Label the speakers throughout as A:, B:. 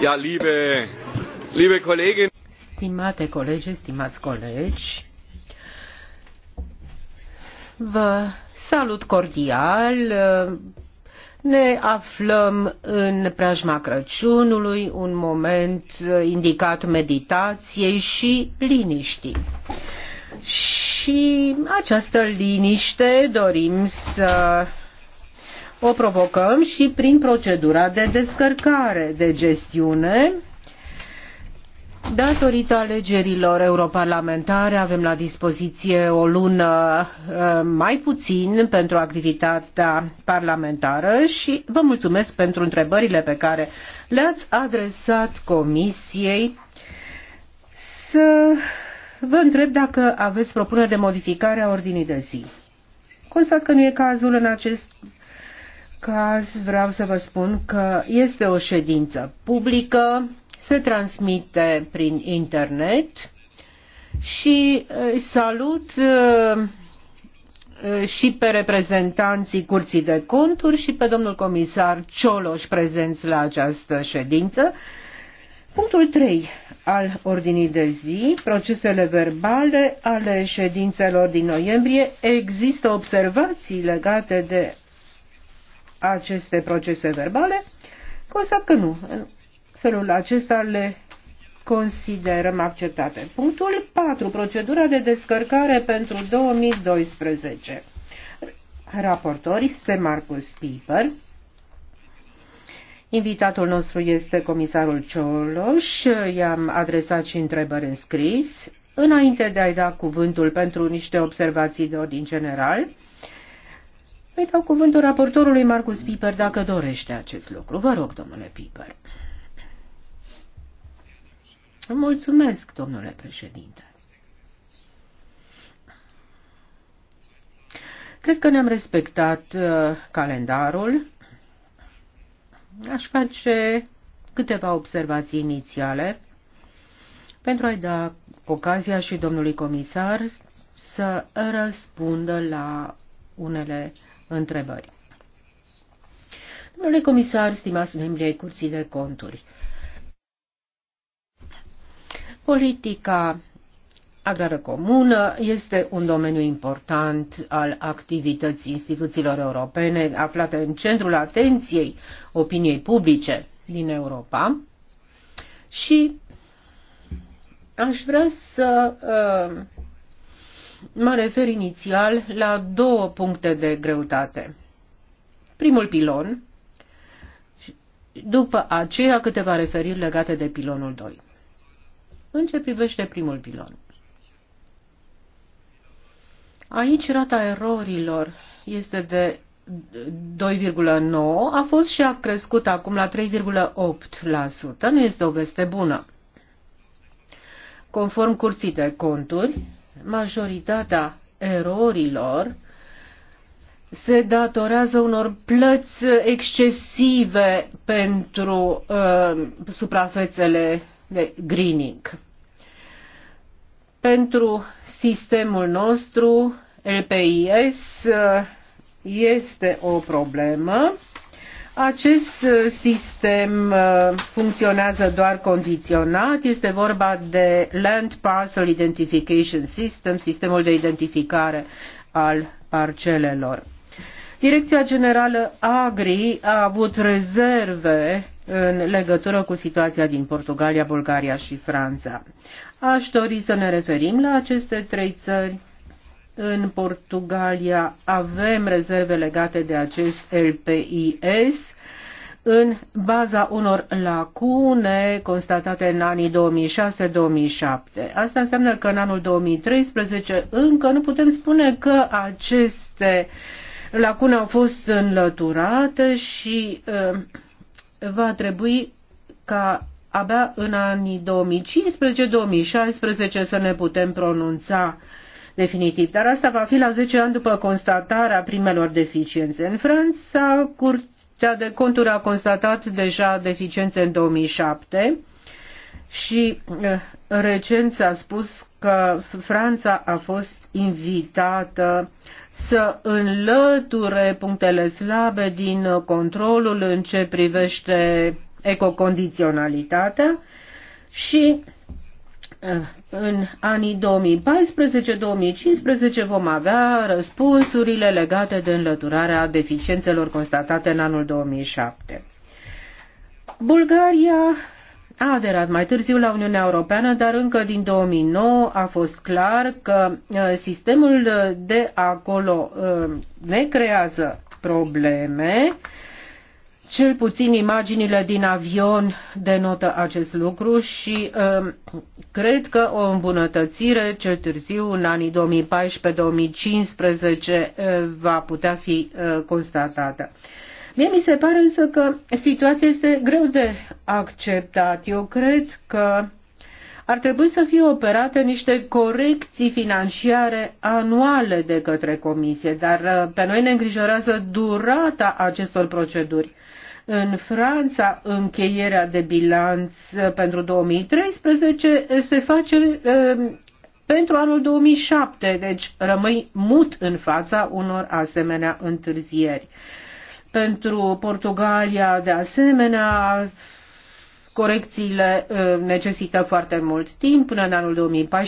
A: Ja, liebe,
B: liebe Kollegin. Stimate colegi, stimați colegi, vă salut cordial. Ne aflăm în preajma Crăciunului, un moment indicat meditației și liniștii și această liniște dorim să o provocăm și prin procedura de descărcare de gestiune. Datorită alegerilor europarlamentare avem la dispoziție o lună ă, mai puțin pentru activitatea parlamentară și vă mulțumesc pentru întrebările pe care le-ați adresat comisiei să Vă întreb dacă aveți propuneri de modificare a ordinii de zi. Constat că nu e cazul în acest caz, vreau să vă spun că este o ședință publică, se transmite prin internet și uh, salut uh, și pe reprezentanții Curții de Conturi și pe domnul comisar Cioloș prezenți la această ședință Punctul 3 al ordinii de zi, procesele verbale ale ședințelor din noiembrie, există observații legate de aceste procese verbale? Constat că nu. În felul acesta le considerăm acceptate. Punctul 4. Procedura de descărcare pentru 2012. Raportori este Marcus Piper, Invitatul nostru este comisarul Cioloș. I-am adresat și întrebări în scris. Înainte de a-i da cuvântul pentru niște observații de ordin general, îi dau cuvântul raportorului Marcus Piper dacă dorește acest lucru. Vă rog, domnule Piper. Mulțumesc, domnule președinte. Cred că ne-am respectat uh, calendarul Aș face câteva observații inițiale pentru a-i da ocazia și domnului comisar să răspundă la unele întrebări. Domnule comisar, stimați membrii ai Curții de Conturi, politica agrară comună este un domeniu important al activității instituțiilor europene aflate în centrul atenției opiniei publice din Europa și aș vrea să uh, mă refer inițial la două puncte de greutate. Primul pilon, după aceea câteva referiri legate de pilonul 2. În ce privește primul pilon? Aici rata erorilor este de 2,9, a fost și a crescut acum la 3,8%. Nu este o veste bună. Conform curții de conturi, majoritatea erorilor se datorează unor plăți excesive pentru uh, suprafețele de greening. Pentru sistemul nostru, LPIS este o problemă. Acest sistem uh, funcționează doar condiționat. Este vorba de Land Parcel Identification System, sistemul de identificare al parcelelor. Direcția Generală Agri a avut rezerve în legătură cu situația din Portugalia, Bulgaria și Franța. Aș dori să ne referim la aceste trei țări. În Portugalia avem rezerve legate de acest LPIS în baza unor lacune constatate în anii 2006-2007. Asta înseamnă că în anul 2013 încă nu putem spune că aceste lacune au fost înlăturate și uh, va trebui ca abia în anii 2015-2016 să ne putem pronunța definitiv. Dar asta va fi la 10 ani după constatarea primelor deficiențe. În Franța, Curtea de Conturi a constatat deja deficiențe în 2007 și eh, recent s-a spus că Franța a fost invitată să înlăture punctele slabe din controlul în ce privește ecocondiționalitatea și eh, în anii 2014-2015 vom avea răspunsurile legate de înlăturarea deficiențelor constatate în anul 2007. Bulgaria a aderat mai târziu la Uniunea Europeană, dar încă din 2009 a fost clar că eh, sistemul de acolo eh, ne creează probleme cel puțin imaginile din avion denotă acest lucru și uh, cred că o îmbunătățire cel târziu în anii 2014-2015 uh, va putea fi uh, constatată. Mie mi se pare însă că situația este greu de acceptat. Eu cred că ar trebui să fie operate niște corecții financiare anuale de către comisie, dar uh, pe noi ne îngrijorează durata acestor proceduri. În Franța, încheierea de bilanț uh, pentru 2013 uh, se face uh, pentru anul 2007, deci rămâi mut în fața unor asemenea întârzieri. Pentru Portugalia, de asemenea, corecțiile necesită foarte mult timp, până în anul 2014-2015,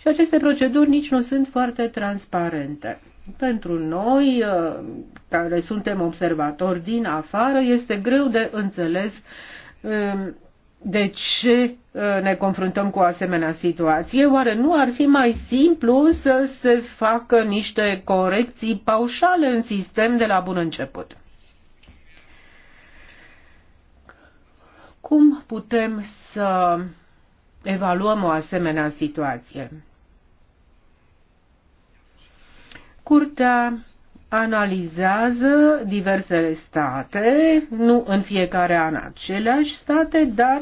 B: și aceste proceduri nici nu sunt foarte transparente. Pentru noi, uh, care suntem observatori din afară, este greu de înțeles um, de ce uh, ne confruntăm cu o asemenea situație? Oare nu ar fi mai simplu să se facă niște corecții paușale în sistem de la bun început? Cum putem să evaluăm o asemenea situație? Curtea analizează diversele state, nu în fiecare an aceleași state, dar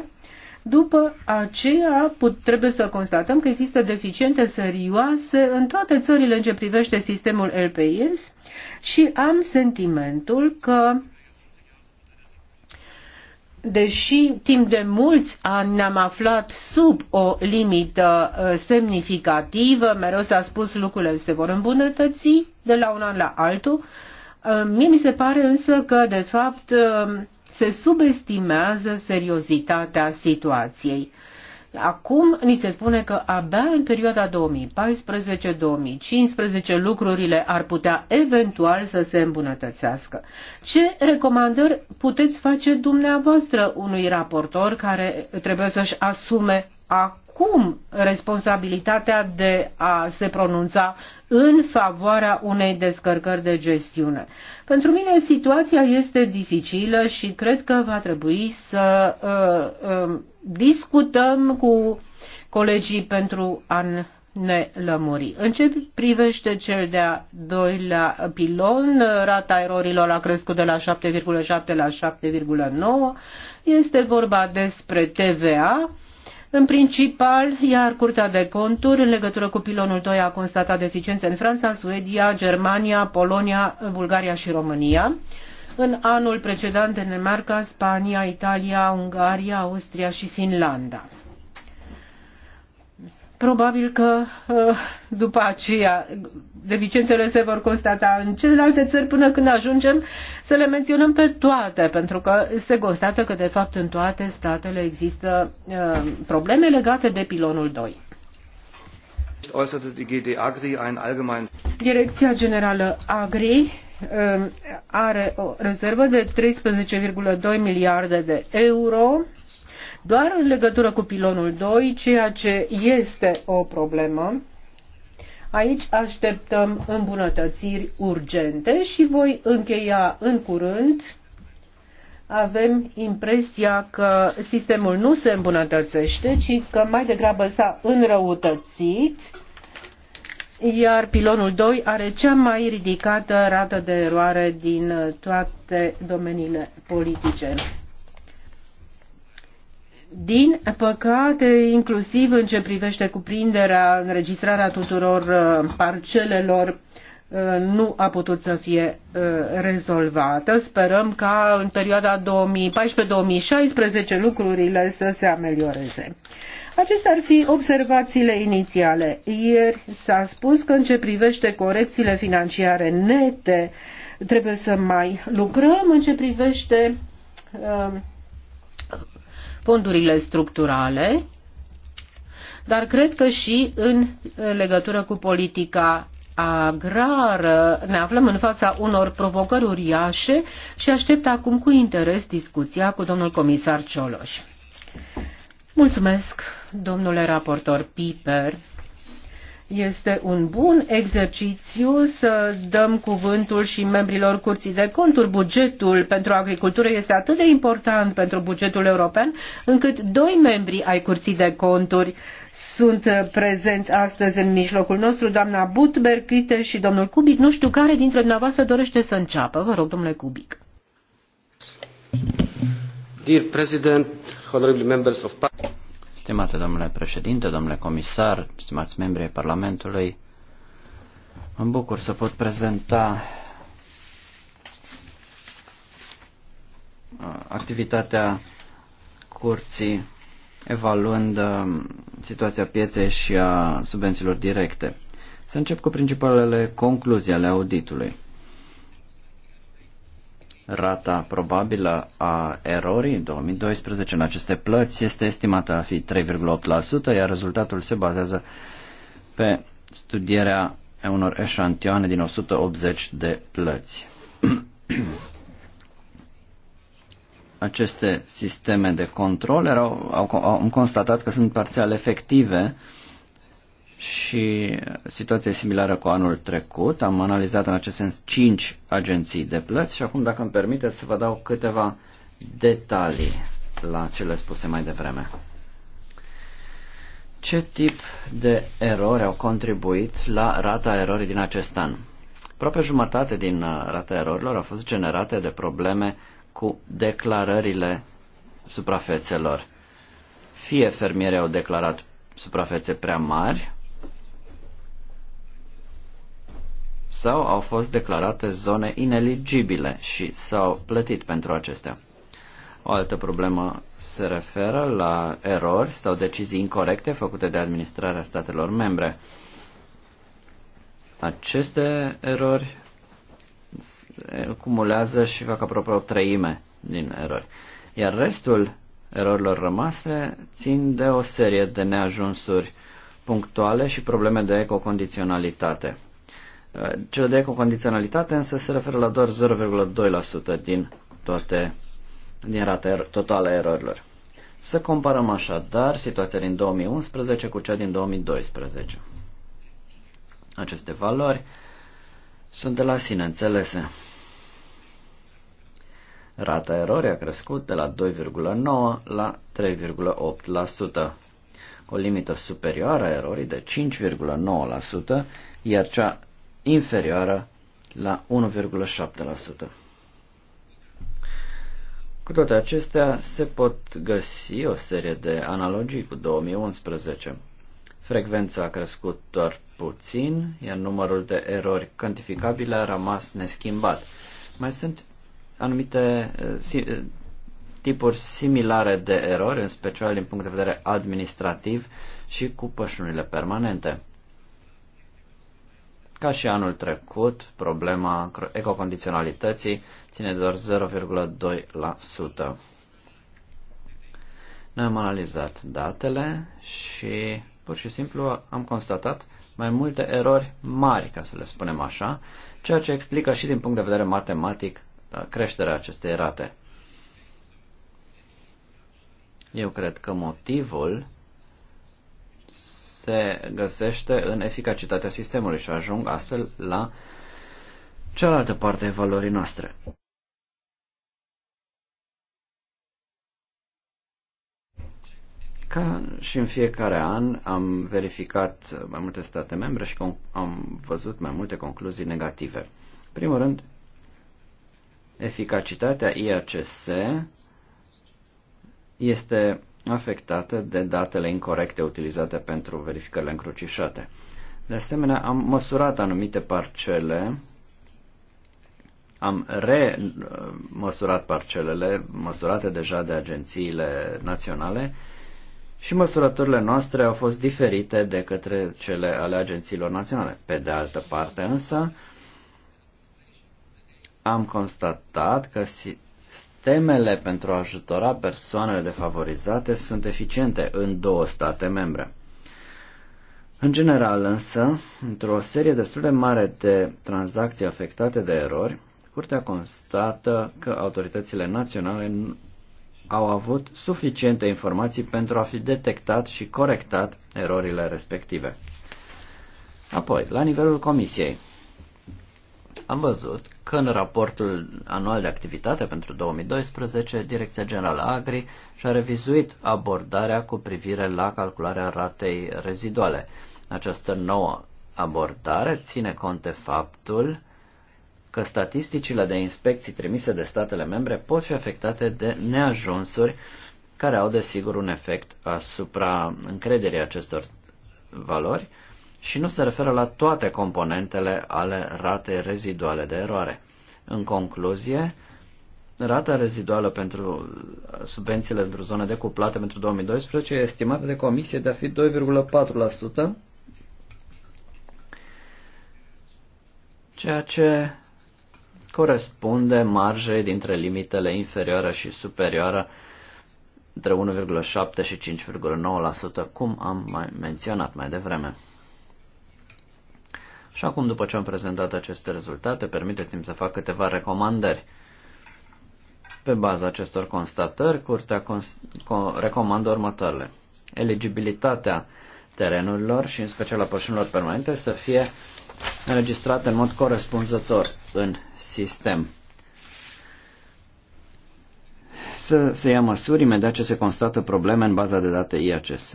B: după aceea put, trebuie să constatăm că există deficiențe serioase în toate țările în ce privește sistemul LPS și am sentimentul că deși timp de mulți ani ne-am aflat sub o limită uh, semnificativă, mereu s-a spus lucrurile se vor îmbunătăți de la un an la altul, uh, mie mi se pare însă că, de fapt, uh, se subestimează seriozitatea situației. Acum ni se spune că abia în perioada 2014-2015 lucrurile ar putea eventual să se îmbunătățească. Ce recomandări puteți face dumneavoastră unui raportor care trebuie să-și asume acum acum responsabilitatea de a se pronunța în favoarea unei descărcări de gestiune. Pentru mine situația este dificilă și cred că va trebui să uh, uh, discutăm cu colegii pentru a ne lămuri. În ce privește cel de-a doilea pilon, rata erorilor a crescut de la 7,7 la 7,9. Este vorba despre TVA în principal, iar Curtea de Conturi, în legătură cu pilonul 2, a constatat deficiențe în Franța, Suedia, Germania, Polonia, Bulgaria și România. În anul precedent, Danemarca, Spania, Italia, Ungaria, Austria și Finlanda. Probabil că uh, după aceea deficiențele se vor constata în celelalte țări până când ajungem să le menționăm pe toate, pentru că se constată că de fapt în toate statele există uh, probleme legate de pilonul 2. Direcția Generală Agri um, are o rezervă de 13,2 miliarde de euro doar în legătură cu pilonul 2, ceea ce este o problemă. Aici așteptăm îmbunătățiri urgente și voi încheia în curând. Avem impresia că sistemul nu se îmbunătățește, ci că mai degrabă s-a înrăutățit, iar pilonul 2 are cea mai ridicată rată de eroare din toate domeniile politice. Din păcate, inclusiv în ce privește cuprinderea, înregistrarea tuturor uh, parcelelor, uh, nu a putut să fie uh, rezolvată. Sperăm ca în perioada 2014-2016 lucrurile să se amelioreze. Acestea ar fi observațiile inițiale. Ieri s-a spus că în ce privește corecțiile financiare nete, trebuie să mai lucrăm în ce privește uh, fondurile structurale, dar cred că și în legătură cu politica agrară ne aflăm în fața unor provocări uriașe și aștept acum cu interes discuția cu domnul comisar Cioloș. Mulțumesc, domnule raportor Piper, este un bun exercițiu să dăm cuvântul și membrilor Curții de Conturi. Bugetul pentru agricultură este atât de important pentru bugetul european, încât doi membri ai Curții de Conturi sunt prezenți astăzi în mijlocul nostru, doamna Butberg, Uite și domnul Cubic. Nu știu care dintre dumneavoastră dorește să înceapă. Vă rog, domnule Cubic. Dear President, honorable members of Parliament,
C: Stimate domnule președinte, domnule comisar, stimați membri ai Parlamentului, mă bucur să pot prezenta uh, activitatea curții evaluând um, situația pieței și a subvențiilor directe. Să încep cu principalele concluzii ale auditului. Rata probabilă a erorii în 2012 în aceste plăți este estimată a fi 3,8%, iar rezultatul se bazează pe studierea unor eșantioane din 180 de plăți. Aceste sisteme de control erau, au, au, au constatat că sunt parțial efective și situația e similară cu anul trecut. Am analizat în acest sens 5 agenții de plăți și acum, dacă îmi permiteți, să vă dau câteva detalii la cele spuse mai devreme. Ce tip de erori au contribuit la rata erorii din acest an? Aproape jumătate din uh, rata erorilor a fost generate de probleme cu declarările suprafețelor. Fie fermierii au declarat suprafețe prea mari, sau au fost declarate zone ineligibile și s-au plătit pentru acestea. O altă problemă se referă la erori sau decizii incorrecte făcute de administrarea statelor membre. Aceste erori cumulează și fac aproape o treime din erori. Iar restul erorilor rămase țin de o serie de neajunsuri punctuale și probleme de ecocondiționalitate. Uh, cele de ecocondiționalitate însă se referă la doar 0,2% din toate din rata er, totală a erorilor. Să comparăm așadar situația din 2011 cu cea din 2012. Aceste valori sunt de la sine înțelese. Rata erorii a crescut de la 2,9 la 3,8%, o limită superioară a erorii de 5,9%, iar cea inferioară la 1,7%. Cu toate acestea, se pot găsi o serie de analogii cu 2011. Frecvența a crescut doar puțin, iar numărul de erori cantificabile a rămas neschimbat. Mai sunt anumite eh, eh, tipuri similare de erori, în special din punct de vedere administrativ și cu pășunile permanente. Ca și anul trecut, problema ecocondiționalității ține doar 0,2%. Noi am analizat datele și pur și simplu am constatat mai multe erori mari, ca să le spunem așa, ceea ce explică și din punct de vedere matematic da, creșterea acestei rate. Eu cred că motivul se găsește în eficacitatea sistemului și ajung astfel la cealaltă parte a valorii noastre. Ca și în fiecare an am verificat mai multe state membre și am văzut mai multe concluzii negative. În primul rând, eficacitatea IACS este afectată de datele incorrecte utilizate pentru verificările încrucișate. De asemenea, am măsurat anumite parcele, am remăsurat parcelele măsurate deja de agențiile naționale și măsurătorile noastre au fost diferite de către cele ale agențiilor naționale. Pe de altă parte însă, am constatat că Sistemele pentru a ajutora persoanele defavorizate sunt eficiente în două state membre. În general însă, într-o serie destul de mare de tranzacții afectate de erori, Curtea constată că autoritățile naționale au avut suficiente informații pentru a fi detectat și corectat erorile respective. Apoi, la nivelul Comisiei, am văzut că în raportul anual de activitate pentru 2012, Direcția Generală Agri și-a revizuit abordarea cu privire la calcularea ratei reziduale. Această nouă abordare ține cont de faptul că statisticile de inspecții trimise de statele membre pot fi afectate de neajunsuri care au desigur un efect asupra încrederii acestor valori, și nu se referă la toate componentele ale ratei reziduale de eroare. În concluzie, rata reziduală pentru subvențiile pentru zone decuplate pentru 2012 este estimată de comisie de a fi 2,4%, ceea ce corespunde marjei dintre limitele inferioară și superioară între 1,7 și 5,9%, cum am mai menționat mai devreme. Și acum, după ce am prezentat aceste rezultate, permiteți-mi să fac câteva recomandări. Pe baza acestor constatări, Curtea cons- co- recomandă următoarele. Eligibilitatea terenurilor și în special a pășunilor permanente să fie înregistrate în mod corespunzător în sistem. Să se ia măsuri imediat ce se constată probleme în baza de date IACS,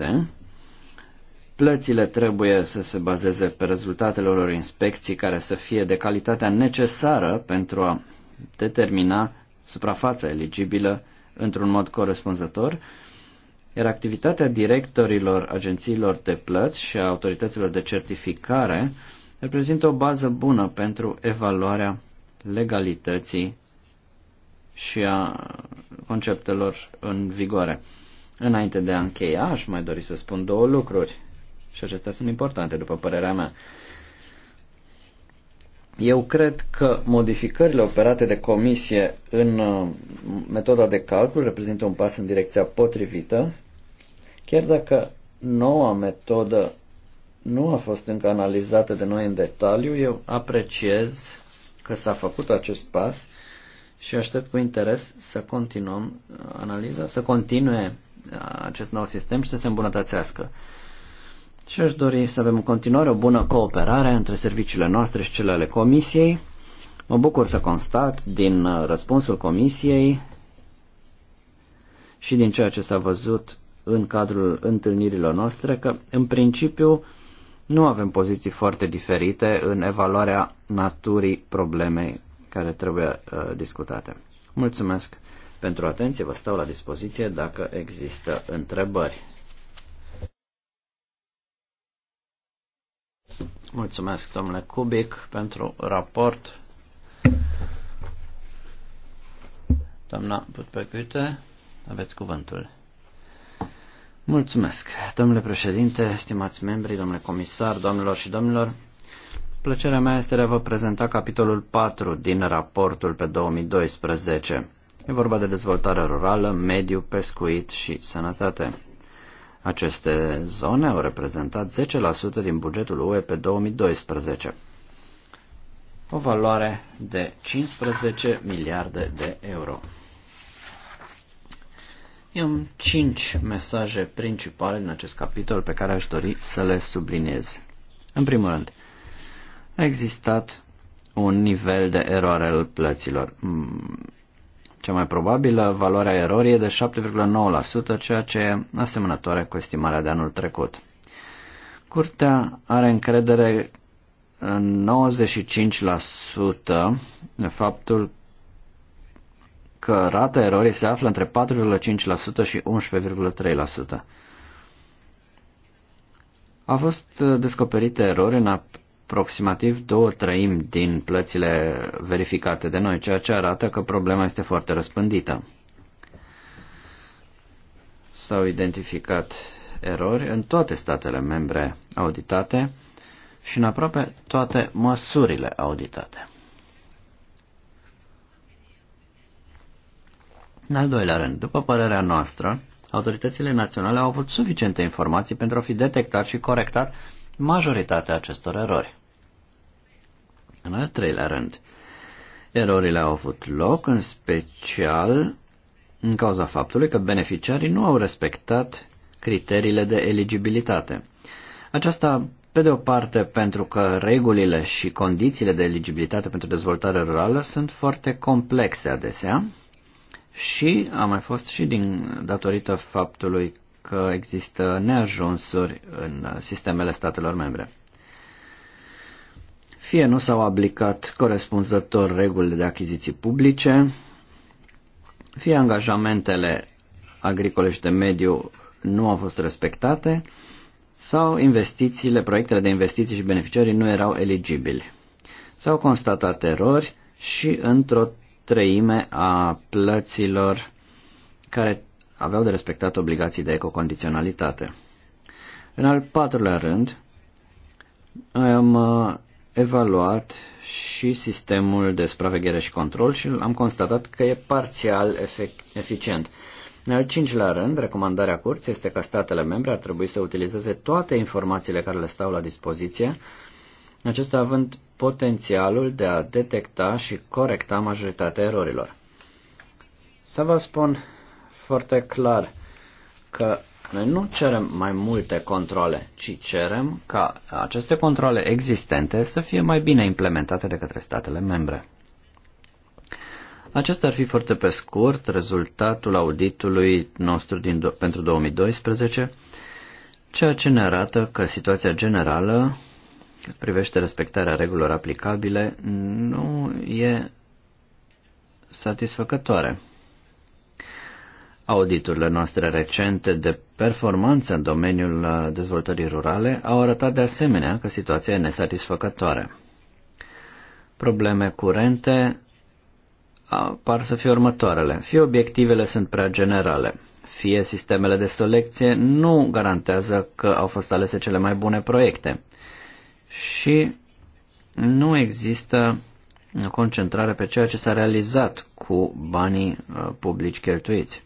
C: Plățile trebuie să se bazeze pe rezultatele lor inspecții care să fie de calitatea necesară pentru a determina suprafața eligibilă într-un mod corespunzător, iar activitatea directorilor agențiilor de plăți și a autorităților de certificare reprezintă o bază bună pentru evaluarea legalității și a conceptelor în vigoare. Înainte de a încheia, aș mai dori să spun două lucruri. Și acestea sunt importante, după părerea mea. Eu cred că modificările operate de comisie în uh, metoda de calcul reprezintă un pas în direcția potrivită, chiar dacă noua metodă nu a fost încă analizată de noi în detaliu, eu apreciez că s-a făcut acest pas și aștept cu interes să continuăm uh, analiza, să continue uh, acest nou sistem și să se îmbunătățească. Și aș dori să avem în continuare o bună cooperare între serviciile noastre și cele ale Comisiei. Mă bucur să constat din uh, răspunsul Comisiei și din ceea ce s-a văzut în cadrul întâlnirilor noastre că, în principiu, nu avem poziții foarte diferite în evaluarea naturii problemei care trebuie uh, discutate. Mulțumesc pentru atenție, vă stau la dispoziție dacă există întrebări. Mulțumesc, domnule Cubic, pentru raport. Doamna Putpecute, aveți cuvântul. Mulțumesc, domnule președinte, stimați membri, domnule comisar, domnilor și domnilor. Plăcerea mea este de a vă prezenta capitolul 4 din raportul pe 2012. E vorba de dezvoltare rurală, mediu, pescuit și sănătate. Aceste zone au reprezentat 10% din bugetul UE pe 2012, o valoare de 15 miliarde de euro. Am cinci mesaje principale în acest capitol pe care aș dori să le subliniez. În primul rând, a existat un nivel de eroare al plăților mm, cea mai probabilă valoarea erorii e de 7,9%, ceea ce e asemănătoare cu estimarea de anul trecut. Curtea are încredere în 95% de faptul că rata erorii se află între 4,5% și 11,3%. Au fost descoperite erori în aproximativ două trăimi din plățile verificate de noi, ceea ce arată că problema este foarte răspândită. S-au identificat erori în toate statele membre auditate și în aproape toate măsurile auditate. În al doilea rând, după părerea noastră, autoritățile naționale au avut suficiente informații pentru a fi detectat și corectat majoritatea acestor erori. În al treilea rând, erorile au avut loc, în special în cauza faptului că beneficiarii nu au respectat criteriile de eligibilitate. Aceasta, pe de o parte, pentru că regulile și condițiile de eligibilitate pentru dezvoltare rurală sunt foarte complexe adesea și a mai fost și din datorită faptului că există neajunsuri în sistemele statelor membre fie nu s-au aplicat corespunzător regulile de achiziții publice, fie angajamentele agricole și de mediu nu au fost respectate, sau investițiile, proiectele de investiții și beneficiarii nu erau eligibili. S-au constatat erori și într-o treime a plăților care aveau de respectat obligații de ecocondiționalitate. În al patrulea rând, noi am uh, evaluat și sistemul de supraveghere și control și am constatat că e parțial eficient. În al cincilea rând, recomandarea curții este că statele membre ar trebui să utilizeze toate informațiile care le stau la dispoziție, acesta având potențialul de a detecta și corecta majoritatea erorilor. Să vă spun foarte clar că noi nu cerem mai multe controle, ci cerem ca aceste controle existente să fie mai bine implementate de către statele membre. Acesta ar fi foarte pe scurt rezultatul auditului nostru din, pentru 2012, ceea ce ne arată că situația generală cât privește respectarea regulilor aplicabile nu e satisfăcătoare. Auditurile noastre recente de performanță în domeniul uh, dezvoltării rurale au arătat de asemenea că situația e nesatisfăcătoare. Probleme curente par să fie următoarele. Fie obiectivele sunt prea generale, fie sistemele de selecție nu garantează că au fost alese cele mai bune proiecte și nu există concentrare pe ceea ce s-a realizat cu banii uh, publici cheltuiți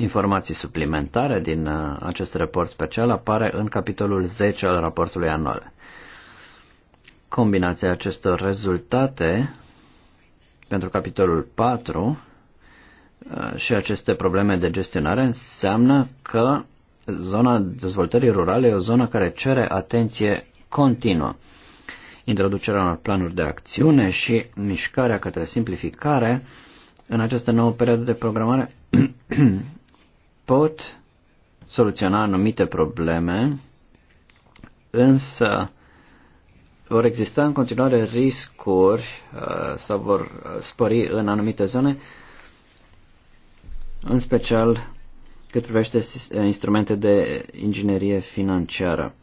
C: informații suplimentare din uh, acest raport special apare în capitolul 10 al raportului anual. Combinația acestor rezultate pentru capitolul 4 uh, și aceste probleme de gestionare înseamnă că zona dezvoltării rurale e o zonă care cere atenție continuă. Introducerea unor planuri de acțiune și mișcarea către simplificare în această nouă perioadă de programare pot soluționa anumite probleme, însă vor exista în continuare riscuri uh, sau vor uh, spori în anumite zone, în special cât privește uh, instrumente de inginerie financiară.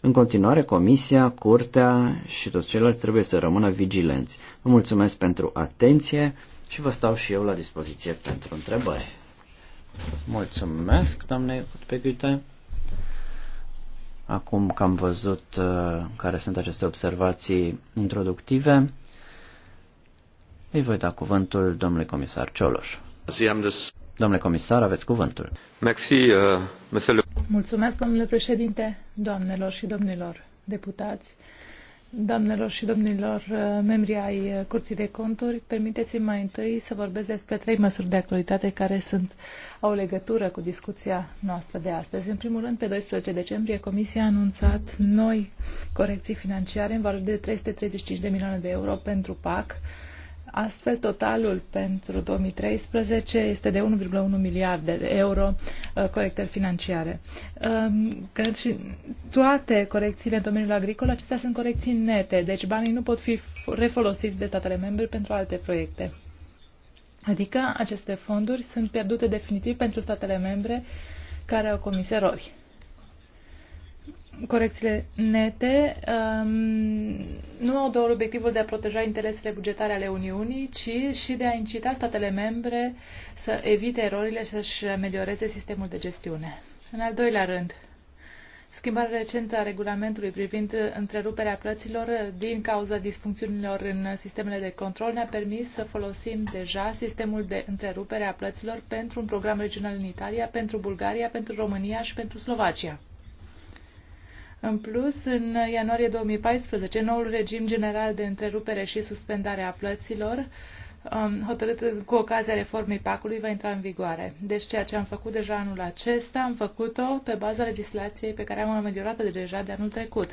C: În continuare, Comisia, Curtea și toți ceilalți trebuie să rămână vigilenți. Vă mulțumesc pentru atenție și vă stau și eu la dispoziție pentru întrebări. Mulțumesc, doamne Pechite. Acum că am văzut uh, care sunt aceste observații introductive, îi voi da cuvântul domnului comisar Cioloș. Domnule comisar, aveți cuvântul. Merci, uh,
A: Mulțumesc, domnule președinte, doamnelor și domnilor deputați. Doamnelor și domnilor uh, membri ai uh, Curții de Conturi, permiteți-mi mai întâi să vorbesc despre trei măsuri de actualitate care sunt, au legătură cu discuția noastră de astăzi. În primul rând, pe 12 decembrie, Comisia a anunțat noi corecții financiare în valoare de 335 de milioane de euro pentru PAC, Astfel, totalul pentru 2013 este de 1,1 miliarde de euro uh, corectări financiare. Um, cred și toate corecțiile în domeniul agricol, acestea sunt corecții nete, deci banii nu pot fi refolosiți de statele membre pentru alte proiecte. Adică aceste fonduri sunt pierdute definitiv pentru statele membre care au comis erori corecțiile nete um, nu au doar obiectivul de a proteja interesele bugetare ale Uniunii, ci și de a incita statele membre să evite erorile și să-și amelioreze sistemul de gestiune. În al doilea rând, schimbarea recentă a regulamentului privind întreruperea plăților din cauza disfuncțiunilor în sistemele de control ne-a permis să folosim deja sistemul de întrerupere a plăților pentru un program regional în Italia, pentru Bulgaria, pentru România și pentru Slovacia. În plus, în ianuarie 2014, noul regim general de întrerupere și suspendare a plăților um, hotărât cu ocazia reformei PAC-ului va intra în vigoare. Deci ceea ce am făcut deja anul acesta, am făcut-o pe baza legislației pe care am ameliorat-o deja de anul trecut.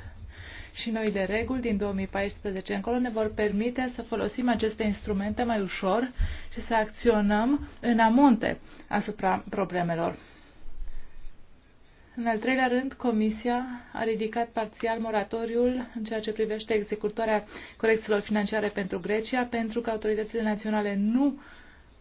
A: Și noile reguli din 2014 încolo ne vor permite să folosim aceste instrumente mai ușor și să acționăm în amonte asupra problemelor. În al treilea rând, Comisia a ridicat parțial moratoriul în ceea ce privește executarea corecțiilor financiare pentru Grecia, pentru că autoritățile naționale nu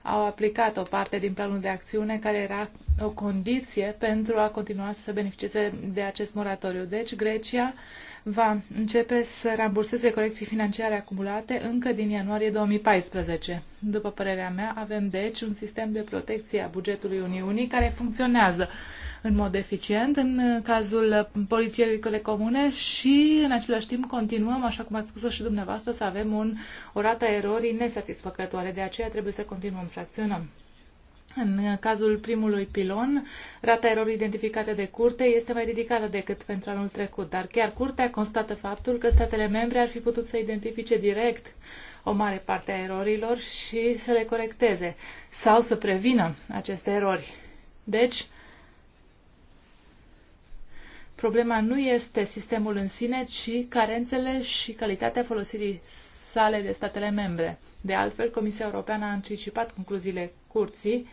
A: au aplicat o parte din planul de acțiune care era o condiție pentru a continua să beneficieze de acest moratoriu. Deci, Grecia va începe să ramburseze corecții financiare acumulate încă din ianuarie 2014. După părerea mea, avem deci un sistem de protecție a bugetului Uniunii care funcționează în mod eficient în cazul poliției comune și în același timp continuăm, așa cum ați spus și dumneavoastră, să avem un, o rată a erorii nesatisfăcătoare. De aceea trebuie să continuăm să acționăm. În cazul primului pilon, rata erorii identificate de curte este mai ridicată decât pentru anul trecut, dar chiar curtea constată faptul că statele membre ar fi putut să identifice direct o mare parte a erorilor și să le corecteze sau să prevină aceste erori. Deci, Problema nu este sistemul în sine, ci carențele și calitatea folosirii sale de statele membre. De altfel, Comisia Europeană a anticipat concluziile curții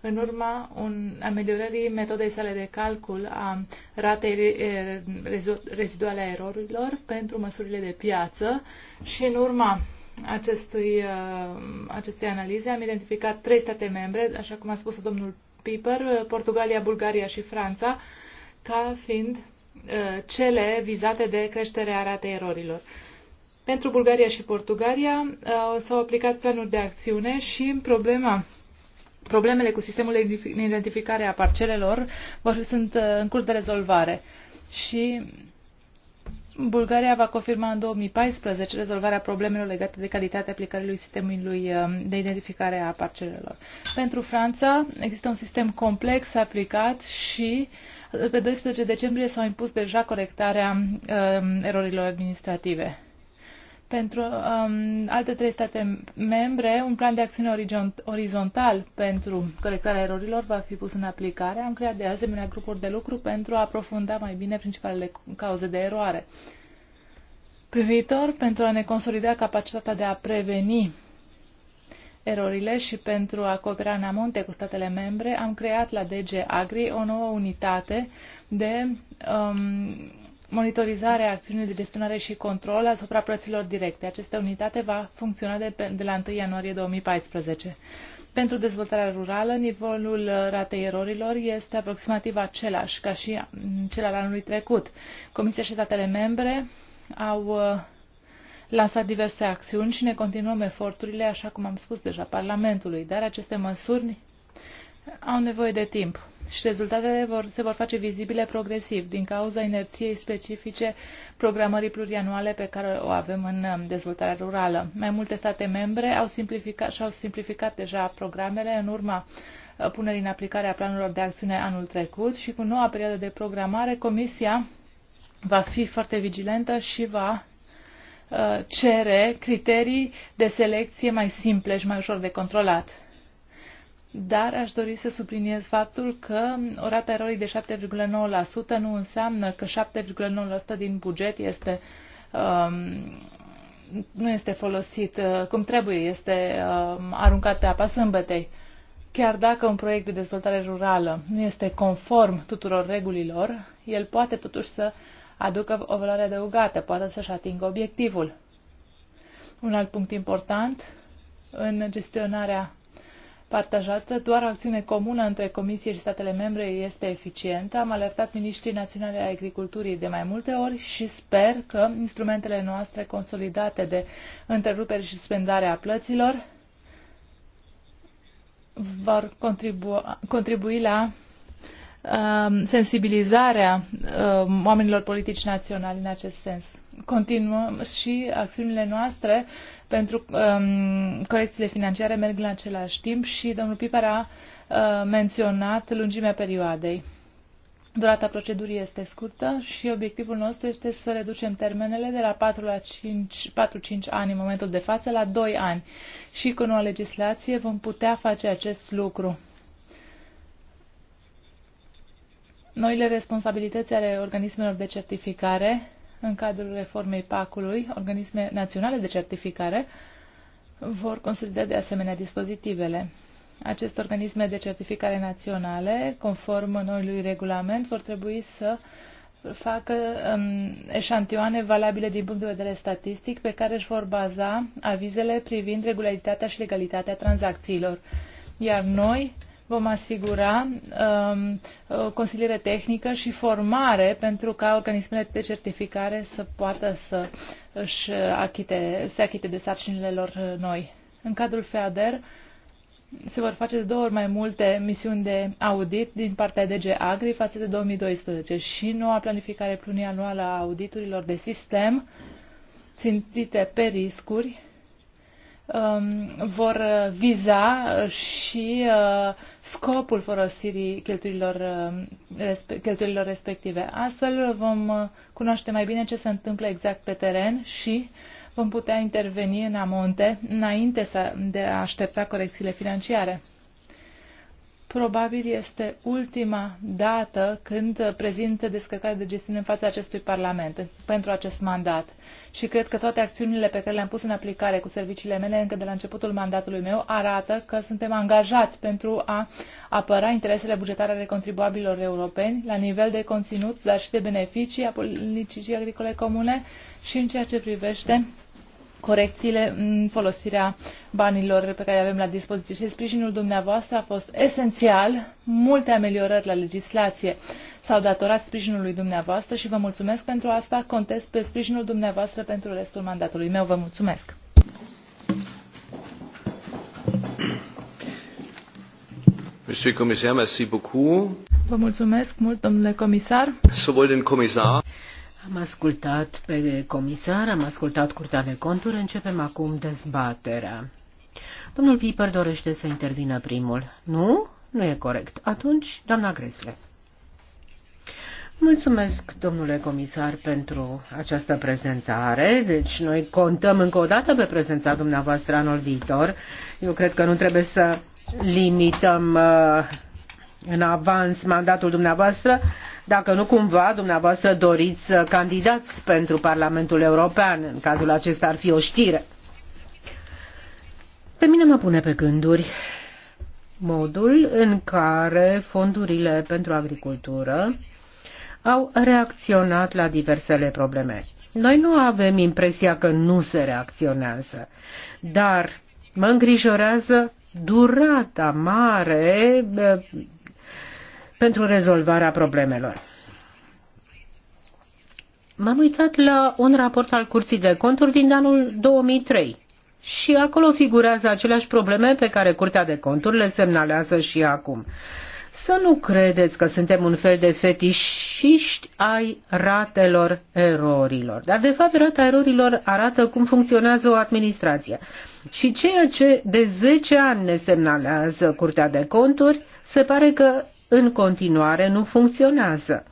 A: în urma un, ameliorării metodei sale de calcul a ratei reziduale a erorilor pentru măsurile de piață și în urma acestui, acestei analize am identificat trei state membre, așa cum a spus domnul Piper, Portugalia, Bulgaria și Franța, ca fiind Uh, cele vizate de creșterea ratei erorilor. Pentru Bulgaria și Portugalia uh, s-au aplicat planuri de acțiune și problema problemele cu sistemul de identificare a parcelelor vor, sunt uh, în curs de rezolvare și Bulgaria va confirma în 2014 rezolvarea problemelor legate de calitatea aplicării sistemului de identificare a parcelelor. Pentru Franța există un sistem complex aplicat și uh, pe 12 decembrie s-au impus deja corectarea um, erorilor administrative. Pentru um, alte trei state membre, un plan de acțiune orizontal pentru corectarea erorilor va fi pus în aplicare. Am creat de asemenea grupuri de lucru pentru a aprofunda mai bine principalele cauze de eroare. Pe viitor, pentru a ne consolida capacitatea de a preveni erorile și pentru a coopera în amonte cu statele membre, am creat la DG Agri o nouă unitate de um, monitorizare a acțiunilor de gestionare și control asupra plăților directe. Această unitate va funcționa de, pe, de la 1 ianuarie 2014. Pentru dezvoltarea rurală, nivelul ratei erorilor este aproximativ același ca și cel al anului trecut. Comisia și statele membre au uh, lansat diverse acțiuni și ne continuăm eforturile, așa cum am spus deja, Parlamentului, dar aceste măsuri au nevoie de timp și rezultatele vor, se vor face vizibile progresiv din cauza inerției specifice programării plurianuale pe care o avem în um, dezvoltarea rurală. Mai multe state membre au simplificat și-au simplificat deja programele în urma uh, punerii în aplicare a planurilor de acțiune anul trecut și cu noua perioadă de programare Comisia va fi foarte vigilentă și va Uh, cere criterii de selecție mai simple și mai ușor de controlat. Dar aș dori să subliniez faptul că o rată erorii de 7,9% nu înseamnă că 7,9% din buget este, um, nu este folosit uh, cum trebuie, este um, aruncat pe apa sâmbetei. Chiar dacă un proiect de dezvoltare rurală nu este conform tuturor regulilor, el poate totuși să uh, aducă o valoare adăugată, poate să-și atingă obiectivul. Un alt punct important în gestionarea partajată, doar acțiune comună între Comisie și statele membre este eficientă. Am alertat ministrii naționale ai agriculturii de mai multe ori și sper că instrumentele noastre consolidate de întrerupere și suspendare a plăților vor contribua, contribui la Um, sensibilizarea um, oamenilor politici naționali în acest sens. Continuăm și acțiunile noastre pentru um, corecțiile financiare merg la același timp și domnul Piper a uh, menționat lungimea perioadei. Durata procedurii este scurtă și obiectivul nostru este să reducem termenele de la 4 la 5, la 5 ani în momentul de față la 2 ani. Și cu noua legislație vom putea face acest lucru. noile responsabilități ale organismelor de certificare în cadrul reformei PAC-ului, organisme naționale de certificare, vor consolida de asemenea dispozitivele. Aceste organisme de certificare naționale, conform noului regulament, vor trebui să facă um, eșantioane valabile din punct de vedere statistic pe care își vor baza avizele privind regularitatea și legalitatea tranzacțiilor. Iar noi, vom asigura um, consiliere tehnică și formare pentru ca organismele de certificare să poată să își achite, se achite de sarcinile lor noi. În cadrul FEADER se vor face de două ori mai multe misiuni de audit din partea DG Agri față de 2012 și noua planificare plurianuală a auditurilor de sistem țintite pe riscuri Um, vor viza și uh, scopul folosirii cheltuielilor, um, cheltuielilor respective. Astfel vom uh, cunoaște mai bine ce se întâmplă exact pe teren și vom putea interveni în amonte înainte de a aștepta corecțiile financiare. Probabil este ultima dată când prezintă descărcarea de gestiune în fața acestui Parlament pentru acest mandat. Și cred că toate acțiunile pe care le-am pus în aplicare cu serviciile mele încă de la începutul mandatului meu arată că suntem angajați pentru a apăra interesele bugetare ale contribuabililor europeni la nivel de conținut, dar și de beneficii a politicii agricole comune și în ceea ce privește corecțiile în folosirea banilor pe care avem la dispoziție și sprijinul dumneavoastră a fost esențial. Multe ameliorări la legislație s-au datorat sprijinului dumneavoastră și vă mulțumesc pentru asta. Contez pe sprijinul dumneavoastră pentru restul mandatului meu. Vă mulțumesc!
B: Monsieur Comisar, merci beaucoup.
A: Vă mulțumesc mult, domnule comisar. Am ascultat pe
B: comisar, am ascultat Curtea de Conturi, începem acum dezbaterea. Domnul Piper dorește să intervină primul. Nu? Nu e corect. Atunci, doamna Gresle. Mulțumesc, domnule comisar, pentru această prezentare. Deci noi contăm încă o dată pe prezența dumneavoastră anul viitor. Eu cred că nu trebuie să limităm uh, în avans mandatul dumneavoastră, dacă nu cumva dumneavoastră doriți să candidați pentru Parlamentul European, în cazul acesta ar fi o știre. Pe mine mă pune pe gânduri modul în care fondurile pentru agricultură au reacționat la diversele probleme. Noi nu avem impresia că nu se reacționează, dar mă îngrijorează durata mare pentru rezolvarea problemelor. M-am uitat la un raport al Curții de Conturi din anul 2003 și acolo figurează aceleași probleme pe care Curtea de Conturi le semnalează și acum. Să nu credeți că suntem un fel de fetișiști ai ratelor erorilor. Dar, de fapt, rata erorilor arată cum funcționează o administrație. Și ceea ce de 10 ani ne semnalează Curtea de Conturi, se pare că în continuare nu funcționează.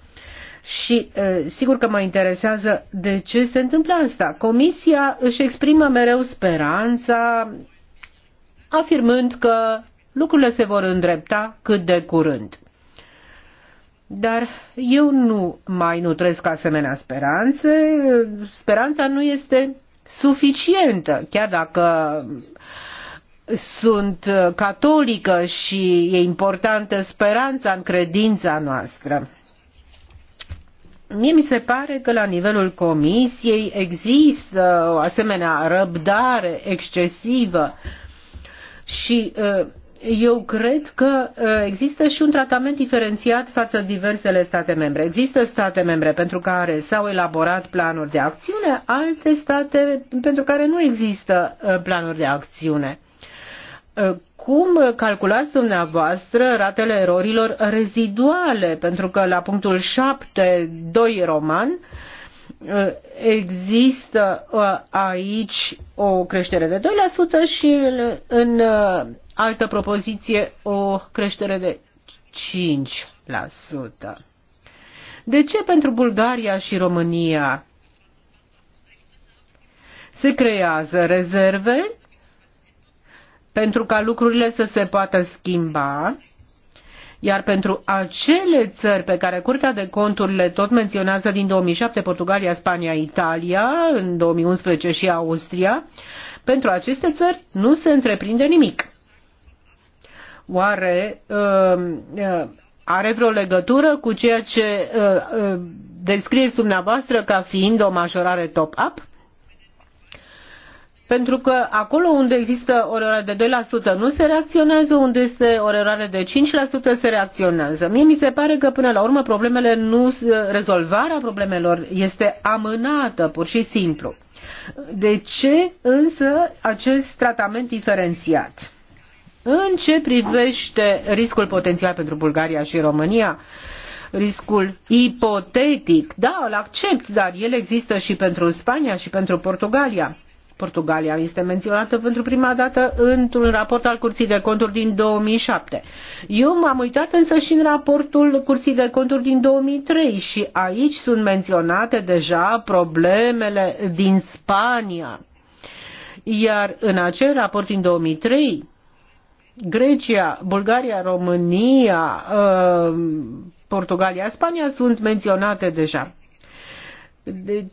B: Și sigur că mă interesează de ce se întâmplă asta. Comisia își exprimă mereu speranța, afirmând că lucrurile se vor îndrepta cât de curând. Dar eu nu mai nutresc asemenea speranțe. Speranța nu este suficientă, chiar dacă sunt uh, catolică și e importantă speranța în credința noastră. Mie mi se pare că la nivelul comisiei există o asemenea răbdare excesivă și uh, eu cred că uh, există și un tratament diferențiat față diversele state membre. Există state membre pentru care s-au elaborat planuri de acțiune, alte state pentru care nu există planuri de acțiune. Ă, cum calculați dumneavoastră ratele erorilor reziduale? Pentru că la punctul 7, 2 roman, există ă, aici o creștere de 2% și în ă, altă propoziție o creștere de 5%. De ce pentru Bulgaria și România se creează rezerve pentru ca lucrurile să se poată schimba. Iar pentru acele țări pe care Curtea de Conturi le tot menționează din 2007, Portugalia, Spania, Italia, în 2011 și Austria, pentru aceste țări nu se întreprinde nimic. Oare uh, uh, are vreo legătură cu ceea ce uh, uh, descrieți dumneavoastră ca fiind o majorare top-up? Pentru că acolo unde există o eroare de 2% nu se reacționează, unde este o eroare de 5% se reacționează. Mie mi se pare că până la urmă problemele nu, rezolvarea problemelor este amânată pur și simplu. De ce însă acest tratament diferențiat? În ce privește riscul potențial pentru Bulgaria și România, riscul ipotetic, da, îl accept, dar el există și pentru Spania și pentru Portugalia. Portugalia este menționată pentru prima dată într-un raport al Curții de Conturi din 2007. Eu m-am uitat însă și în raportul Curții de Conturi din 2003 și aici sunt menționate deja problemele din Spania. Iar în acel raport din 2003, Grecia, Bulgaria, România, uh, Portugalia, Spania sunt menționate deja. Deci,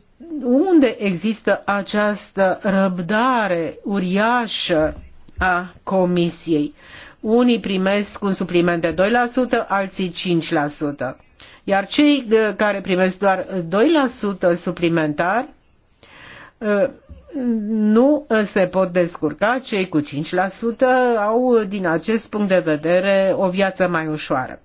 B: unde există această răbdare uriașă a Comisiei. Unii primesc un supliment de 2%, alții 5%. Iar cei care primesc doar 2% suplimentar ă, nu se pot descurca, cei cu 5% au, din acest punct de vedere, o viață mai ușoară.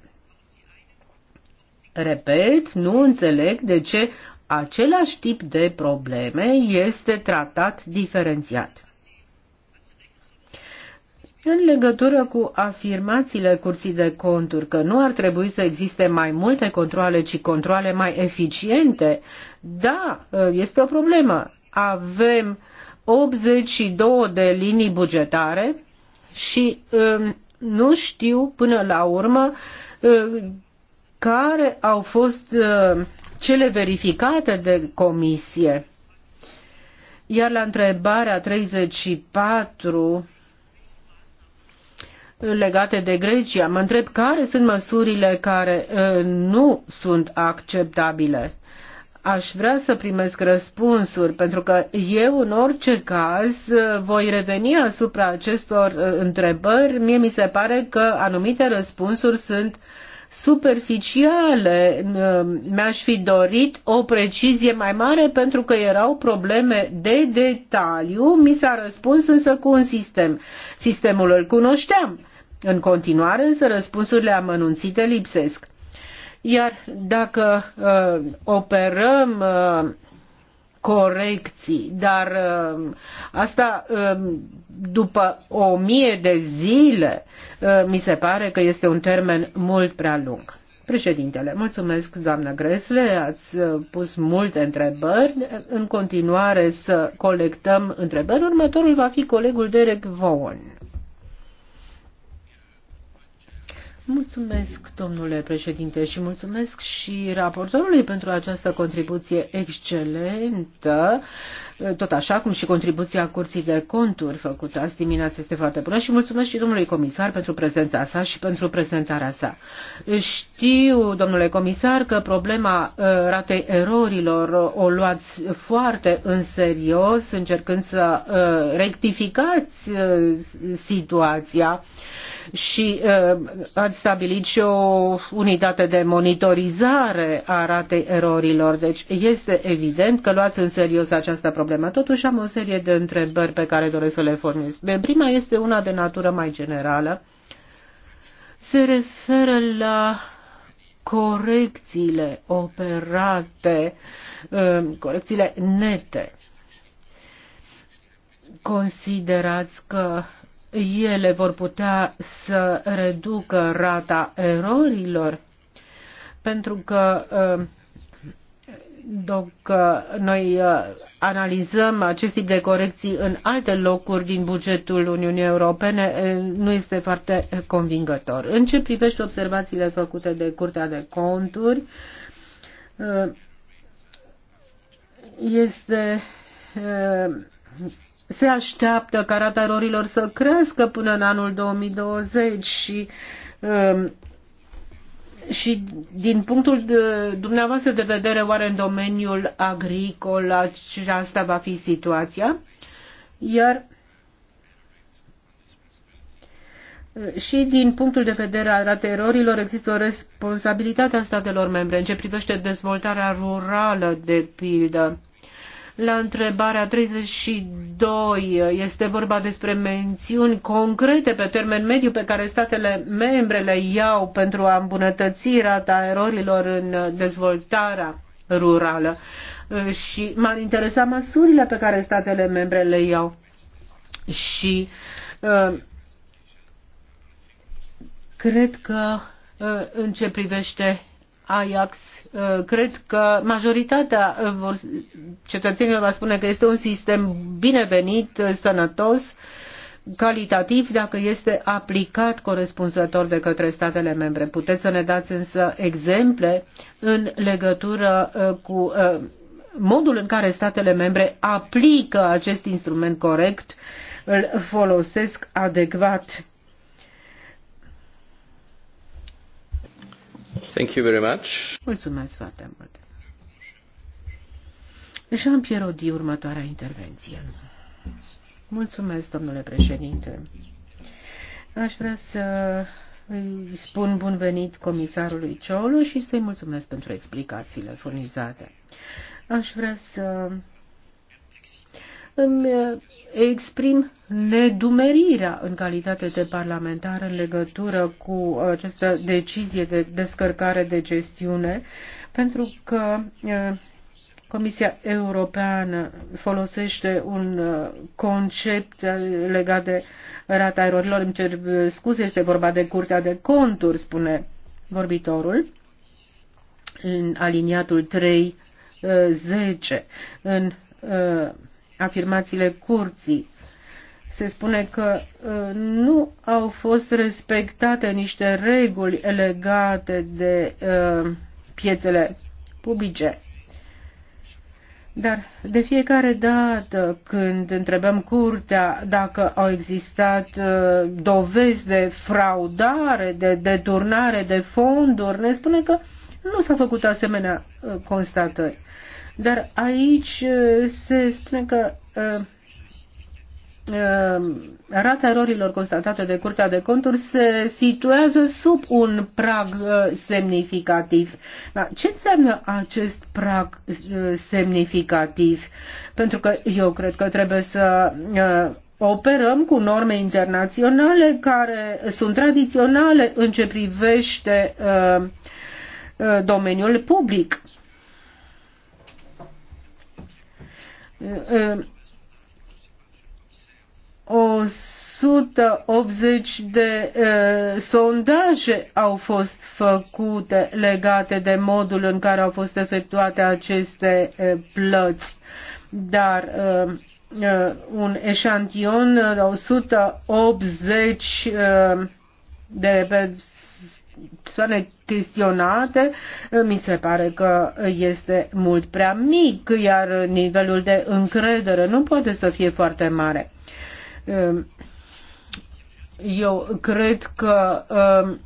B: Repet, nu înțeleg de ce același tip de probleme este tratat diferențiat. În legătură cu afirmațiile curții de conturi că nu ar trebui să existe mai multe controle, ci controle mai eficiente, da, este o problemă. Avem 82 de linii bugetare și um, nu știu până la urmă um, care au fost um, cele verificate de comisie. Iar la întrebarea 34 legate de Grecia, mă întreb care sunt măsurile care ă, nu sunt acceptabile. Aș vrea să primesc răspunsuri, pentru că eu, în orice caz, voi reveni asupra acestor ă, întrebări. Mie mi se pare că anumite răspunsuri sunt uh, superficiale. Uh, mi-aș fi dorit o precizie mai mare pentru că erau probleme de detaliu. Mi s-a răspuns însă cu un sistem. Sistemul îl cunoșteam. În continuare însă răspunsurile amănunțite lipsesc. Iar dacă uh, operăm uh, corecții, dar uh, asta um, după o mie de zile uh, mi se pare că este un termen mult prea lung. Președintele, mulțumesc, doamna Gresle, ați uh, pus multe întrebări. În continuare să colectăm întrebări. Următorul va fi colegul Derek Vaughan. Mulțumesc, domnule președinte, și mulțumesc și raportorului pentru această contribuție excelentă, tot așa cum și contribuția Curții de Conturi făcută azi dimineață este foarte bună și mulțumesc și domnului comisar pentru prezența sa și pentru prezentarea sa. Știu, domnule comisar, că problema uh, ratei erorilor o luați foarte în serios, încercând să uh, rectificați uh, situația și uh, ați stabilit și o unitate de monitorizare a ratei erorilor. Deci este evident că luați în serios această problemă. Totuși am o serie de întrebări pe care doresc să le formez. Prima este una de natură mai generală. Se referă la corecțiile operate, uh, corecțiile nete. Considerați că uh, ele vor putea să reducă rata erorilor, pentru că uh, dacă noi uh, analizăm acest tip de corecții în alte locuri din bugetul Uniunii Europene, uh, nu este foarte convingător. În ce privește observațiile făcute de Curtea de Conturi, este se așteaptă ca rata erorilor să crească până în anul 2020 și um, și din punctul uh, dumneavoastră de vedere, oare în domeniul agricol aceasta va fi situația? Iar uh, și din punctul de vedere al erorilor există o responsabilitate a statelor membre în ce privește dezvoltarea rurală, de pildă. La întrebarea 32 este vorba despre mențiuni concrete pe termen mediu pe care statele membre le iau pentru a îmbunătăți rata erorilor în dezvoltarea rurală. Și m-ar interesa măsurile pe care statele membre le iau. Și uh, cred că uh, în ce privește Ajax Uh, cred că majoritatea uh, cetățenilor va spune că este un sistem binevenit, uh, sănătos, calitativ dacă este aplicat corespunzător de către statele membre. Puteți să ne dați însă exemple în legătură cu modul în care statele membre aplică acest instrument corect, îl folosesc adecvat
C: Thank you very much.
B: Mulțumesc foarte mult. Jean-Pierre Odi, următoarea intervenție. Mulțumesc, domnule președinte. Aș vrea să îi spun bun venit comisarului Ciolu și să-i mulțumesc pentru explicațiile furnizate. Aș vrea să îmi eh, exprim nedumerirea în calitate de parlamentar în legătură cu această decizie de descărcare de gestiune, pentru că eh, Comisia Europeană folosește un eh, concept legat de rata erorilor. Îmi cer scuze, este vorba de Curtea de Conturi, spune vorbitorul, în aliniatul 3.10. În afirmațiile curții. Se spune că uh, nu au fost respectate niște reguli legate de uh, piețele publice. Dar de fiecare dată când întrebăm curtea dacă au existat uh, dovezi de fraudare, de deturnare de fonduri, ne spune că nu s-a făcut asemenea constatări. Dar aici uh, se spune că uh, uh, rata erorilor constatate de Curtea de Conturi se situează sub un prag semnificativ. Dar ce înseamnă acest prag semnificativ? Pentru că eu cred că trebuie să operăm cu norme internaționale care sunt tradiționale în ce privește domeniul public. 180 de uh, sondaje au fost făcute legate de modul în care au fost efectuate aceste uh, plăți, dar uh, uh, un eșantion de 180 uh, de persoane chestionate, mi se pare că este mult prea mic, iar nivelul de încredere nu poate să fie foarte mare. Ehm, eu cred că ehm,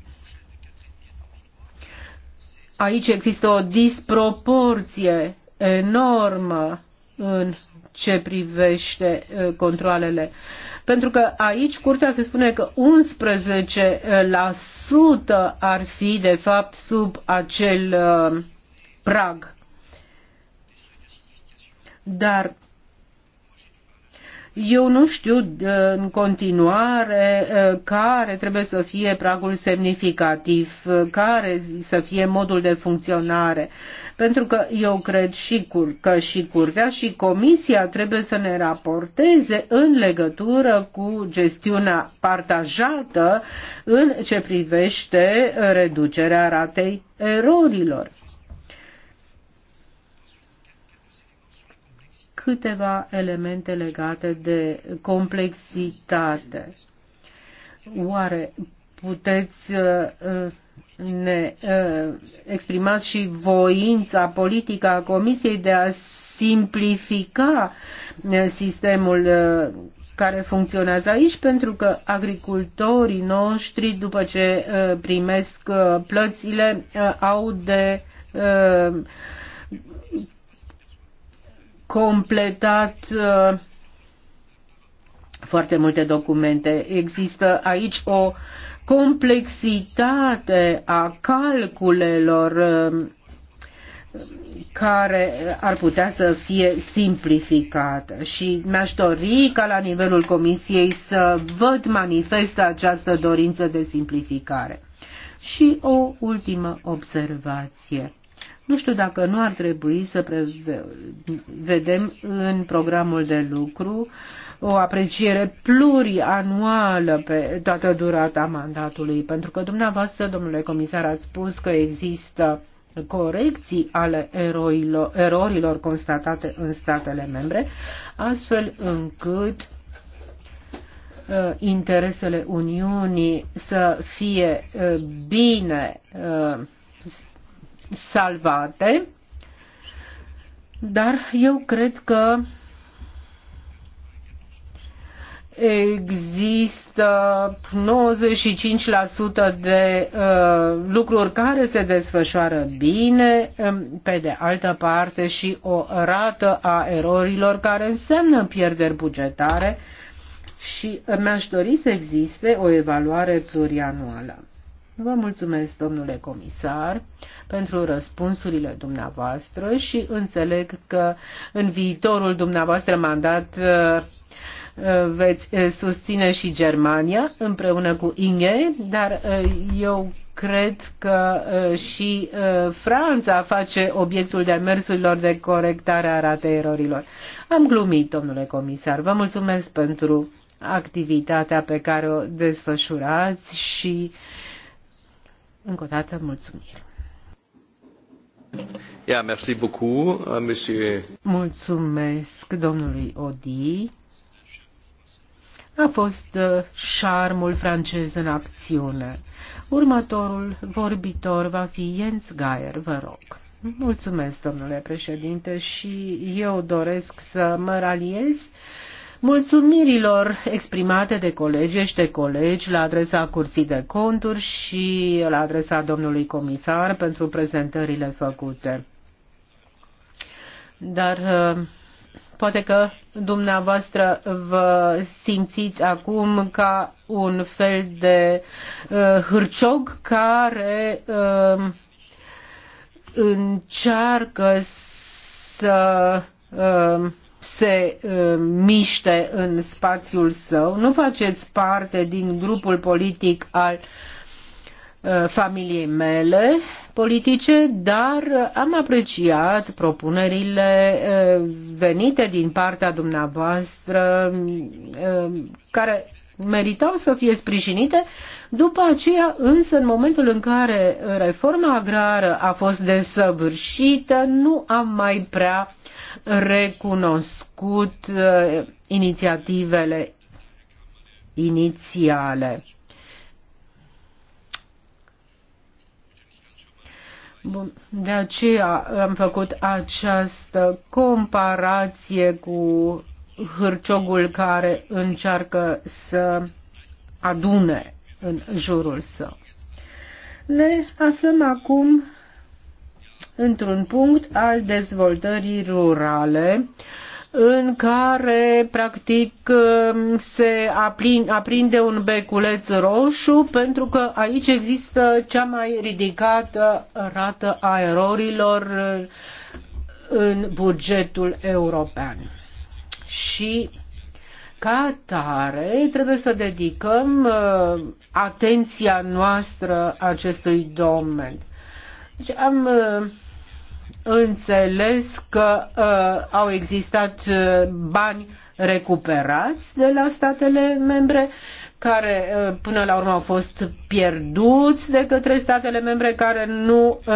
B: aici există o disproporție enormă în ce privește eh, controlele pentru că aici curtea se spune că 11% ar fi de fapt sub acel uh, prag. Dar eu nu știu uh, în continuare uh, care trebuie să fie pragul semnificativ, care să fie modul de funcționare. Pentru că eu cred și cur- că și Curtea și Comisia trebuie să ne raporteze în legătură cu gestiunea partajată în ce privește reducerea ratei erorilor. câteva elemente legate de complexitate. Oare puteți uh, uh, ne uh, exprimați și voința politică a Comisiei de a simplifica uh, sistemul uh, care funcționează aici pentru că agricultorii noștri după ce primesc plățile au de completat foarte multe documente. Există aici o uh, complexitate a calculelor um, care ar putea să fie simplificată. Și mi-aș dori ca la nivelul Comisiei să văd manifestă această dorință de simplificare. Și o ultimă observație. Nu știu dacă nu ar trebui să vedem în programul de lucru o apreciere plurianuală pe toată durata mandatului, pentru că dumneavoastră, domnule comisar, ați spus că există corecții ale eroilor, erorilor constatate în statele membre, astfel încât uh, interesele Uniunii să fie uh, bine uh, salvate, dar eu cred că uh, există 95% de uh, lucruri care se desfășoară bine, um, pe de altă parte și o rată a erorilor care înseamnă pierderi bugetare și mi-aș dori să existe o evaluare plurianuală. Vă mulțumesc, domnule comisar, pentru răspunsurile dumneavoastră și înțeleg că în viitorul dumneavoastră mandat uh, Eh, veți eh, susține și Germania împreună cu Inge, dar eh, eu cred că și Franța face obiectul de mersurilor de corectare a ratei erorilor. Am glumit, domnule comisar. Vă mulțumesc pentru activitatea pe care o desfășurați și încă o dată mulțumiri.
A: Yeah, merci beaucoup, euh, monsieur.
B: Mulțumesc domnului Odi a fost uh, șarmul francez în acțiune. Următorul vorbitor va fi Jens Geier, vă rog. Mulțumesc, domnule președinte, și eu doresc să mă raliez mulțumirilor exprimate de colegi și de colegi la adresa Curții de Conturi și la adresa domnului comisar pentru prezentările făcute. Dar uh, Poate că dumneavoastră vă simțiți acum ca un fel de uh, hârciog care uh, încearcă să uh, se uh, miște în spațiul său. Nu faceți parte din grupul politic al uh, familiei mele, uh, politice, dar am apreciat propunerile eh, venite din partea dumneavoastră eh, care meritau să fie sprijinite. După aceea, însă, în momentul în care reforma agrară a fost desăvârșită, nu am mai prea recunoscut eh, inițiativele inițiale. Bun. De aceea am făcut această comparație cu hârciogul care încearcă să adune în jurul său. Ne aflăm acum într-un punct al dezvoltării rurale în care practic um, se aprinde un beculeț roșu pentru că aici există cea mai ridicată rată a erorilor uh, în bugetul european. Și ca tare trebuie să dedicăm uh, atenția noastră acestui domeniu. Deci am uh, înțeles că uh, au existat uh, bani recuperați de la statele membre care uh, până la urmă au fost pierduți de către statele membre care nu uh,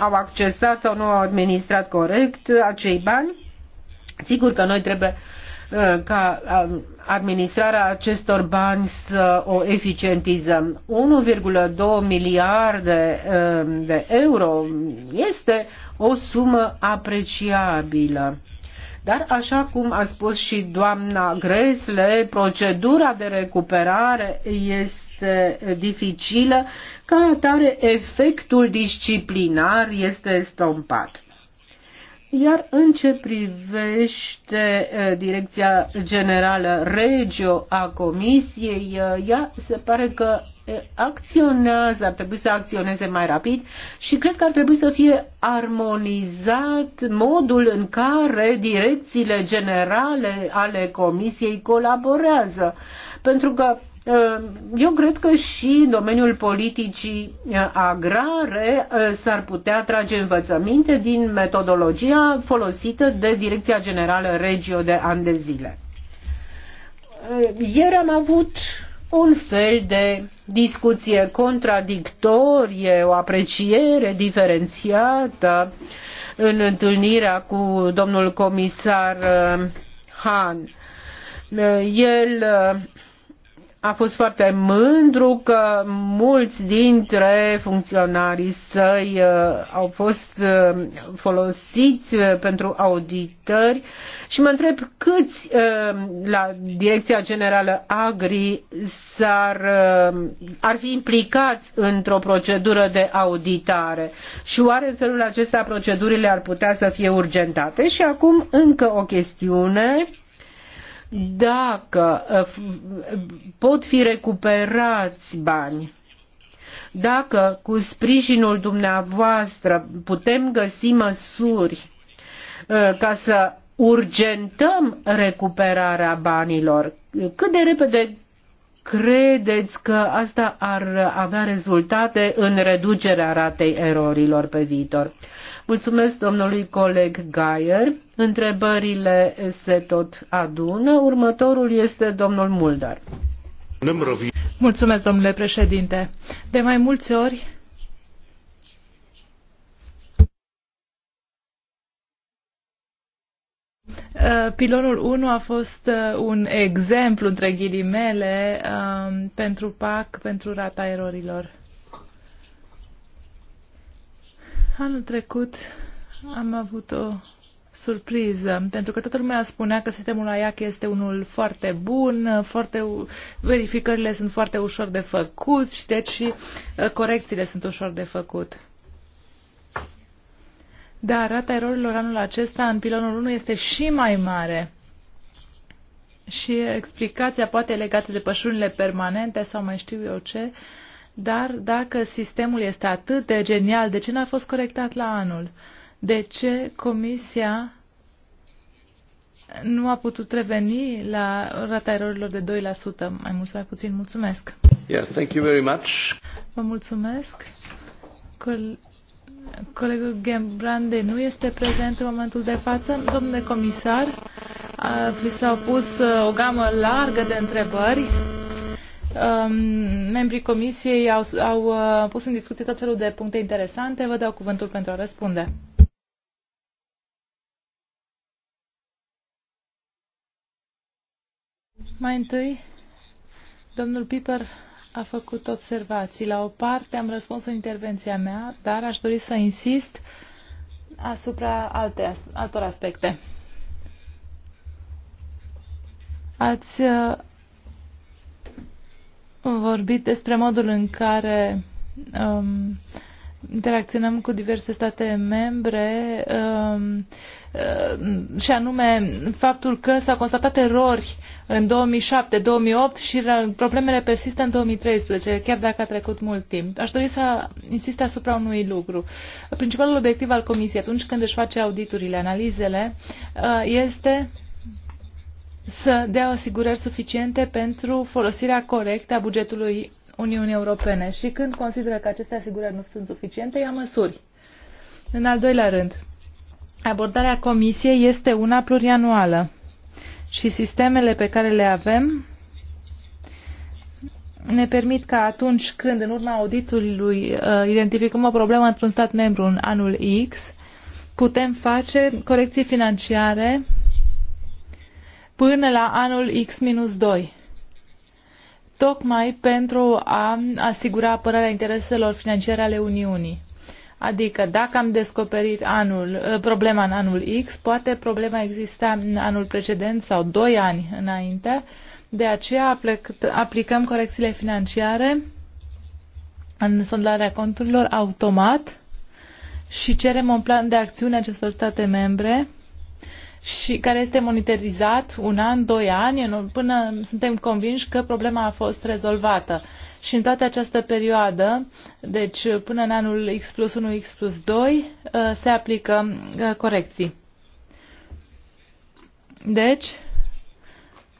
B: au accesat sau nu au administrat corect uh, acei bani. Sigur că noi trebuie uh, ca um, administrarea acestor bani să o eficientizăm. 1,2 miliarde uh, de euro este o sumă apreciabilă. Dar, așa cum a spus și doamna Gresle, procedura de recuperare este dificilă, ca atare efectul disciplinar este stompat. Iar în ce privește eh, Direcția Generală Regio a Comisiei, eh, ea se pare că acționează, ar trebui să acționeze mai rapid și cred că ar trebui să fie armonizat modul în care direcțiile generale ale Comisiei colaborează. Pentru că eu cred că și în domeniul politicii agrare s-ar putea trage învățăminte din metodologia folosită de Direcția Generală Regio de ani de zile. Ieri am avut un fel de discuție contradictorie, o apreciere diferențiată în întâlnirea cu domnul comisar uh, Han. Uh, el uh, a fost foarte mândru că mulți dintre funcționarii săi uh, au fost uh, folosiți uh, pentru auditări și mă întreb câți la Direcția Generală Agri s-ar, ar fi implicați într-o procedură de auditare și oare în felul acesta procedurile ar putea să fie urgentate. Și acum încă o chestiune dacă uh, pot fi recuperați bani, dacă cu sprijinul dumneavoastră putem găsi măsuri uh, ca să urgentăm recuperarea banilor, cât de repede credeți că asta ar avea rezultate în reducerea ratei erorilor pe viitor? Mulțumesc domnului coleg Gaier. Întrebările se tot adună. Următorul este domnul Muldar. Mulțumesc,
A: domnule președinte. De mai multe ori uh, Pilonul 1 a fost uh, un exemplu, între ghilimele, um, pentru PAC, pentru rata erorilor. Anul trecut am avut o surpriză, pentru că toată lumea spunea că sistemul AIAC este unul foarte bun, foarte, verificările sunt foarte ușor de făcut și deci uh, corecțiile sunt ușor de făcut. Dar rata erorilor anul acesta în pilonul 1 este și mai mare. Și explicația poate legată de pășunile permanente sau mai știu eu ce, dar dacă sistemul este atât de genial, de ce n-a fost corectat la anul? Uh, de ce Comisia nu a putut reveni la rata erorilor de 2%, mai mult sau mai puțin. Mulțumesc! Yeah, thank you very much. Vă mulțumesc! Col Colegul Gembrande nu este prezent în momentul de față. Domnule comisar, vi s-au pus uh, o gamă largă de întrebări. Um, membrii comisiei au, au uh, pus în discuție tot felul de puncte interesante. Vă dau cuvântul pentru a răspunde. Mai întâi, domnul Piper a făcut observații. La o parte am răspuns în intervenția mea, dar aș dori să insist asupra alte, altor aspecte. Ați uh, vorbit despre modul în care um, interacționăm cu diverse state membre um, uh, și anume faptul că s-au constatat erori în 2007-2008 și problemele persistă în 2013, chiar dacă a trecut mult timp. Aș dori să insist asupra unui lucru. Principalul obiectiv al Comisiei atunci când își face auditurile, analizele, uh, este să dea asigurări suficiente pentru folosirea corectă a bugetului Uniunii Europene și când consideră că aceste asigurări nu sunt suficiente, ia măsuri. În al doilea rând, abordarea Comisiei este una plurianuală și sistemele pe care le avem ne permit ca atunci când, în urma auditului, uh, identificăm o problemă într-un stat membru în anul X, putem face corecții financiare până la anul X-2 tocmai pentru a asigura apărarea intereselor financiare ale Uniunii. Adică dacă am descoperit anul, eh, problema în anul X, poate problema exista în anul precedent sau doi ani înainte, de aceea aplicăm corecțiile financiare în sondarea conturilor automat și cerem un plan de acțiune acestor state membre și care este monitorizat un an, doi ani, până suntem convinși că problema a fost rezolvată. Și în toată această perioadă, deci până în anul X plus 1, X plus 2, ă, se aplică ă, corecții. Deci,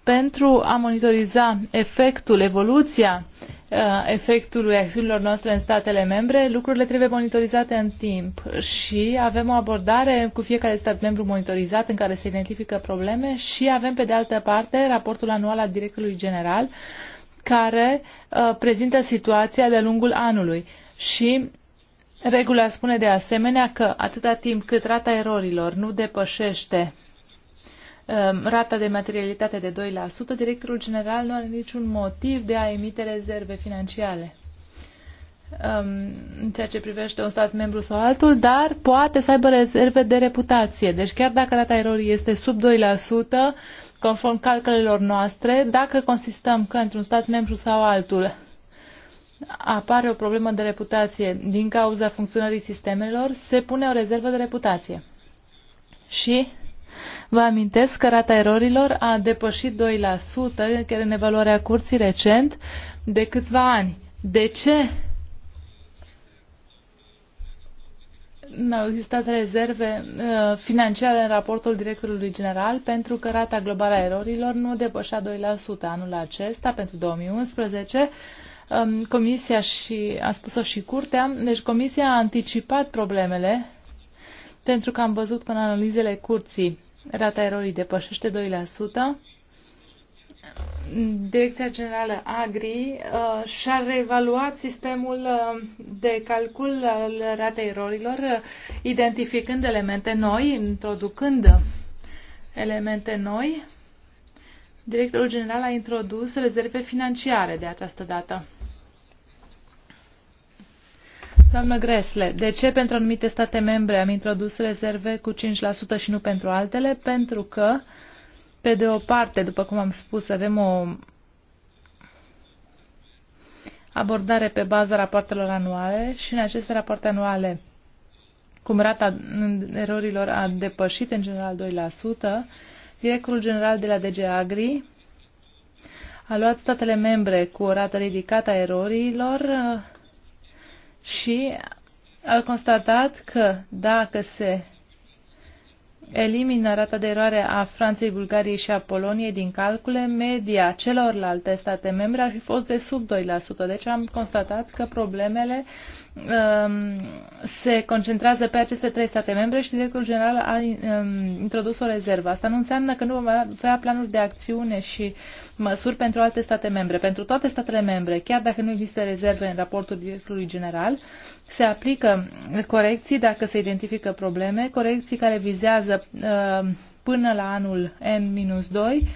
A: pentru a monitoriza efectul, evoluția Uh, efectului acțiunilor noastre în statele membre, lucrurile trebuie monitorizate în timp și avem o abordare cu fiecare stat membru monitorizat în care se identifică probleme și avem pe de altă parte raportul anual al directorului general care uh, prezintă situația de-a lungul anului și regula spune de asemenea că atâta timp cât rata erorilor nu depășește Um, rata de materialitate de 2%, directorul general nu are niciun motiv de a emite rezerve financiare um, în ceea ce privește un stat membru sau altul, dar poate să aibă rezerve de reputație. Deci chiar dacă rata erorii este sub 2%, conform calculelor noastre, dacă consistăm că într-un stat membru sau altul apare o problemă de reputație din cauza funcționării sistemelor, se pune o rezervă de reputație. Și Vă amintesc că rata erorilor a depășit 2%, chiar în evaluarea curții recent, de câțiva ani. De ce nu au existat rezerve uh, financiare în raportul directorului general pentru că rata globală a erorilor nu depășea 2% anul acesta pentru 2011. Um, comisia și a spus-o și curtea, deci comisia a anticipat problemele pentru că am văzut că în analizele curții rata erorii depășește 2%. Direcția Generală Agri uh, și-a reevaluat sistemul uh, de calcul al ratei erorilor, uh, identificând elemente noi, introducând elemente noi. Directorul General a introdus rezerve financiare de această dată. Doamnă Gresle, de ce pentru anumite state membre am introdus rezerve cu 5% și nu pentru altele? Pentru că, pe de o parte, după cum am spus, avem o abordare pe baza rapoartelor anuale și în aceste rapoarte anuale, cum rata erorilor a depășit în general 2%, directorul general de la DG Agri a luat statele membre cu o rată ridicată a erorilor și a constatat că dacă se elimină rata de eroare a Franței, Bulgariei și a Poloniei din calcule, media celorlalte state membre ar fi fost de sub 2%. Deci am constatat că problemele Um, se concentrează pe aceste trei state membre și directorul general a um, introdus o rezervă. Asta nu înseamnă că nu vom avea planuri de acțiune și măsuri pentru alte state membre. Pentru toate statele membre, chiar dacă nu există rezerve în raportul directorului general, se aplică corecții dacă se identifică probleme, corecții care vizează um, până la anul N-2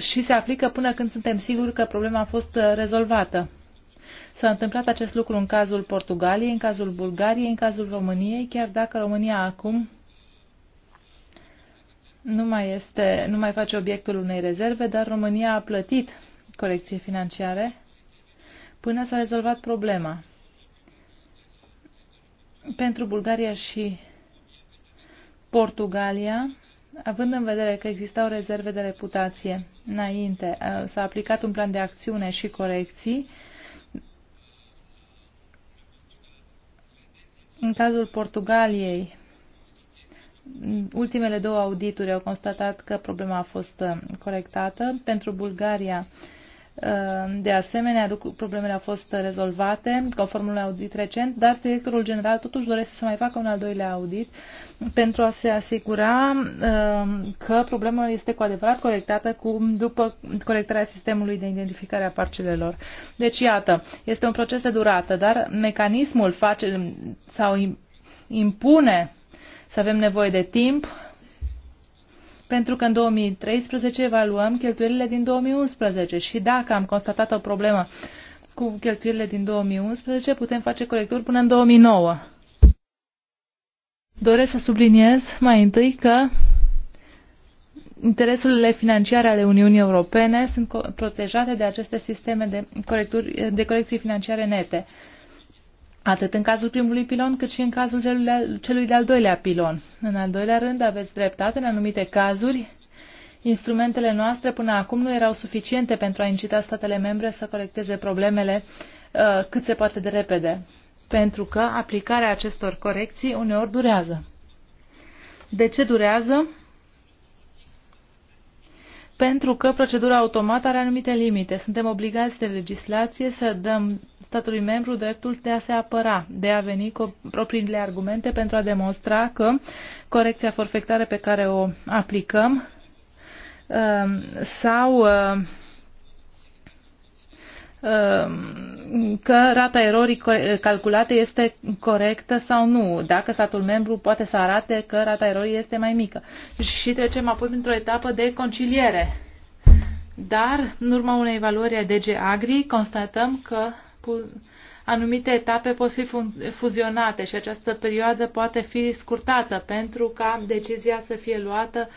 A: și se aplică până când suntem siguri că problema a fost uh, rezolvată. S-a întâmplat acest lucru în cazul Portugaliei, în cazul Bulgariei, în cazul României, chiar dacă România acum nu mai, este, nu mai face obiectul unei rezerve, dar România a plătit corecție financiare până s-a rezolvat problema. Pentru Bulgaria și Portugalia, având în vedere că existau rezerve de reputație înainte, s-a aplicat un plan de acțiune și corecții, În cazul Portugaliei, ultimele două audituri au constatat că problema a fost uh, corectată. Pentru Bulgaria, Ehm, de asemenea, problemele au fost rezolvate conform unui audit recent, dar directorul general totuși dorește să mai facă un al doilea audit pentru a se asigura ehm, că problema este cu adevărat corectată cu, după corectarea sistemului de identificare a parcelelor. Deci, iată, este un proces de durată, dar mecanismul face sau impune să avem nevoie de timp pentru că în 2013 evaluăm cheltuielile din 2011 și dacă am constatat o problemă cu cheltuielile din 2011, putem face corecturi până în 2009. Doresc să subliniez mai întâi că interesurile financiare ale Uniunii Europene sunt protejate de aceste sisteme de, de corecții financiare nete atât în cazul primului pilon, cât și în cazul celui de-al doilea pilon. În al doilea rând, aveți dreptate, în anumite cazuri, instrumentele noastre până acum nu erau suficiente pentru a incita statele membre să corecteze problemele uh, cât se poate de repede, pentru că aplicarea acestor corecții uneori durează. De ce durează? pentru că procedura automată are anumite limite. Suntem obligați de legislație să dăm statului membru dreptul de a se apăra, de a veni cu propriile argumente pentru a demonstra că corecția forfectare pe care o aplicăm um, sau um, Um, că rata erorii calculate este corectă sau nu, dacă statul membru poate să arate că rata erorii este mai mică. Și trecem apoi într-o etapă de conciliere. Dar, în urma unei evaluări a DG Agri, constatăm că anumite etape pot fi fuzionate și această perioadă poate fi scurtată pentru ca decizia să fie luată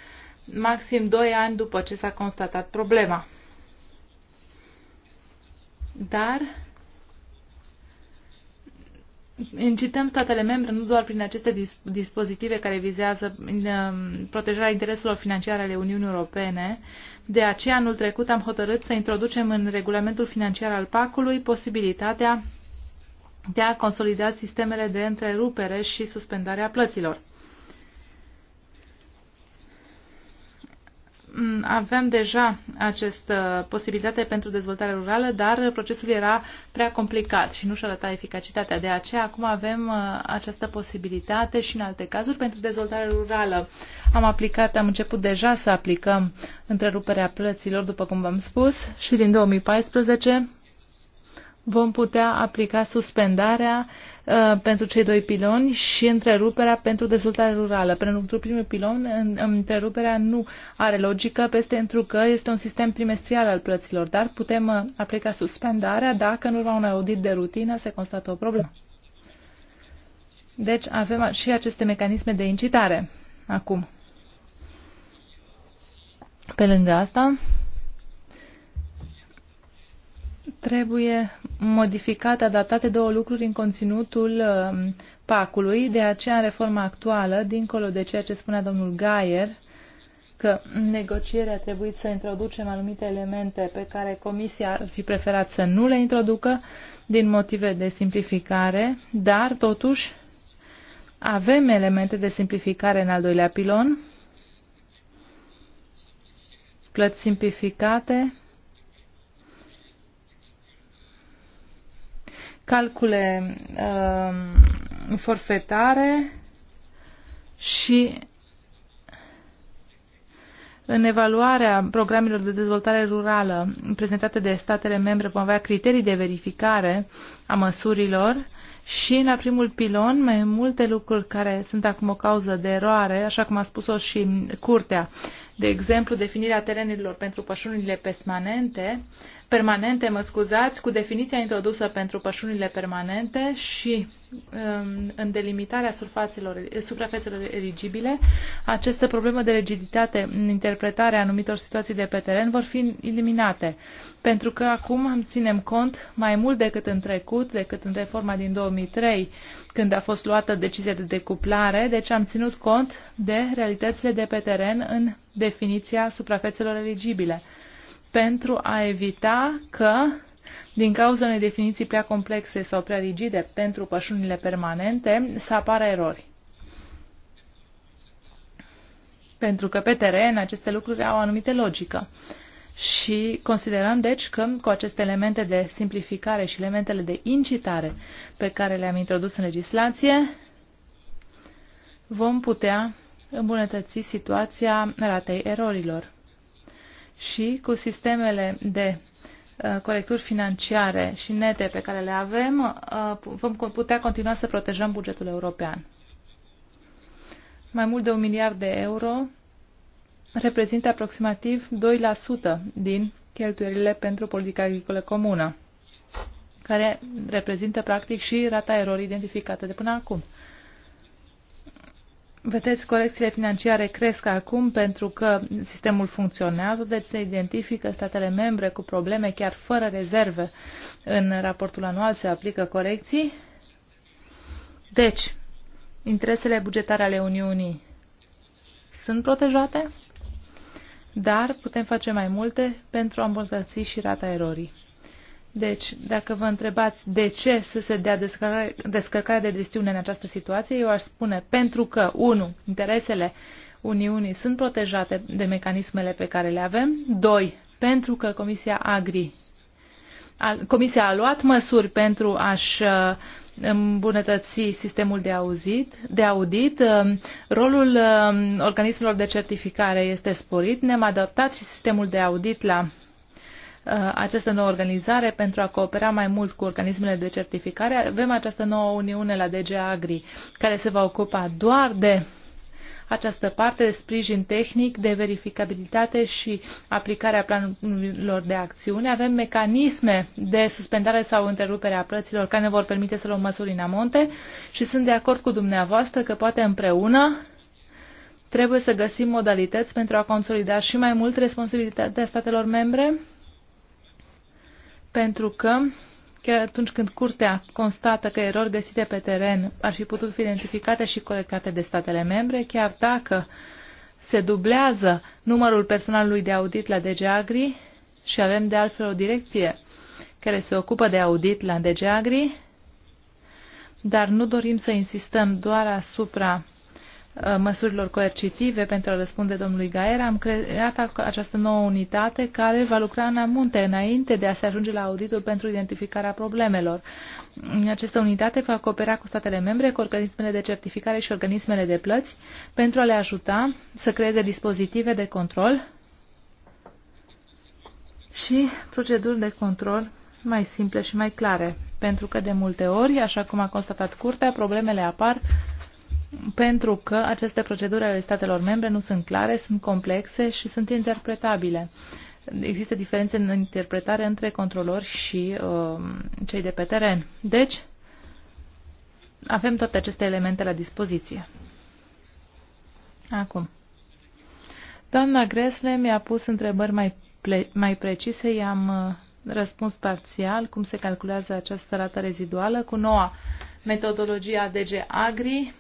A: maxim 2 ani după ce s-a constatat problema dar incităm statele membre nu doar prin aceste dispozitive care vizează mm, um, protejarea intereselor financiare ale Uniunii Europene. De aceea, anul trecut am hotărât să introducem în regulamentul financiar al PAC-ului posibilitatea de a consolida sistemele de întrerupere și suspendarea plăților. Mm, avem deja această posibilitate pentru dezvoltare rurală, dar procesul era prea complicat și nu și arăta eficacitatea. De aceea acum avem uh, această posibilitate și în alte cazuri pentru dezvoltare rurală. Am aplicat, am început deja să aplicăm întreruperea plăților, după cum v-am spus, și din 2014 vom putea aplica suspendarea uh, pentru cei doi piloni și întreruperea pentru dezvoltare rurală. Pentru primul pilon, în, întreruperea nu are logică peste pentru că este un sistem trimestrial al plăților, dar putem uh, aplica suspendarea dacă în urma unui audit de rutină se constată o problemă. Deci avem și aceste mecanisme de incitare acum. Pe lângă asta, trebuie modificate, adaptate două lucruri în conținutul um, pacului, de aceea în reforma actuală, dincolo de ceea ce spunea domnul Gaier, că în negociere a trebuit să introducem anumite elemente pe care Comisia ar fi preferat să nu le introducă din motive de simplificare, dar totuși avem elemente de simplificare în al doilea pilon, plăți simplificate, calcule uh, forfetare și în evaluarea programelor de dezvoltare rurală prezentate de statele membre vom avea criterii de verificare a măsurilor și la primul pilon mai multe lucruri care sunt acum o cauză de eroare, așa cum a spus-o și curtea de exemplu, definirea terenurilor pentru pășunile permanente, permanente, mă scuzați, cu definiția introdusă pentru pășunile permanente și um, în delimitarea suprafețelor eligibile, această problemă de rigiditate în interpretarea anumitor situații de pe teren vor fi eliminate, pentru că acum ținem cont mai mult decât în trecut, decât în reforma din 2003, când a fost luată decizia de decuplare, deci am ținut cont de realitățile de pe teren în definiția suprafețelor eligibile, pentru a evita că, din cauza unei definiții prea complexe sau prea rigide pentru pășunile permanente, să apară erori. Pentru că pe teren aceste lucruri au o anumită logică. Și considerăm, deci, că cu aceste elemente de simplificare și elementele de incitare pe care le-am introdus în legislație, vom putea îmbunătăți situația ratei erorilor. Și cu sistemele de uh, corecturi financiare și nete pe care le avem, uh, vom putea continua să protejăm bugetul european. Mai mult de un miliard de euro reprezintă aproximativ 2% din cheltuielile pentru politica agricolă comună, care reprezintă practic și rata erorii identificată de până acum. Vedeți, corecțiile financiare cresc acum pentru că sistemul funcționează, deci se identifică statele membre cu probleme chiar fără rezerve. În raportul anual se aplică corecții. Deci, interesele bugetare ale Uniunii sunt protejate, dar putem face mai multe pentru a îmbunătăți și rata erorii. Deci, dacă vă întrebați de ce să se dea descărcarea de gestiune în această situație, eu aș spune pentru că, unu, Interesele Uniunii sunt protejate de mecanismele pe care le avem. Doi, Pentru că Comisia Agri Comisia a luat măsuri pentru a-și uh, îmbunătăți sistemul de audit, de audit. Uh, rolul uh, organismelor de certificare este sporit. Ne-am adaptat și sistemul de audit la Uh, această nouă organizare pentru a coopera mai mult cu organismele de certificare. Avem această nouă uniune la DG Agri, care se va ocupa doar de această parte de sprijin tehnic, de verificabilitate și aplicarea planurilor de acțiune. Avem mecanisme de suspendare sau întrerupere a plăților care ne vor permite să luăm măsuri în amonte și sunt de acord cu dumneavoastră că poate împreună trebuie să găsim modalități pentru a consolida și mai mult responsabilitatea statelor membre pentru că chiar atunci când curtea constată că erori găsite pe teren ar fi putut fi identificate și colectate de statele membre, chiar dacă se dublează numărul personalului de audit la DG Agri și avem de altfel o direcție care se ocupă de audit la DG Agri, dar nu dorim să insistăm doar asupra Uh, măsurilor coercitive pentru a răspunde domnului Gaer, am creat această nouă unitate care va lucra în amunte înainte de a se ajunge la auditul pentru identificarea problemelor. Această unitate va coopera cu statele membre, cu organismele de certificare și organismele de plăți pentru a le ajuta să creeze dispozitive de control și proceduri de control mai simple și mai clare. Pentru că de multe ori, așa cum a constatat curtea, problemele apar pentru că aceste proceduri ale statelor membre nu sunt clare, sunt complexe și sunt interpretabile. Există diferențe în interpretare între controlori și uh, cei de pe teren. Deci, avem toate aceste elemente la dispoziție. Acum. Doamna Gresle mi-a pus întrebări mai, mai precise, i-am uh, răspuns parțial cum se calculează această rată reziduală cu noua metodologie a DG Agri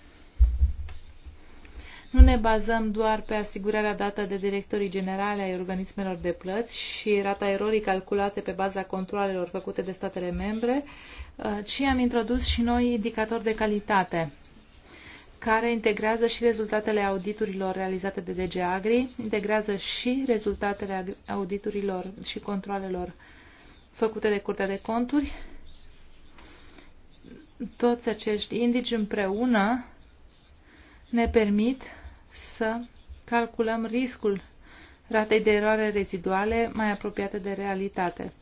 A: nu ne bazăm doar pe asigurarea dată de directorii generale ai organismelor de plăți și rata erorii calculate pe baza controalelor făcute de statele membre, uh, ci am introdus și noi indicatori de calitate care integrează și rezultatele auditurilor realizate de DG Agri, integrează și rezultatele auditurilor și controalelor făcute de Curtea de Conturi. Toți acești indici împreună ne permit să calculăm riscul ratei de eroare reziduale mai apropiate de realitate.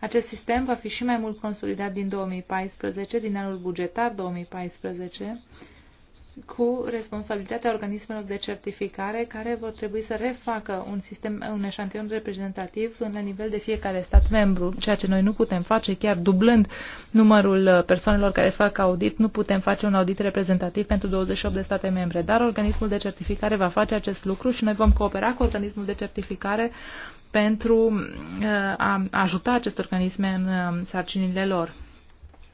A: Acest sistem va fi și mai mult consolidat din 2014, din anul bugetar 2014, cu responsabilitatea organismelor de certificare care vor trebui să refacă un sistem, un eșantion reprezentativ la nivel de fiecare stat membru, ceea ce noi nu putem face, chiar dublând numărul uh, persoanelor care fac audit, nu putem face un audit reprezentativ pentru 28 de state membre, dar organismul de certificare va face acest lucru și noi vom coopera cu organismul de certificare pentru uh, a ajuta aceste organisme în uh, sarcinile lor.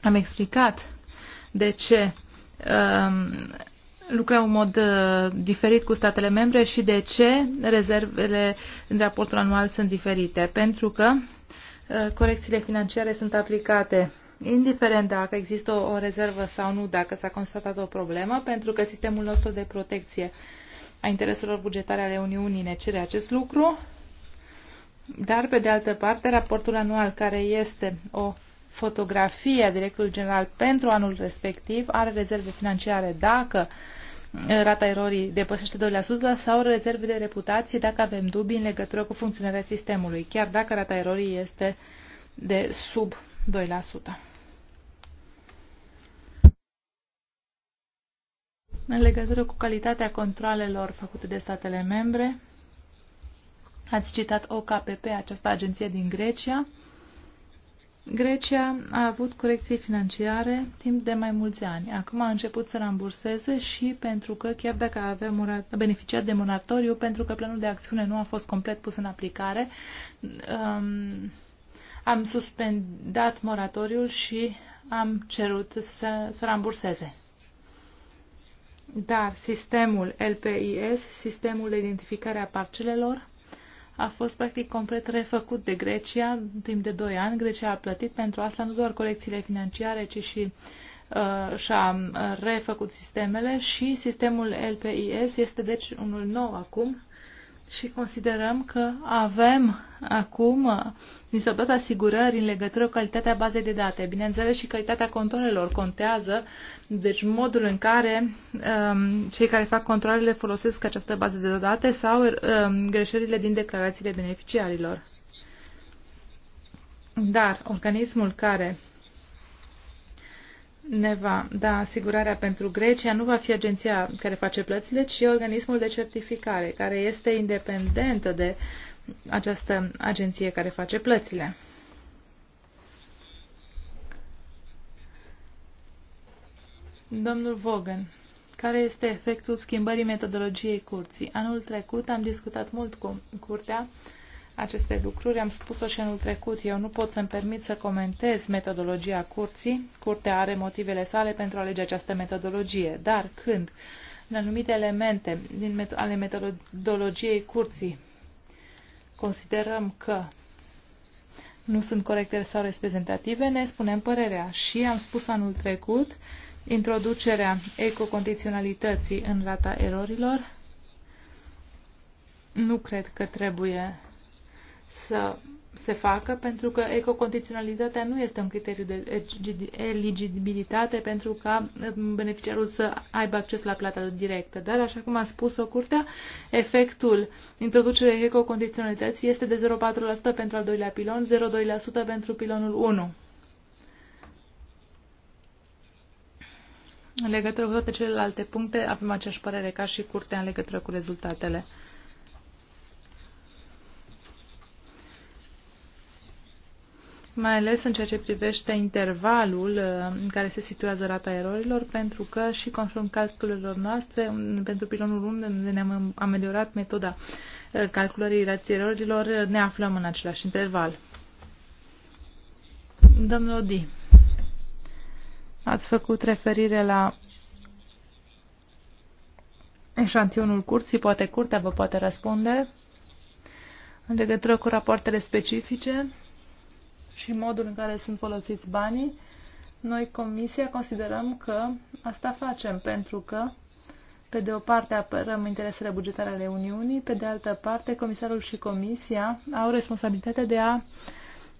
A: Am explicat de ce um, lucra în mod uh, diferit cu statele membre și de ce rezervele în raportul anual sunt diferite. Pentru că uh, corecțiile financiare sunt aplicate indiferent dacă există o rezervă sau nu, dacă s-a constatat o problemă, pentru că sistemul nostru de protecție a intereselor bugetare ale Uniunii ne cere acest lucru, dar, pe de altă parte, raportul anual, care este o fotografie a directorului general pentru anul respectiv, are rezerve financiare dacă uh, Mm. rata erorii depășește 2% sau rezerve de reputație dacă avem dubii în legătură cu funcționarea sistemului, chiar dacă rata erorii este de sub 2%. În legătură cu calitatea controlelor făcute de statele membre, ați citat OKPP, această agenție din Grecia. Grecia a avut corecții financiare timp de mai mulți ani. Acum a început să ramburseze și pentru că, chiar dacă avea murat, beneficiat de moratoriu, pentru că planul de acțiune nu a fost complet pus în aplicare, um, am suspendat moratoriul și am cerut să, să ramburseze. Dar sistemul LPIS, sistemul de identificare a parcelelor, a fost practic complet refăcut de Grecia în timp de 2 ani. Grecia a plătit pentru asta nu doar colecțiile financiare, ci și uh, și-a uh, refăcut sistemele și sistemul LPIS este deci unul nou acum și considerăm că avem acum, uh, ni s-au dat asigurări în legătură cu calitatea bazei de date. Bineînțeles și calitatea controlelor contează, deci modul în care um, cei care fac controlele folosesc această bază de date sau um, greșelile din declarațiile beneficiarilor. Dar organismul care ne va da asigurarea pentru Grecia nu va fi agenția care face plățile, ci organismul de certificare, care este independentă de această agenție care face plățile. Domnul Vogan, care este efectul schimbării metodologiei curții? Anul trecut am discutat mult cu curtea uh, aceste lucruri. Am spus-o și anul trecut. Eu nu pot să-mi permit să comentez metodologia curții. Curtea are motivele sale pentru a alege această metodologie. Dar când în anumite elemente din met ale metodologiei curții considerăm că nu sunt corecte sau reprezentative, ne spunem părerea. Și am spus anul trecut introducerea ecocondiționalității în rata erorilor. Nu cred că trebuie să se facă, pentru că ecocondiționalitatea nu este un criteriu de eligibilitate pentru ca um, beneficiarul să aibă acces la plata directă. Dar, așa cum a spus-o curtea, efectul introducerii ecocondiționalității este de 0,4% pentru al doilea pilon, 0,2% pentru pilonul 1. În legătură cu toate celelalte puncte, avem aceeași părere ca și curtea în legătură cu rezultatele. mai ales în ceea ce privește intervalul uh, în care se situează rata erorilor, pentru că și conform calculelor noastre, pentru pilonul 1 ne-am ameliorat metoda uh, calculării rației erorilor, uh, ne aflăm în același interval. Domnul Odi, ați făcut referire la eșantionul curții, poate curtea vă poate răspunde în legătură cu rapoartele specifice și modul în care sunt folosiți banii, noi, Comisia, considerăm că asta facem, pentru că, pe de o parte, apărăm interesele bugetare ale Uniunii, pe de altă parte, Comisarul și Comisia au responsabilitatea de a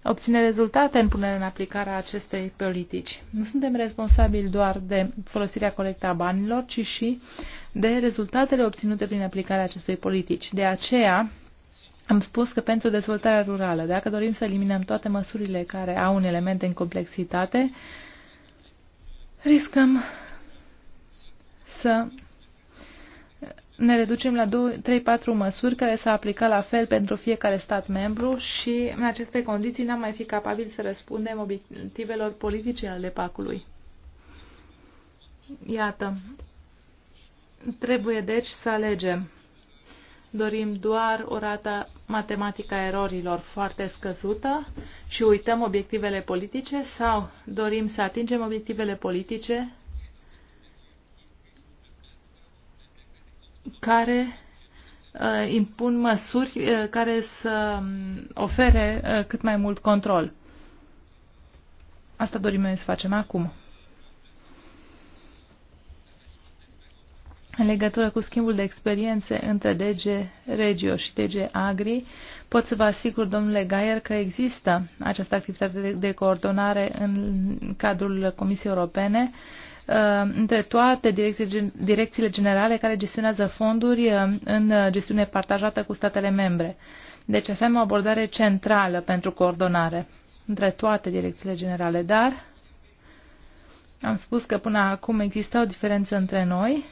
A: obține rezultate în punerea în aplicare a acestei politici. Nu suntem responsabili doar de folosirea corectă a banilor, ci și de rezultatele obținute prin aplicarea acestei politici. De aceea, am spus că pentru dezvoltarea rurală, dacă dorim să eliminăm toate măsurile care au un element în complexitate, riscăm să ne reducem la 3-4 măsuri care s au aplicat la fel pentru fiecare stat membru și în aceste condiții n-am mai fi capabil să răspundem obiectivelor politice ale pacului. Iată, trebuie deci să alegem dorim doar o rată matematică a erorilor foarte scăzută și uităm obiectivele politice sau dorim să atingem obiectivele politice care uh, impun măsuri uh, care să um, ofere uh, cât mai mult control. Asta dorim noi să facem acum. în legătură cu schimbul de experiențe între DG Regio și DG Agri, pot să vă asigur, domnule Gaier, că există această activitate de coordonare în cadrul Comisiei Europene uh, între toate direcțiile generale care gestionează fonduri uh, în gestiune partajată cu statele membre. Deci avem o abordare centrală pentru coordonare între toate direcțiile generale, dar am spus că până acum există o diferență între noi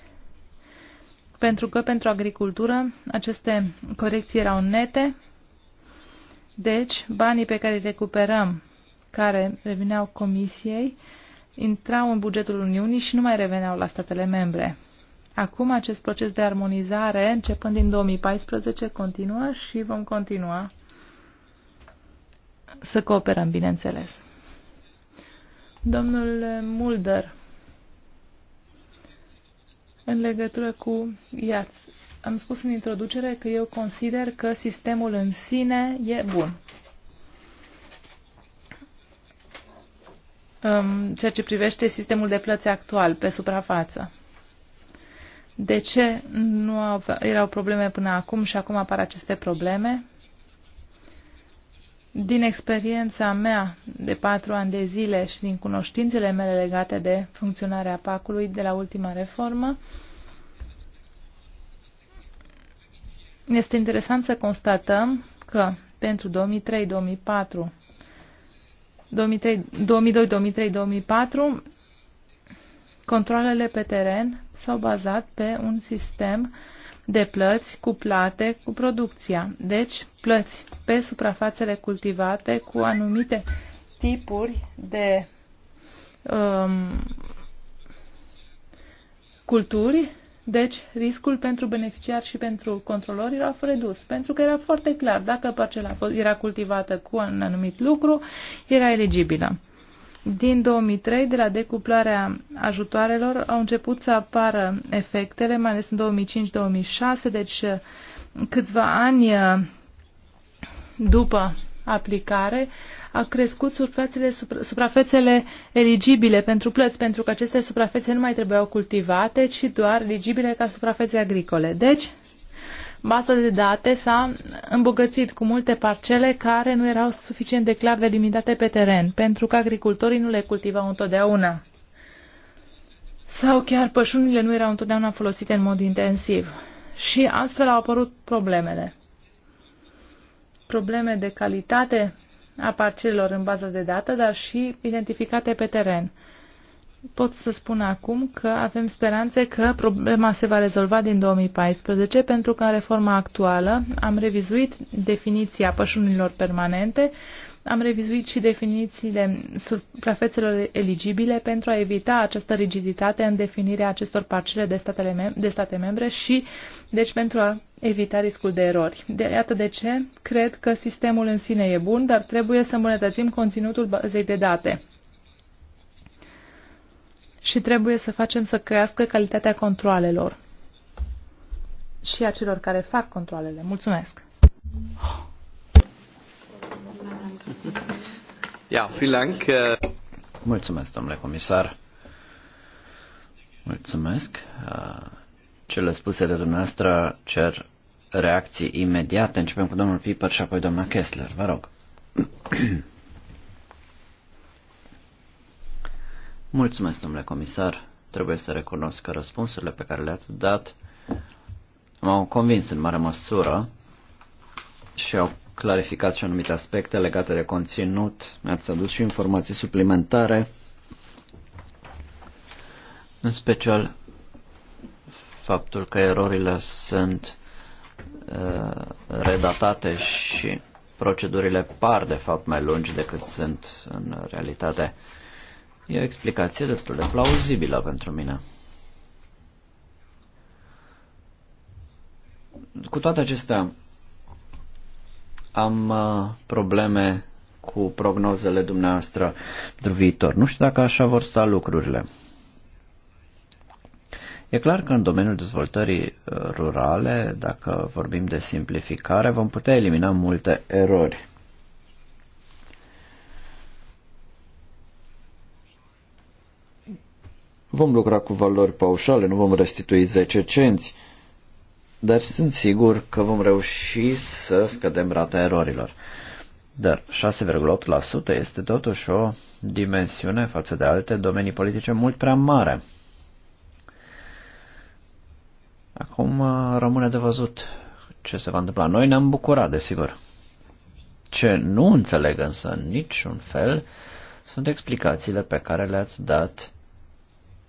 A: pentru că pentru agricultură aceste corecții erau nete, deci banii pe care îi recuperăm, care revineau comisiei, intrau în bugetul Uniunii și nu mai reveneau la statele membre. Acum acest proces de armonizare, începând din 2014, continuă și vom continua să cooperăm, bineînțeles. Domnul Mulder în legătură cu IATS. Am spus în introducere că eu consider că sistemul în sine e bun. ceea ce privește sistemul de plăți actual, pe suprafață. De ce nu erau probleme până acum și acum apar aceste probleme? Din experiența mea de patru ani de zile și din cunoștințele mele legate de funcționarea PAC-ului de la ultima reformă, este interesant să constatăm că pentru 2003, 2004, 2002, 2003, 2004, controlele pe teren s-au bazat pe un sistem uh, de plăți cuplate cu producția, deci plăți pe suprafațele cultivate cu anumite tipuri de um, culturi, deci riscul pentru beneficiari și pentru controlori era redus, pentru că era foarte clar, dacă parcela era cultivată cu un anumit lucru, era eligibilă. Din 2003, de la decuplarea ajutoarelor, au început să apară efectele, mai ales în 2005-2006, deci uh, câțiva ani uh, după aplicare, a crescut suprafețele, supra, suprafețele eligibile pentru plăți, pentru că aceste suprafețe nu mai trebuiau cultivate, ci doar eligibile ca suprafețe agricole. Deci, baza de date s-a îmbogățit cu multe parcele care nu erau suficient de clar delimitate pe teren, pentru că agricultorii nu le cultivau întotdeauna. Sau chiar pășunile nu erau întotdeauna folosite în mod intensiv. Și astfel au apărut problemele. Probleme de calitate a parcelelor în baza de dată, dar și identificate pe teren pot să spun acum că avem speranțe că problema se va rezolva din 2014, pentru că în reforma actuală am revizuit definiția pășunilor permanente, am revizuit și definițiile suprafețelor eligibile pentru a evita această rigiditate în definirea acestor parcele de, statele mem- de state membre și, deci, pentru a evita riscul de erori. De, iată de ce cred că sistemul în sine e bun, dar trebuie să îmbunătățim conținutul bazei de date și trebuie să facem să crească calitatea controalelor și a celor care fac controlele. Mulțumesc!
C: Ja, vielen Dank. Äh. Mulțumesc, domnule comisar. Mulțumesc. Äh, cele spuse de dumneavoastră cer reacții imediate. Începem cu domnul Piper și apoi doamna Kessler. Vă rog. Mulțumesc, domnule comisar. Trebuie să recunosc că răspunsurile pe care le-ați dat m-au convins în mare măsură și au clarificat și anumite aspecte legate de conținut. Mi-ați adus și informații suplimentare, în special faptul că erorile sunt uh, redatate și procedurile par de fapt mai lungi decât sunt în realitate. E o explicație destul de plauzibilă pentru mine. Cu toate acestea, am uh, probleme cu prognozele dumneavoastră pentru viitor. Nu știu dacă așa vor sta lucrurile. E clar că în domeniul dezvoltării uh, rurale, dacă vorbim de simplificare, vom putea elimina multe erori. vom lucra cu valori paușale, nu vom restitui 10 cenți, dar sunt sigur că vom reuși să scădem rata erorilor. Dar 6,8% este totuși o dimensiune față de alte domenii politice mult prea mare. Acum uh, rămâne de văzut ce se va întâmpla. Noi ne-am bucurat, desigur. Ce nu înțeleg însă în niciun fel sunt explicațiile pe care le-ați dat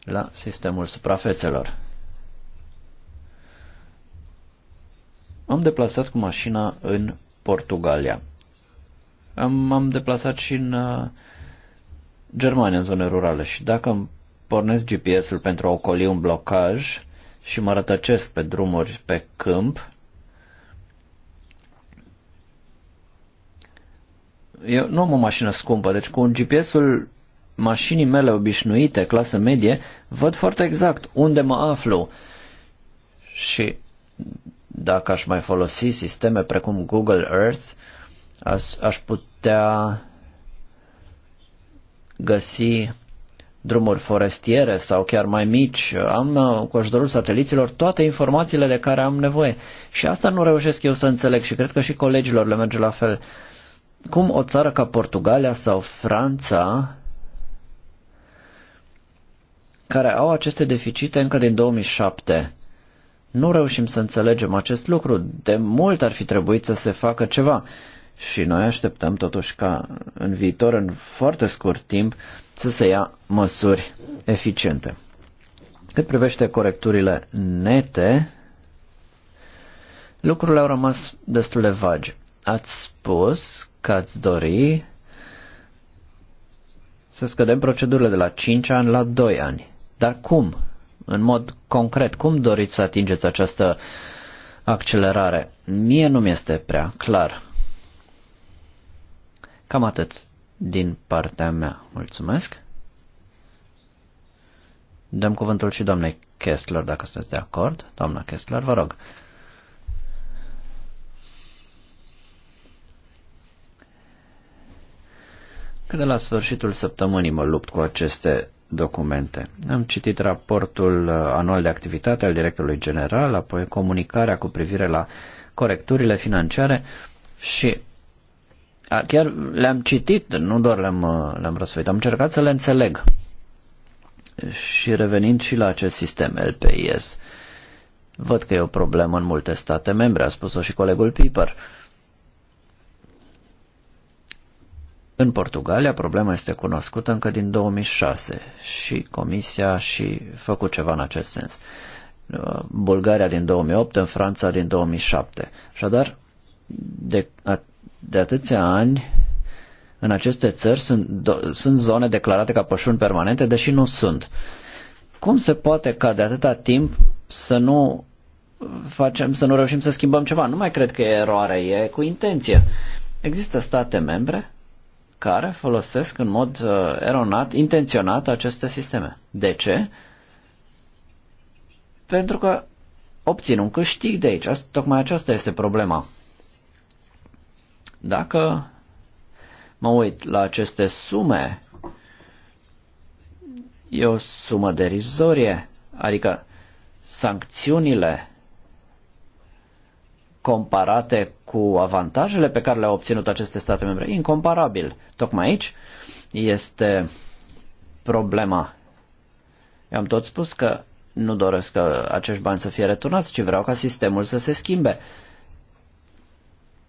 C: la sistemul suprafețelor. M-am deplasat cu mașina în Portugalia. M-am deplasat și în uh, Germania, în zone rurale, și dacă îmi pornesc GPS-ul pentru a ocoli un blocaj și mă rătăcesc pe drumuri pe câmp, eu nu am o mașină scumpă, deci cu un GPS-ul mașinii mele obișnuite, clasă medie, văd foarte exact unde mă aflu. Și dacă aș mai folosi sisteme precum Google Earth, aș, aș putea găsi drumuri forestiere sau chiar mai mici. Am cu ajutorul sateliților toate informațiile de care am nevoie. Și asta nu reușesc eu să înțeleg și cred că și colegilor le merge la fel. Cum o țară ca Portugalia sau Franța care au aceste deficite încă din 2007. Nu reușim să înțelegem acest lucru. De mult ar fi trebuit să se facă ceva. Și noi așteptăm totuși ca în viitor, în foarte scurt timp, să se ia măsuri eficiente. Cât privește corecturile nete, lucrurile au rămas destul de vagi. Ați spus că ați dori să scădem procedurile de la 5 ani la 2 ani. Dar cum? În mod concret, cum doriți să atingeți această accelerare? Mie nu mi-este prea clar. Cam atât din partea mea. Mulțumesc. Dăm cuvântul și doamnei Kessler, dacă sunteți de acord. Doamna Kessler, vă rog. Că de la sfârșitul săptămânii mă lupt cu aceste documente. Am citit raportul uh, anual de activitate al directorului general, apoi comunicarea cu privire la corecturile financiare și chiar le-am citit, nu doar le-am, uh, le-am răsfăit, am încercat să le înțeleg. Și revenind și la acest sistem LPIS, văd că e o problemă în multe state membre, a spus-o și colegul Piper. Uh, În Portugalia problema este cunoscută încă din 2006 și Comisia a și făcut ceva în acest sens. Bulgaria din 2008, în Franța din 2007. Așadar, de, de atâția ani, în aceste țări sunt, do, sunt zone declarate ca pășuni permanente, deși nu sunt. Cum se poate ca de atâta timp să nu facem, să nu reușim să schimbăm ceva? Nu mai cred că e eroare, e cu intenție. Există state membre care folosesc în mod uh, eronat, intenționat aceste sisteme. De ce? Pentru că obțin un câștig de aici. Asta, tocmai aceasta este problema. Dacă mă uit la aceste sume, e o sumă derizorie, adică sancțiunile comparate cu avantajele pe care le-au obținut aceste state membre, incomparabil. Tocmai aici este problema. Eu am tot spus că nu doresc că acești bani să fie returnați, ci vreau ca sistemul să se schimbe.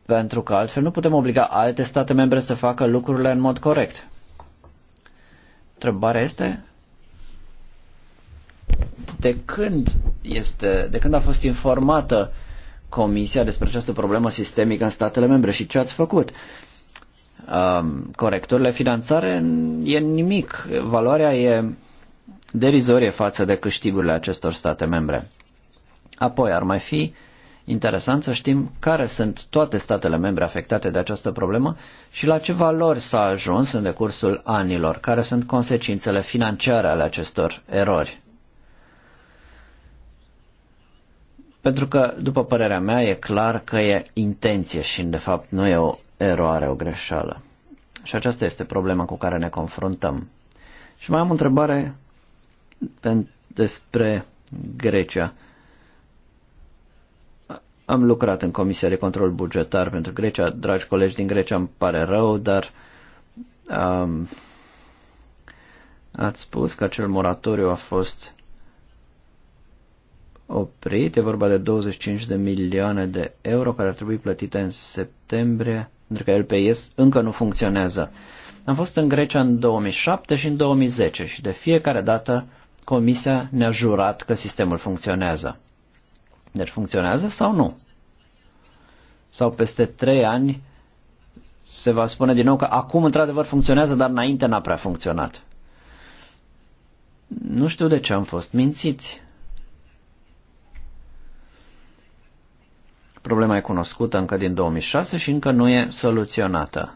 C: Pentru că altfel nu putem obliga alte state membre să facă lucrurile în mod corect. Întrebarea este de când, este, de când a fost informată Comisia despre această problemă sistemică în statele membre și ce ați făcut? Um, corecturile finanțare e nimic. Valoarea e derizorie față de câștigurile acestor state membre. Apoi ar mai fi interesant să știm care sunt toate statele membre afectate de această problemă și la ce valori s-a ajuns în decursul anilor, care sunt consecințele financiare ale acestor erori. Pentru că, după părerea mea, e clar că e intenție și, de fapt, nu e o eroare, o greșeală. Și aceasta este problema cu care ne confruntăm. Și mai am o întrebare despre Grecia. Am lucrat în Comisia de Control Bugetar pentru Grecia. Dragi colegi din Grecia, îmi pare rău, dar um, ați spus că acel moratoriu a fost oprit. E vorba de 25 de milioane de euro care ar trebui plătite în septembrie, pentru că LPS încă nu funcționează. Am fost în Grecia în 2007 și în 2010 și de fiecare dată Comisia ne-a jurat că sistemul funcționează. Deci funcționează sau nu? Sau peste trei ani se va spune din nou că acum într-adevăr funcționează, dar înainte n-a prea funcționat. Nu știu de ce am fost mințiți. Problema e cunoscută încă din 2006 și încă nu e soluționată.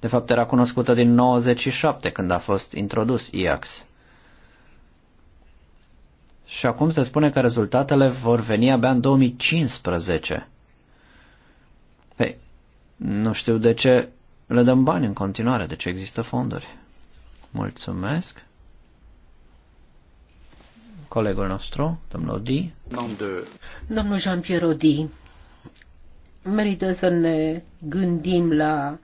C: De fapt, era cunoscută din 97, când a fost introdus IAX. Și acum se spune că rezultatele vor veni abia în 2015. Păi, nu știu de ce le dăm bani în continuare, de ce există fonduri. Mulțumesc colegul nostru, domnul Odi.
B: Domnul Jean-Pierre Odi, merită să ne gândim la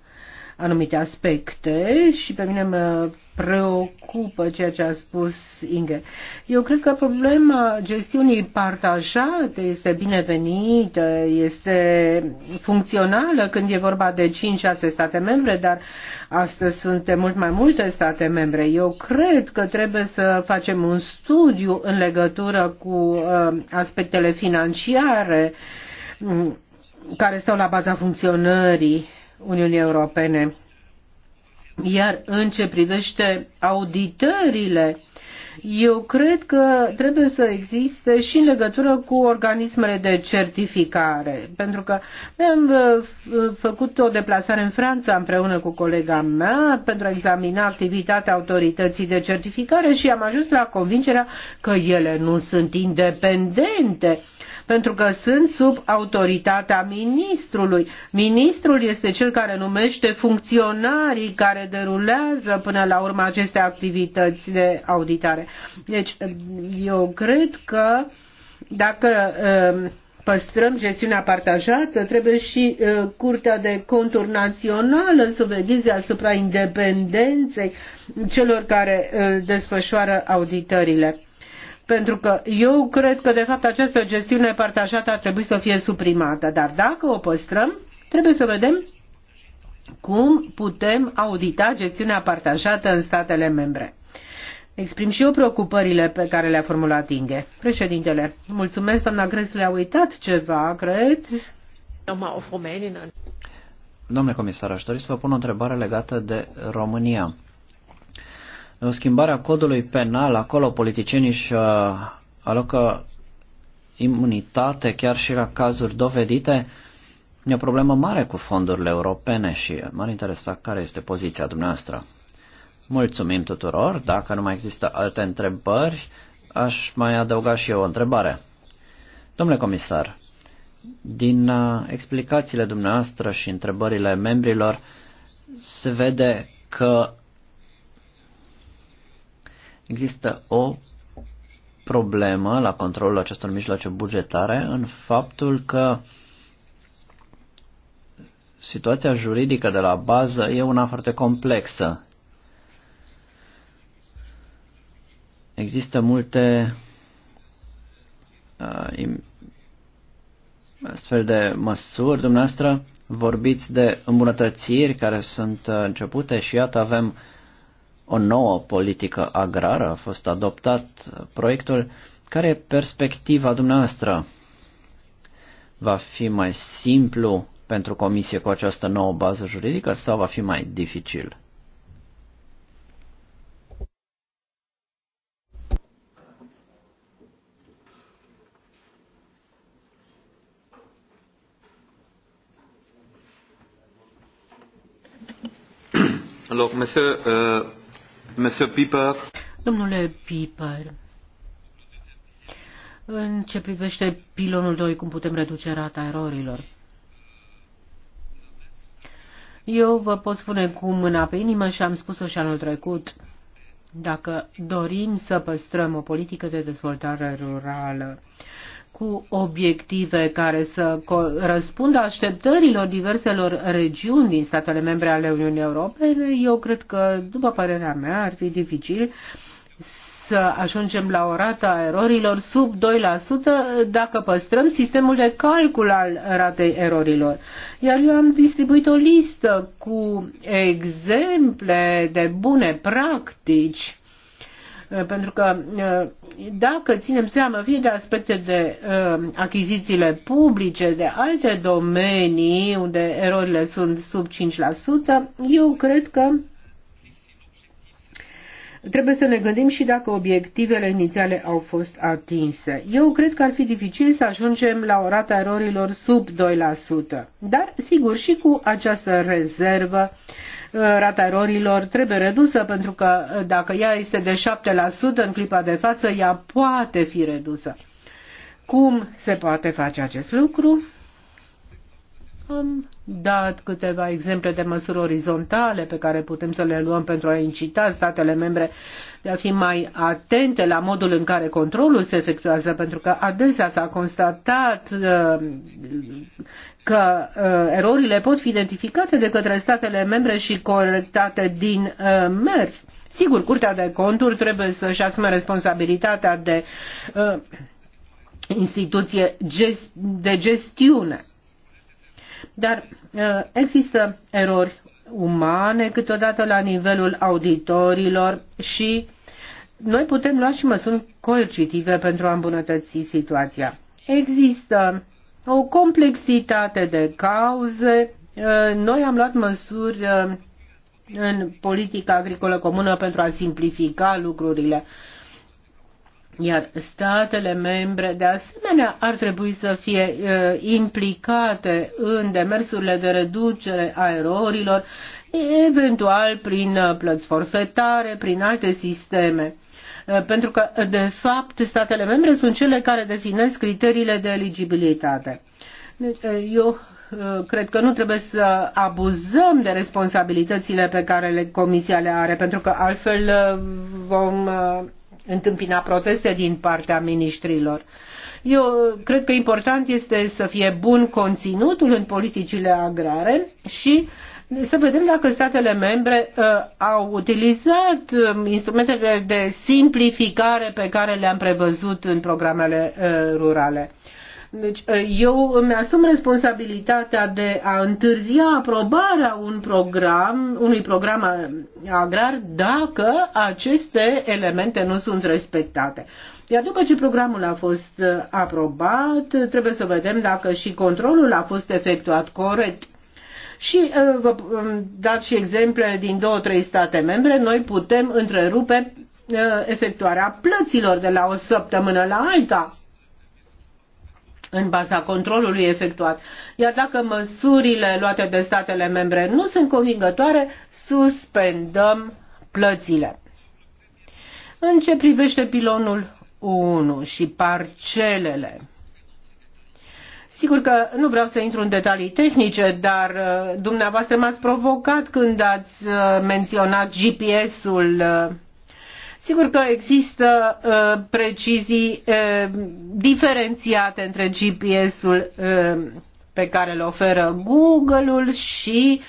B: anumite aspecte și pe mine mă preocupă ceea ce a spus Inge. Eu cred că problema gestiunii partajate este binevenită, este funcțională când e vorba de 5-6 state membre, dar astăzi sunt mult mai multe state membre. Eu cred că trebuie să facem un studiu în legătură cu uh, aspectele financiare mm, care stau la baza funcționării Uniunii Europene. Iar în ce privește auditările, eu cred că trebuie să existe și în legătură cu organismele de certificare, pentru că am uh, făcut o deplasare în Franța împreună cu colega mea pentru a examina activitatea autorității de certificare și am ajuns la convingerea că ele nu sunt independente pentru că sunt sub autoritatea ministrului. Ministrul este cel care numește funcționarii care derulează până la urmă aceste activități de auditare. Deci, eu cred că dacă um, păstrăm gestiunea partajată, trebuie și uh, Curtea de Conturi Națională să vedeze asupra independenței celor care uh, desfășoară auditările pentru că eu cred că, de fapt, această gestiune partajată ar trebui să fie suprimată. Dar dacă o păstrăm, trebuie să vedem cum putem audita gestiunea partajată în statele membre. Exprim și eu preocupările pe care le-a formulat Inge. Președintele, mulțumesc, doamna le a uitat ceva, cred.
C: Domnule comisar, aș dori să vă pun o întrebare legată de România schimbarea codului penal, acolo politicienii își uh, alocă imunitate chiar și la cazuri dovedite, e o problemă mare cu fondurile europene și m-ar interesa care este poziția dumneavoastră. Mulțumim tuturor. Dacă nu mai există alte întrebări, aș mai adăuga și eu o întrebare. Domnule comisar, din uh, explicațiile dumneavoastră și întrebările membrilor, se vede că Există o problemă la controlul acestor mijloace bugetare în faptul că situația juridică de la bază e una foarte complexă. Există multe uh, astfel de măsuri. Dumneavoastră vorbiți de îmbunătățiri care sunt uh, începute și iată avem uh, o nouă politică agrară a fost adoptat proiectul. Care e perspectiva dumneavoastră? Va fi mai simplu pentru comisie cu această nouă bază juridică sau va fi mai dificil? Alors, monsieur, euh,
B: Domnule Piper, în ce privește pilonul 2, cum putem reduce rata erorilor? Eu vă pot spune cu mâna pe inimă și am spus-o și anul trecut. Dacă dorim să păstrăm o politică de dezvoltare rurală, uh, cu obiective care să răspundă așteptărilor diverselor regiuni din statele membre ale Uniunii Europene, eu cred că, după părerea mea, ar fi dificil să ajungem la o rată a erorilor sub 2% dacă păstrăm sistemul de calcul al ratei erorilor. Iar eu am distribuit o listă cu exemple de bune practici Uh, pentru că uh, dacă ținem seama fie de aspecte de uh, achizițiile publice, de alte domenii unde erorile sunt sub 5%, eu cred că trebuie să ne gândim și dacă obiectivele inițiale au fost atinse. Eu cred că ar fi dificil să ajungem la o rată a erorilor sub 2%, dar sigur și cu această rezervă Uh, rata erorilor trebuie redusă pentru că uh, dacă ea este de 7% în clipa de față, ea poate fi redusă. Cum se poate face acest lucru? Am dat câteva exemple de măsuri orizontale pe care putem să le luăm pentru a incita statele membre de a fi mai atente la modul în care controlul se efectuează, pentru că adesea s-a constatat uh, că uh, erorile pot fi identificate de către statele membre și corectate din uh, mers. Sigur, Curtea de Conturi trebuie să-și asume responsabilitatea de uh, instituție gest- de gestiune. Dar uh, există erori umane câteodată la nivelul auditorilor și noi putem lua și măsuri coercitive pentru a îmbunătăți situația. Există o complexitate de cauze. Uh, noi am luat măsuri uh, în politica agricolă comună pentru a simplifica lucrurile. Iar statele membre, de asemenea, ar trebui să fie uh, implicate în demersurile de reducere a erorilor, eventual prin uh, plăți forfetare, prin alte sisteme. Eh, pentru că, eh, de fapt, statele membre sunt cele care definesc criteriile de eligibilitate. Deci, eh, eu cred că nu trebuie să abuzăm de responsabilitățile pe care le, Comisia le are, pentru că altfel vom întâmpina proteste din partea ministrilor. Eu cred că important este să fie bun conținutul în politicile agrare și uh, să vedem dacă statele membre uh, au utilizat uh, instrumentele de simplificare pe care le-am prevăzut în programele uh, rurale. Deci, uh, eu îmi asum responsabilitatea de a întârzia aprobarea un program, unui program uh, agrar dacă aceste elemente nu sunt respectate. Iar după ce programul a fost uh, aprobat, trebuie să vedem dacă și controlul a fost efectuat corect și uh, vă um, dat și exemple din două, trei state membre, noi putem întrerupe uh, efectuarea plăților de la o săptămână la alta în baza controlului efectuat. Iar dacă măsurile luate de statele membre nu sunt convingătoare, suspendăm plățile. În ce privește pilonul 1 și parcelele, Sigur că nu vreau să intru în detalii tehnice, dar uh, dumneavoastră m-ați provocat când ați uh, menționat GPS-ul. Uh. Sigur că există precizii diferențiate între GPS-ul pe care îl oferă Google-ul și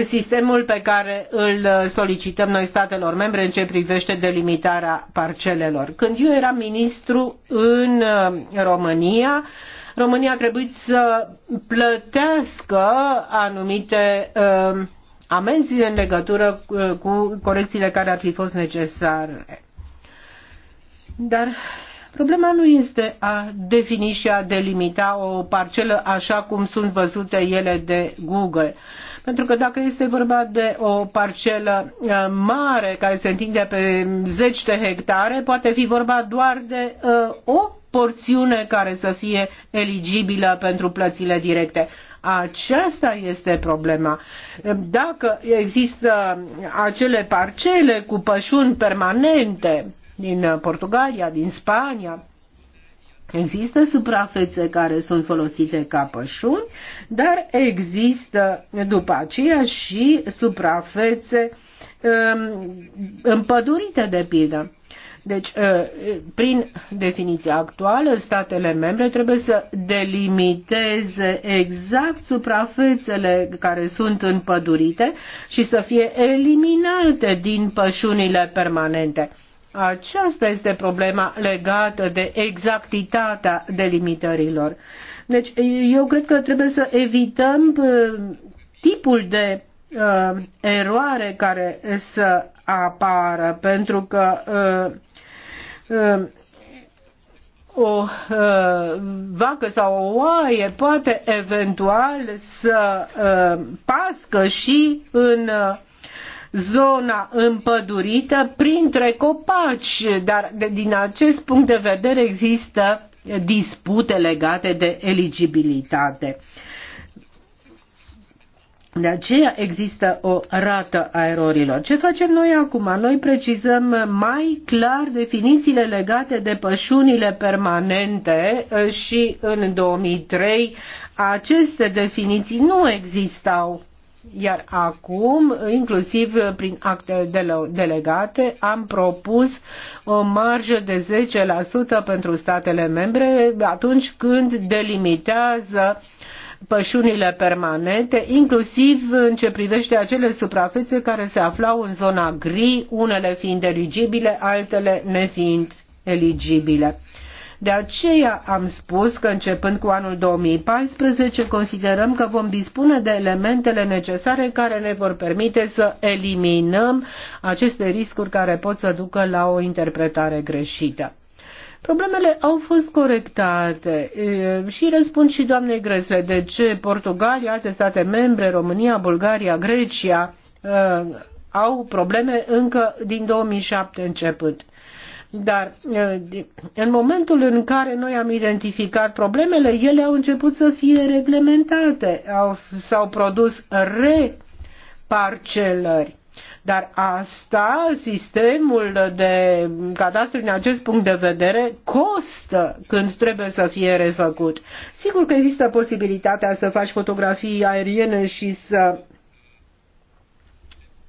B: sistemul pe care îl solicităm noi statelor membre în ce privește delimitarea parcelelor. Când eu eram ministru în România, România a trebuit să plătească anumite uh, amenzi în legătură uh, cu corecțiile care ar fi fost necesare. Dar problema nu este a defini și a delimita o parcelă așa cum sunt văzute ele de Google. Pentru că dacă este vorba de o parcelă uh, mare care se întinde pe zeci de hectare, poate fi vorba doar de uh, o porțiune care să fie eligibilă pentru plățile directe. Aceasta este problema. Dacă există acele parcele cu pășuni permanente din Portugalia, din Spania, Există suprafețe care sunt folosite ca pășuni, dar există după aceea și suprafețe um, împădurite de pildă. Deci, uh, prin definiția actuală, statele membre trebuie să delimiteze exact suprafețele care sunt împădurite și să fie eliminate din pășunile permanente. Aceasta este problema legată de exactitatea delimitărilor. Deci, eu cred că trebuie să evităm uh, tipul de uh, eroare care să apară, pentru că uh, Um, o uh, vacă sau o oaie poate eventual să um, pască și în uh, zona împădurită printre copaci, dar din acest punct de vedere există dispute legate de eligibilitate. De aceea există o rată a erorilor. Ce facem noi acum? Noi precizăm mai clar definițiile legate de pășunile permanente uh, și în 2003 aceste definiții nu existau. Iar acum, inclusiv prin acte delegate, am propus o marjă de 10% pentru statele membre atunci când delimitează uh, pășunile permanente, inclusiv în ce privește acele suprafețe care se aflau în zona gri, unele fiind eligibile, altele nefiind eligibile. De aceea am spus că începând cu anul 2014 considerăm că vom dispune de elementele necesare care ne vor permite să eliminăm aceste riscuri care pot să ducă la o interpretare greșită. Problemele au fost corectate și răspund și doamnei Gresle de ce Portugalia, alte state membre, România, Bulgaria, Grecia au probleme încă din 2007 început. Dar în momentul în care noi am identificat problemele, ele au început să fie reglementate, s-au produs reparcelări. Dar asta, sistemul de cadastru din acest punct de vedere, costă când trebuie să fie refăcut. Sigur că există posibilitatea să faci fotografii aeriene și să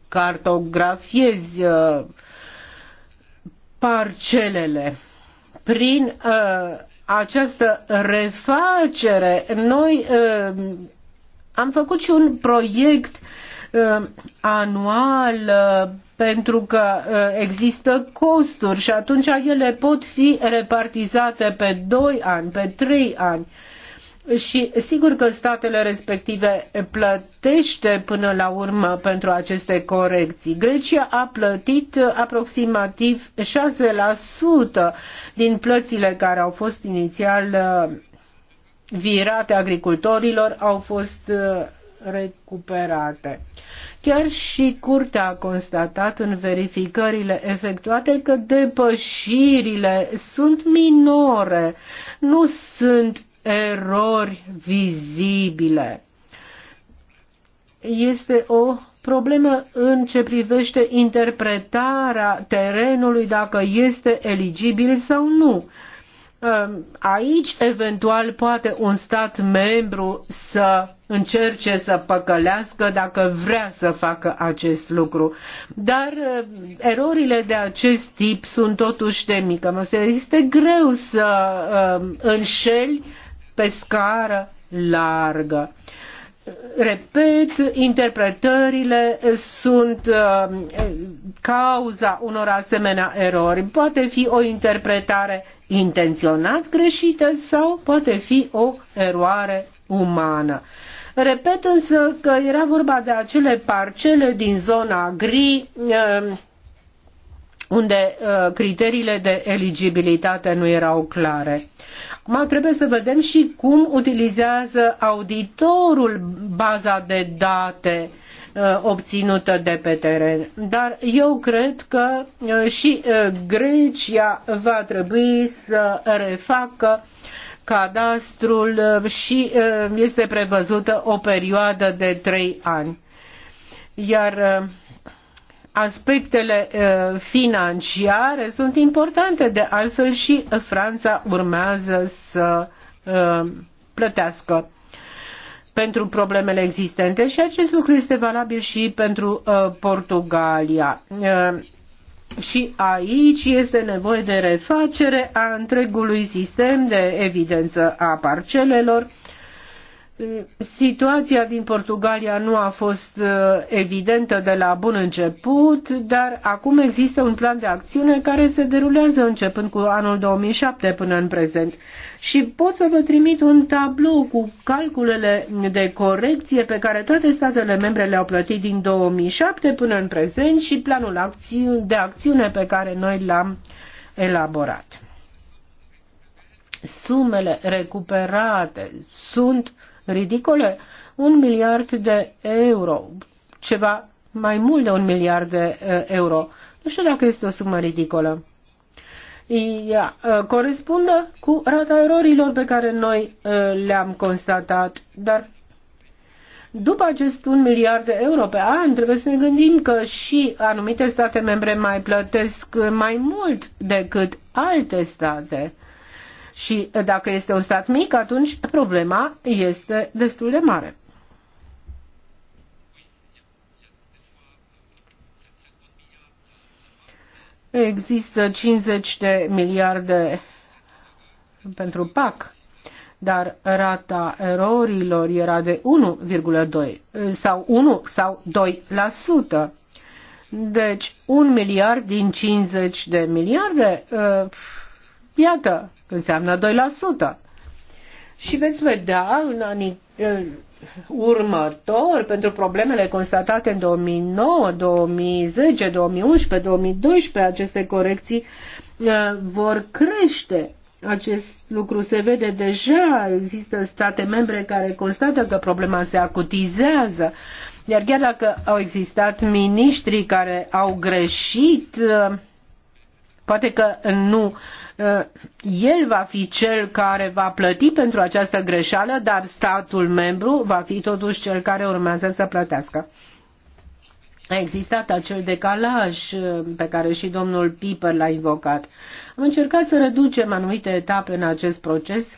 B: cartografiezi uh, parcelele. Prin uh, această refacere, noi uh, am făcut și un proiect Uh, anual uh, pentru că uh, există costuri și atunci ele pot fi repartizate pe 2 ani, pe 3 ani. Și sigur că statele respective plătește până la urmă pentru aceste corecții. Grecia a plătit aproximativ 6% din plățile care au fost inițial virate agricultorilor au fost recuperate. Chiar și curtea a constatat în verificările efectuate că depășirile sunt minore, nu sunt erori vizibile. Este o problemă în ce privește interpretarea terenului dacă este eligibil sau nu. Um, aici, eventual, poate un stat membru să încerce să păcălească dacă vrea să facă acest lucru. Dar um, erorile de acest tip sunt totuși de mică măsură. Este greu să um, înșeli pe scară largă. Repet, interpretările sunt uh, cauza unor asemenea erori. Poate fi o interpretare intenționat greșită sau poate fi o eroare umană. Repet însă că era vorba de acele parcele din zona gri ehm, unde eh, criteriile de eligibilitate nu erau clare. Acum trebuie să vedem și cum utilizează auditorul baza de date uh, Uh, obținută de pe teren. Dar eu cred că uh, și uh, Grecia va trebui să refacă cadastrul și este prevăzută o perioadă de trei ani. Iar aspectele financiare sunt importante, de altfel și Franța urmează să plătească pentru problemele existente și acest lucru este valabil și pentru uh, Portugalia. Uh, și aici este nevoie de refacere a întregului sistem de evidență a parcelelor. Uh, situația din Portugalia nu a fost uh, evidentă de la bun început, dar acum există un plan de acțiune care se derulează începând cu anul 2007 până în prezent și pot să vă trimit un tablou cu calculele de corecție pe care toate statele membre le-au plătit din 2007 până în prezent și planul de acțiune pe care noi l-am elaborat. Sumele recuperate sunt ridicole. Un miliard de euro, ceva mai mult de un miliard de eh, euro. Nu știu dacă este o sumă ridicolă ea, ă, corespundă cu rata erorilor pe care noi ă, le-am constatat. Dar după acest un miliard de euro pe an, trebuie să ne gândim că și anumite state membre mai plătesc mai mult decât alte state. Și dacă este un stat mic, atunci problema este destul de mare. Există 50 de miliarde pentru PAC, dar rata erorilor era de 1,2 sau 1 sau 2%. Deci, un miliard din 50 de miliarde, uh, iată, înseamnă 2%. Și veți vedea în anii uh, următor pentru problemele constatate în 2009, 2010, 2011, 2012, aceste corecții uh, vor crește. Acest lucru se vede deja, există state membre care constată că problema se acutizează. Iar chiar dacă au existat miniștri care au greșit, uh, poate că nu uh, Uh, el va fi cel care va plăti pentru această greșeală, dar statul membru va fi totuși cel care urmează să plătească. A existat acel decalaj uh, pe care și domnul Piper l-a invocat. Am încercat să reducem anumite etape în acest proces.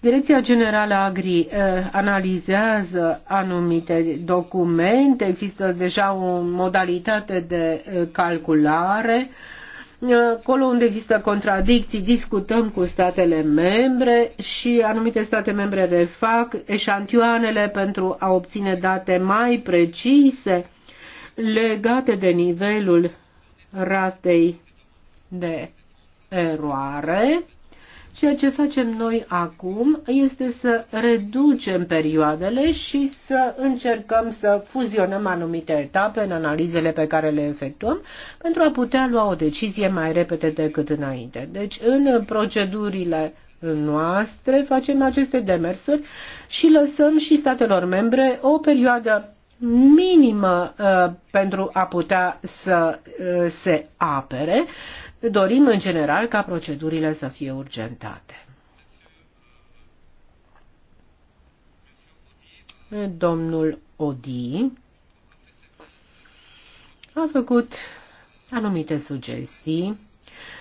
B: Direcția Generală Agri uh, analizează anumite documente, există deja o modalitate de calculare Ă, acolo unde există contradicții, discutăm cu statele membre și anumite state membre refac eșantioanele pentru a obține date mai precise legate de nivelul ratei de eroare Ceea ce facem noi acum este să reducem perioadele și să încercăm să fuzionăm anumite etape în analizele pe care le efectuăm pentru a putea lua o decizie mai repede decât înainte. Deci în procedurile noastre facem aceste demersuri și lăsăm și statelor membre o perioadă minimă uh, pentru a putea să uh, se apere dorim în general ca procedurile să fie urgentate. Domnul Odi a făcut anumite sugestii.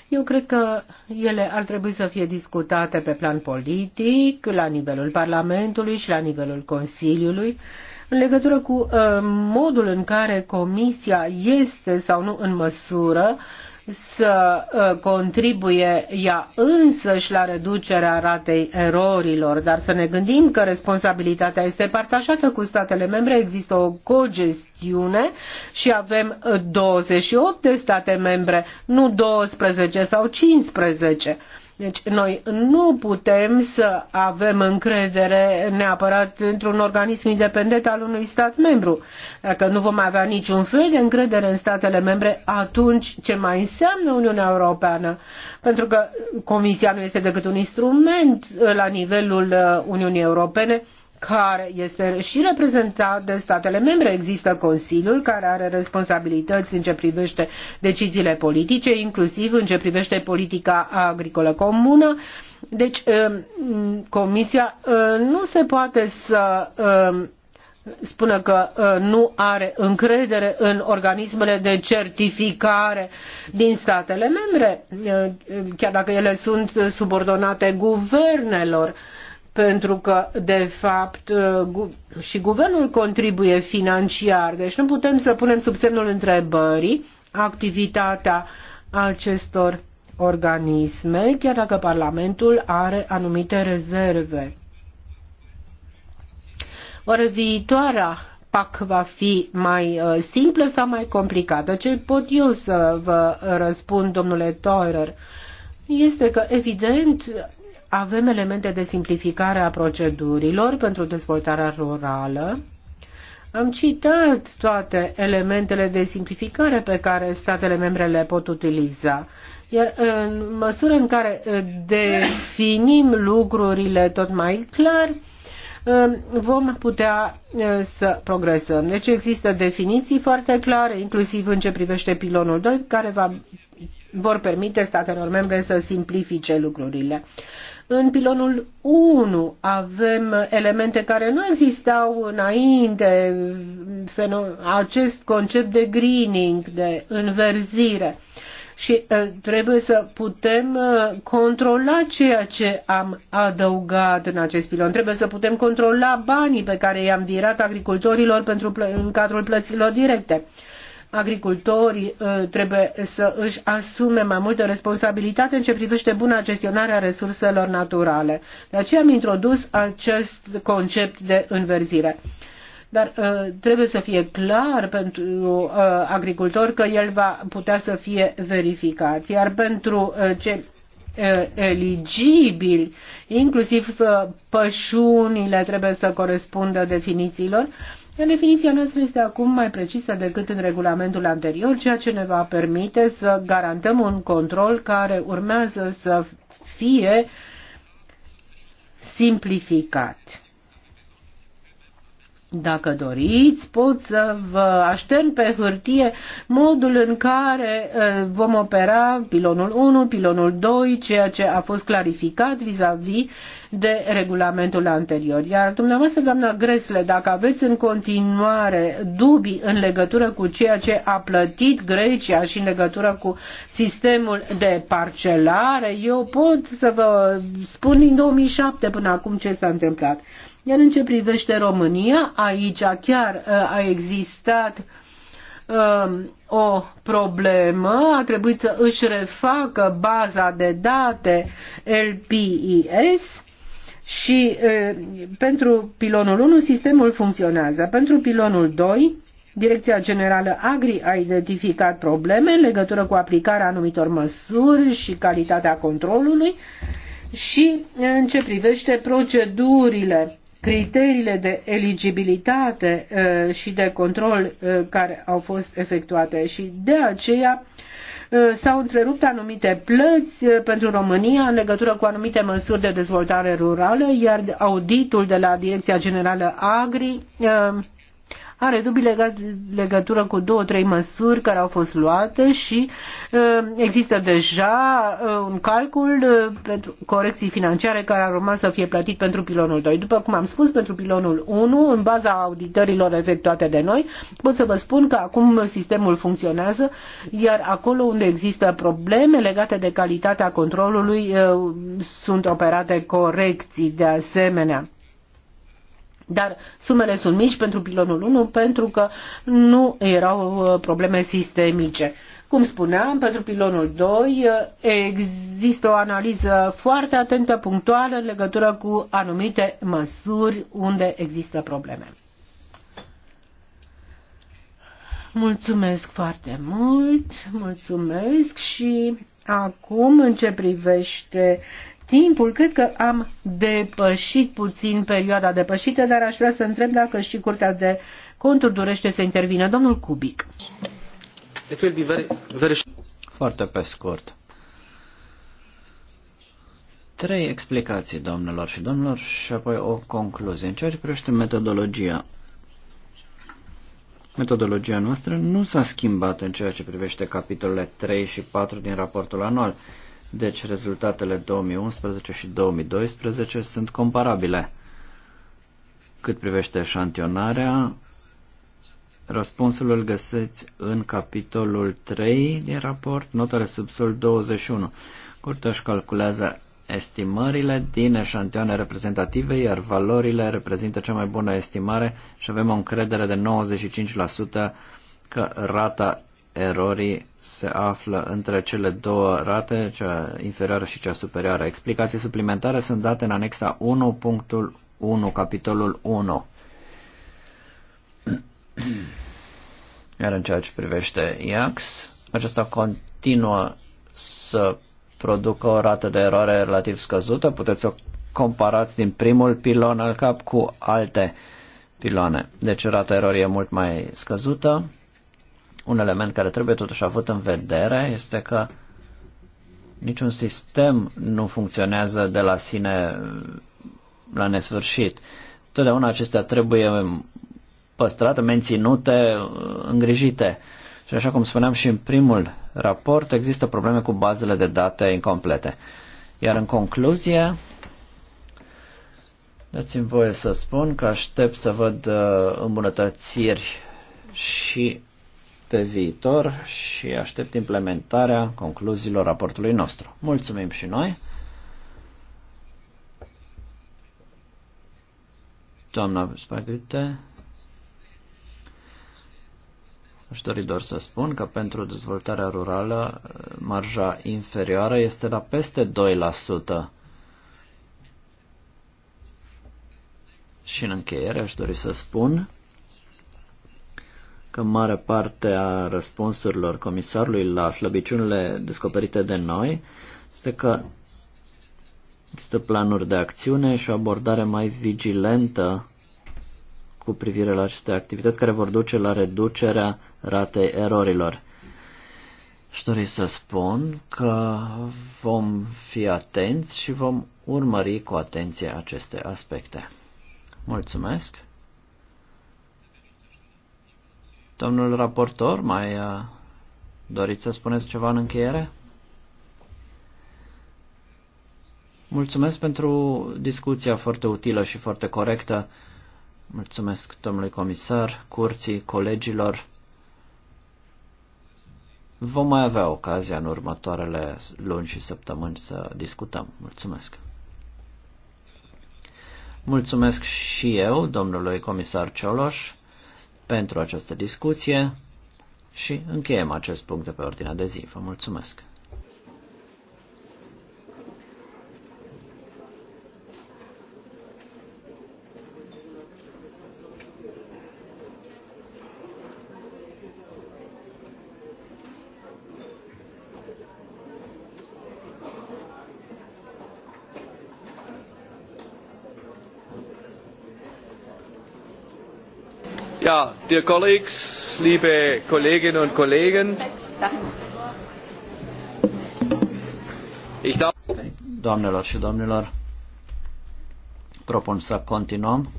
B: Eu cred că ele ar trebui să fie discutate pe plan politic, la nivelul Parlamentului și la nivelul Consiliului, în legătură cu uh, modul în care Comisia este sau nu în măsură uh, să ă, contribuie ea însăși la reducerea ratei erorilor, dar să ne gândim că responsabilitatea este partajată cu statele membre, există o cogestiune și avem 28 ă, de state membre, nu 12 sau 15. Deci noi nu putem să avem încredere neapărat într-un organism independent al unui stat membru. Dacă nu vom avea niciun fel de încredere în statele membre, atunci ce mai înseamnă Uniunea Europeană? Pentru că Comisia nu este decât un instrument la nivelul uh, Uniunii Europene care este și reprezentat de statele membre. Există Consiliul care are responsabilități în ce privește deciziile politice, inclusiv în ce privește politica agricolă comună. Deci, um, Comisia uh, nu se poate să um, spună că uh, nu are încredere în organismele de certificare din statele membre, uh, chiar dacă ele sunt subordonate guvernelor pentru că, de fapt, uh, și guvernul contribuie financiar. Deci nu putem să punem sub semnul întrebării activitatea acestor organisme, chiar dacă Parlamentul are anumite rezerve. Oare viitoarea PAC va fi mai uh, simplă sau mai complicată? Ce pot eu să vă răspund, domnule Teurer? Este că, evident, avem elemente de simplificare a procedurilor pentru dezvoltarea rurală. Am citat toate elementele de simplificare pe care statele membre le pot utiliza. Iar în măsură în care uh, definim lucrurile tot mai clar, uh, vom putea uh, să progresăm. Deci există definiții foarte clare, inclusiv în ce privește pilonul 2, care va, vor permite statelor membre să simplifice lucrurile. În pilonul 1 avem elemente care nu existau înainte, acest concept de greening, de înverzire. Și trebuie să putem controla ceea ce am adăugat în acest pilon. Trebuie să putem controla banii pe care i-am virat agricultorilor pentru în cadrul plăților directe agricultorii uh, trebuie să își asume mai multă responsabilitate în ce privește buna gestionare a resurselor naturale. De aceea am introdus acest concept de înverzire dar uh, trebuie să fie clar pentru uh, agricultor că el va putea să fie verificat. Iar pentru uh, ce uh, eligibili, inclusiv uh, pășunile trebuie să corespundă definițiilor Definiția noastră este acum mai precisă decât în regulamentul anterior, ceea ce ne va permite să garantăm un control care urmează să fie simplificat. Dacă doriți, pot să vă aștern pe hârtie modul în care eh, vom opera pilonul 1, pilonul 2, ceea ce a fost clarificat vis-a-vis -vis de regulamentul anterior. Iar dumneavoastră, doamna Gresle, dacă aveți în continuare dubii în legătură cu ceea ce a plătit Grecia și în legătură cu sistemul de parcelare, eu pot să vă spun din 2007 până acum ce s-a întâmplat. Iar în ce privește România, aici chiar uh, a existat um, o problemă, a trebuit să își refacă baza de date LPIS și pentru pilonul 1 sistemul funcționează. Pentru pilonul 2 Direcția Generală Agri a identificat probleme în legătură cu aplicarea anumitor măsuri și calitatea controlului și în ce privește procedurile, criteriile de eligibilitate și de control care au fost efectuate și de aceea Uh, s-au întrerupt anumite plăți uh, pentru România în legătură cu anumite măsuri de dezvoltare rurală, iar auditul de la Direcția Generală Agri uh, are dubii legat, legătură cu două, trei măsuri care au fost luate și uh, există deja uh, un calcul uh, pentru corecții financiare care ar urma să fie plătit pentru pilonul 2. După cum am spus, pentru pilonul 1, în baza auditorilor efectuate de noi, pot să vă spun că acum sistemul funcționează, iar acolo unde există probleme legate de calitatea controlului, sunt operate corecții de asemenea. Dar sumele sunt mici pentru pilonul 1 pentru că nu erau uh, probleme sistemice. Cum spuneam, pentru pilonul 2 uh, există o analiză foarte atentă, punctuală, în legătură cu anumite măsuri unde există probleme. Mulțumesc foarte mult, mulțumesc și acum în ce privește timpul, cred că am depășit puțin perioada depășită, dar aș vrea să întreb dacă și Curtea de Conturi dorește să intervină. Domnul Cubic.
C: Foarte pe scurt. Trei explicații, domnilor și domnilor, și apoi o concluzie. În ceea ce privește metodologia, metodologia noastră nu s-a schimbat în ceea ce privește capitolele 3 și 4 din raportul anual. Deci rezultatele 2011 și 2012 sunt comparabile. Cât privește eșantionarea, răspunsul îl găseți în capitolul 3 din raport, notele sub sol 21. Curtea își calculează estimările din eșantioane reprezentative, iar valorile reprezintă cea mai bună estimare și avem o încredere de 95% că rata erorii se află între cele două rate, cea inferioară și cea superioară. Explicații suplimentare sunt date în anexa 1.1, capitolul 1. Iar în ceea ce privește IAX, aceasta continuă să producă o rată de eroare relativ scăzută. Puteți o comparați din primul pilon al cap cu alte piloane. Deci rata erorii e mult mai scăzută. Un element care trebuie totuși avut în vedere este că niciun sistem nu funcționează de la sine uh, la nesfârșit. Totdeauna acestea trebuie păstrate, menținute, uh, îngrijite. Și așa cum spuneam și în primul raport, există probleme cu bazele de date incomplete. Iar în concluzie, dați-mi voie să spun că aștept să văd uh, îmbunătățiri și pe viitor și aștept implementarea concluziilor raportului nostru. Mulțumim și noi! Doamna Spagute, aș dori doar să spun că pentru dezvoltarea rurală marja inferioară este la peste 2%. Și în încheiere aș dori să spun că mare parte a răspunsurilor comisarului la slăbiciunile descoperite de noi este că există planuri de acțiune și o abordare mai vigilentă cu privire la aceste activități care vor duce la reducerea ratei erorilor. Și dori să spun că vom fi atenți și vom urmări cu atenție aceste aspecte. Mulțumesc! Domnul raportor, mai uh, doriți să spuneți ceva în încheiere? Mulțumesc pentru discuția foarte utilă și foarte corectă. Mulțumesc domnului comisar, curții, colegilor. Vom mai avea ocazia în următoarele luni și săptămâni să discutăm. Mulțumesc. Mulțumesc și eu, domnului comisar Cioloș pentru această discuție și încheiem acest punct de pe ordinea de zi. Vă mulțumesc!
A: Dear colleagues,
C: liebe Kolleginnen und Kollegen, ich darf... Doamnelor și domnilor, propun să continuăm.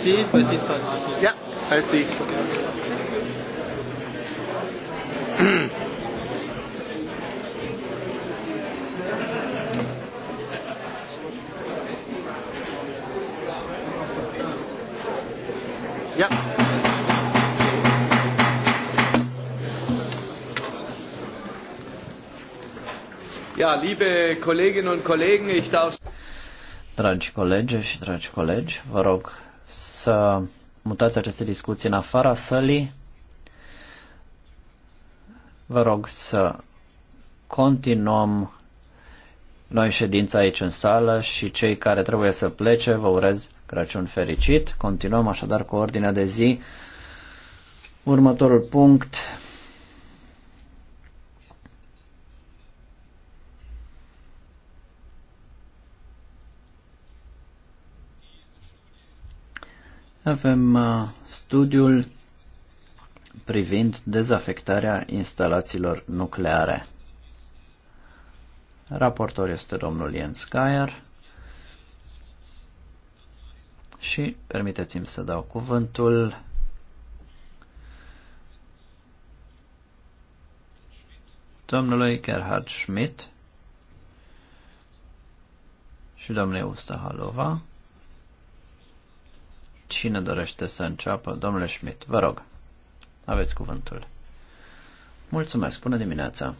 A: see, but it's Yeah,
B: I see.
C: yeah.
A: Ja, liebe Kolleginnen und Kollegen, ich darf
C: Dragi colegi și dragi colegi, vă rog să mutați aceste discuții în afara sălii. Vă rog să continuăm noi ședința aici în sală și cei care trebuie să plece, vă urez Crăciun fericit. Continuăm așadar cu ordinea de zi. Următorul punct, Avem uh, studiul privind dezafectarea instalațiilor nucleare. Raportor este domnul Jens Geier și permiteți-mi să dau cuvântul domnului Gerhard Schmidt și domnului Ustahalova. Cine dorește să înceapă? Domnule Schmidt, vă rog, aveți cuvântul. Mulțumesc, bună dimineața!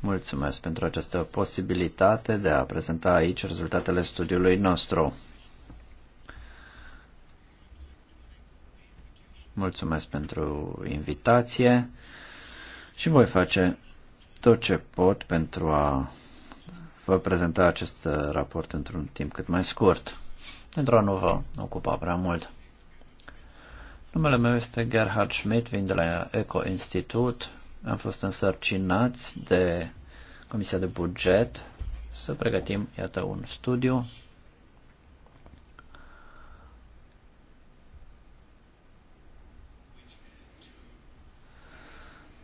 C: Mulțumesc pentru această posibilitate de a prezenta aici rezultatele studiului nostru. Mulțumesc pentru invitație și voi face tot ce pot pentru a vă prezenta acest uh, raport într-un timp cât mai scurt, pentru a nu vă ocupa prea mult. Numele meu este Gerhard Schmidt, vin de la Eco Institut. Am fost însărcinați de Comisia de Buget să pregătim, iată, un studiu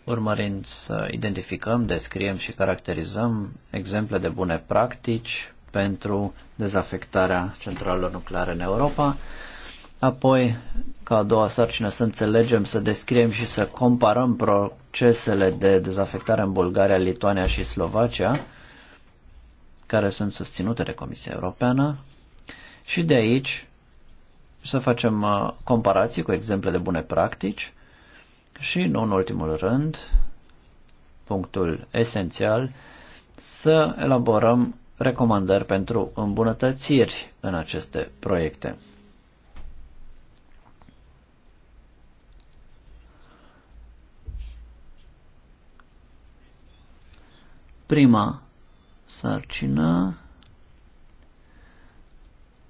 C: urmărind să identificăm, descriem și caracterizăm exemple de bune practici pentru dezafectarea centralelor nucleare în Europa. Apoi, ca a doua sarcină, să înțelegem, să descriem și să comparăm procesele de dezafectare în Bulgaria, Lituania și Slovacia, care sunt susținute de Comisia Europeană. Și de aici să facem uh, comparații cu exemple de bune practici și, nu în ultimul rând, punctul esențial, să elaborăm recomandări pentru îmbunătățiri în aceste proiecte. Prima sarcină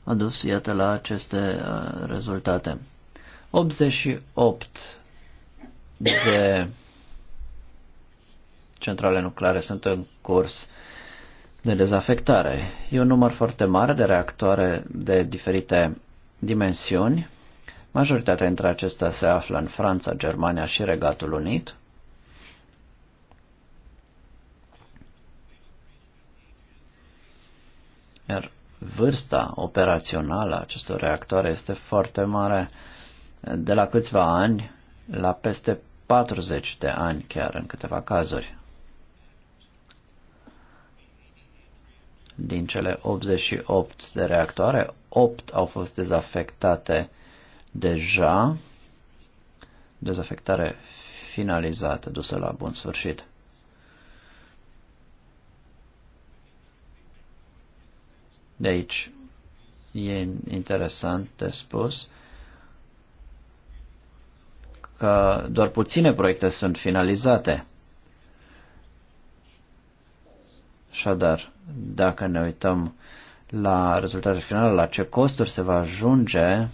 C: a dus, iată, la aceste uh, rezultate. 88 de centrale nucleare sunt în curs de dezafectare. E un număr foarte mare de reactoare de diferite dimensiuni. Majoritatea dintre acestea se află în Franța, Germania și Regatul Unit. Iar vârsta operațională a acestor reactoare este foarte mare, de la câțiva ani la peste 40 de ani chiar în câteva cazuri. Din cele 88 de reactoare, 8 au fost dezafectate deja, dezafectare finalizată, dusă la bun sfârșit. De aici e interesant de spus că doar puține proiecte sunt finalizate. Așadar, dacă ne uităm la rezultatul final, la ce costuri se va ajunge,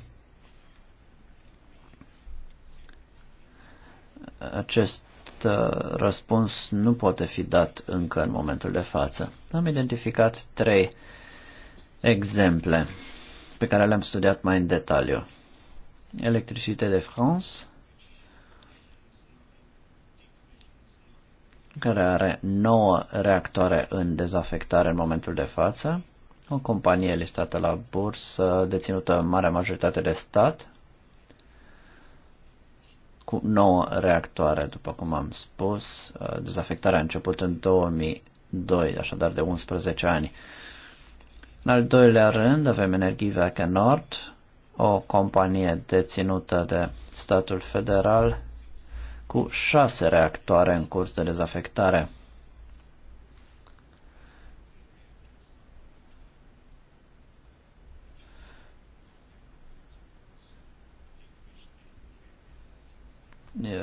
C: acest uh, răspuns nu poate fi dat încă în momentul de față. Am identificat trei exemple pe care le-am studiat mai în detaliu. Electricité de France, care are 9 reactoare în dezafectare în momentul de față, o companie listată la bursă, deținută în marea majoritate de stat, cu 9 reactoare, după cum am spus. Dezafectarea a început în 2002, așadar de 11 ani. În al doilea rând avem Veche Nord, o companie deținută de statul federal cu șase reactoare în curs de dezafectare.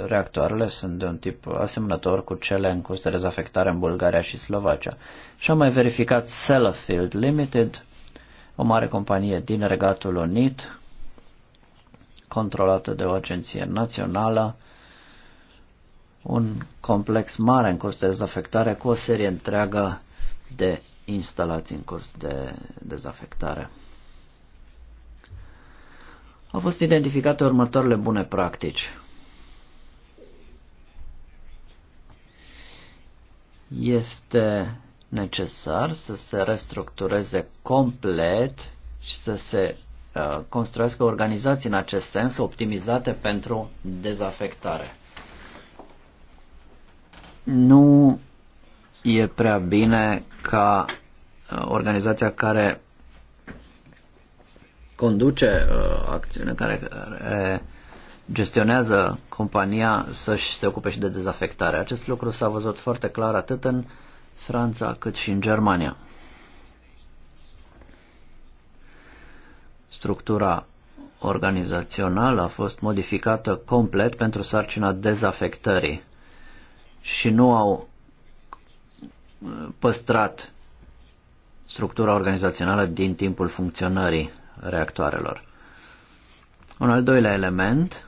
C: reactoarele sunt de un tip asemănător cu cele în curs de dezafectare în Bulgaria și Slovacia. Și am mai verificat Sellafield Limited, o mare companie din Regatul Unit, controlată de o agenție națională, un complex mare în curs de dezafectare cu o serie întreagă de instalații în curs de dezafectare. Au fost identificate următoarele bune practici. Este necesar să se restructureze complet și să se uh, construiască organizații în acest sens optimizate pentru dezafectare. Nu e prea bine ca uh, organizația care conduce uh, acțiune, care, uh, gestionează compania să-și se ocupe și de dezafectare. Acest lucru s-a văzut foarte clar atât în Franța cât și în Germania. Structura organizațională a fost modificată complet pentru sarcina dezafectării și nu au uh, păstrat structura organizațională din timpul funcționării reactoarelor. Un al doilea element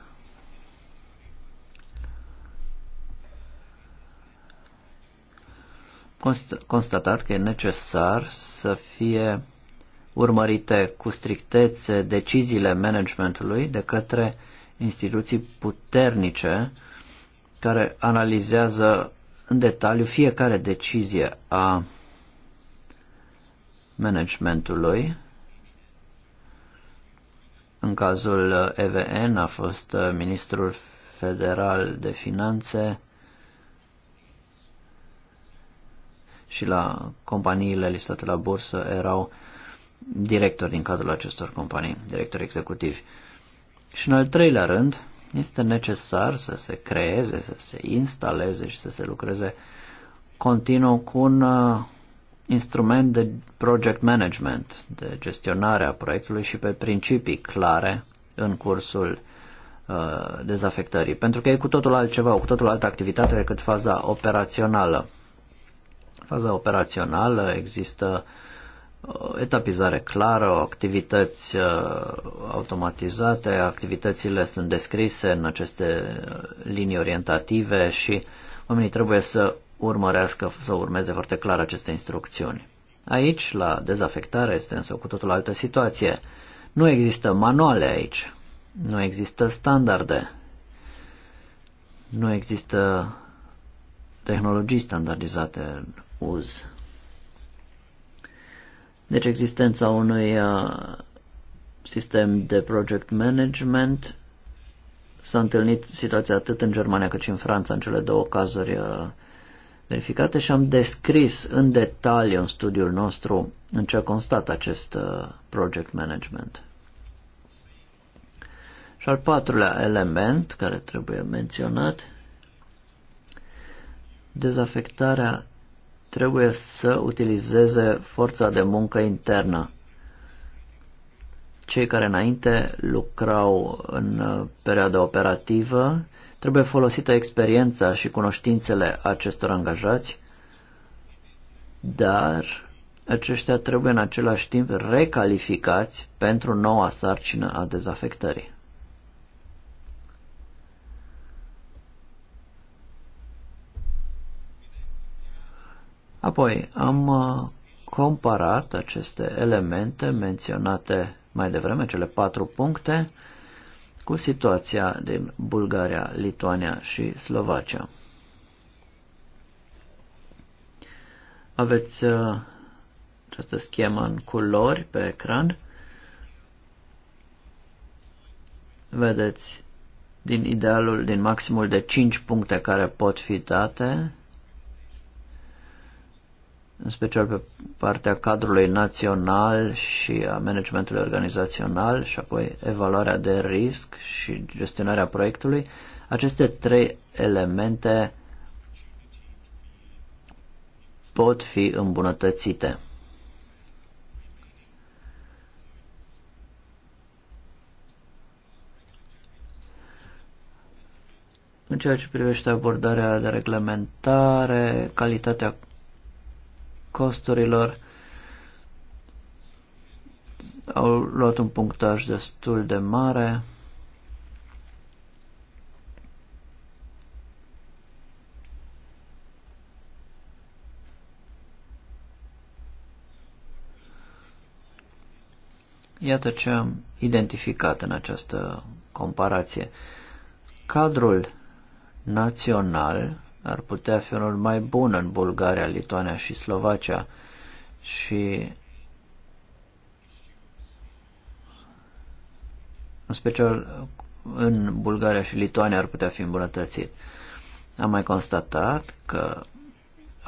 C: constatat că e necesar să fie urmărite cu strictețe deciziile managementului de către instituții puternice care analizează în detaliu fiecare decizie a managementului. În cazul EVN a fost uh, ministrul federal de finanțe și la companiile listate la bursă erau directori din cadrul acestor companii, directori executivi. Și în al treilea rând, este necesar să se creeze, să se instaleze și să se lucreze continuu cu un uh, instrument de project management, de gestionare a proiectului și pe principii clare în cursul uh, dezafectării, pentru că e cu totul altceva, cu totul altă activitate decât faza operațională. Faza operațională există uh, o etapizare clară, activități uh, automatizate, activitățile sunt descrise în aceste uh, linii orientative și oamenii trebuie să urmărească, să urmeze foarte clar aceste instrucțiuni. Aici, la dezafectare, este însă cu totul altă situație. Nu există manuale aici, nu există standarde, nu există tehnologii standardizate în uz. Deci existența unui uh, sistem de project management s-a întâlnit situația atât în Germania cât și în Franța în cele două cazuri uh, verificate și am descris în detaliu în studiul nostru în ce a constat acest uh, project management. Și al patrulea element care trebuie menționat, dezafectarea trebuie să utilizeze forța de muncă internă. Cei care înainte lucrau în uh, perioada operativă trebuie folosită experiența și cunoștințele acestor angajați, dar aceștia trebuie în același timp recalificați pentru noua sarcină a dezafectării. Apoi am uh, comparat aceste elemente menționate mai devreme, cele patru puncte, cu situația din Bulgaria, Lituania și Slovacia. Aveți uh, această schemă în culori pe ecran. Vedeți din idealul, din maximul de 5 puncte care pot fi date, în special pe partea cadrului național și a managementului organizațional și apoi evaluarea de risc și gestionarea proiectului. Aceste trei elemente pot fi îmbunătățite. În ceea ce privește abordarea de reglementare, calitatea costurilor au luat un punctaj destul de mare. Iată ce am identificat în această comparație. Cadrul național ar putea fi unul mai bun în Bulgaria, Lituania și Slovacia și în special în Bulgaria și Lituania ar putea fi îmbunătățit. Am mai constatat că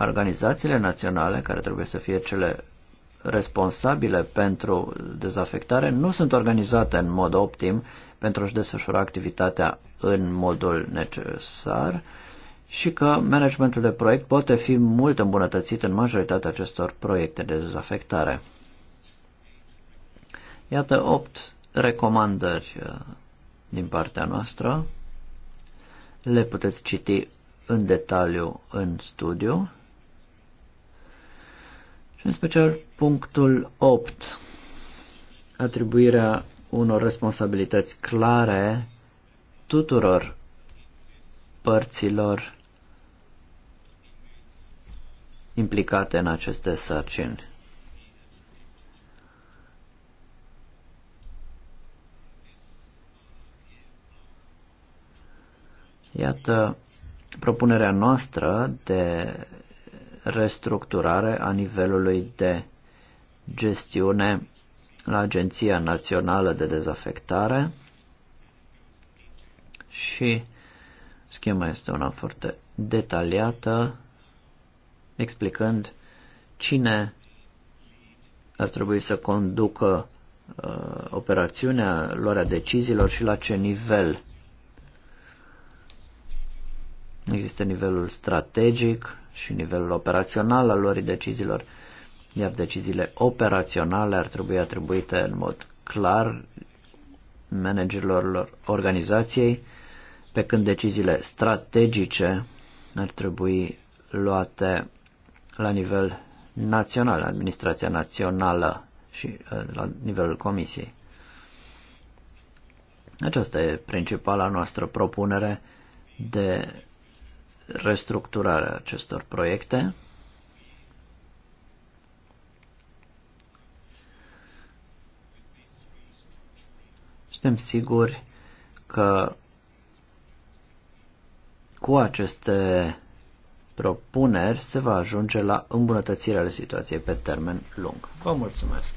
C: organizațiile naționale, care trebuie să fie cele responsabile pentru dezafectare, nu sunt organizate în mod optim pentru a-și desfășura activitatea în modul necesar și că managementul de proiect poate fi mult îmbunătățit în majoritatea acestor proiecte de dezafectare. Iată 8 recomandări uh, din partea noastră. Le puteți citi în detaliu în studiu. Și în special punctul 8, atribuirea unor responsabilități clare tuturor părților implicate în aceste sarcini. Iată propunerea noastră de restructurare a nivelului de gestiune la Agenția Națională de Dezafectare și Schema este una foarte detaliată, explicând cine ar trebui să conducă uh, operațiunea, luarea deciziilor și la ce nivel. Există nivelul strategic și nivelul operațional al luării deciziilor, iar deciziile operaționale ar trebui atribuite în mod clar managerilor organizației pe când deciziile strategice ar trebui luate la nivel național, administrația națională și uh, la nivelul comisiei. Aceasta e principala noastră propunere de restructurare a acestor proiecte. Suntem siguri că cu aceste propuneri se va ajunge la îmbunătățirea situației pe termen lung. Vă mulțumesc!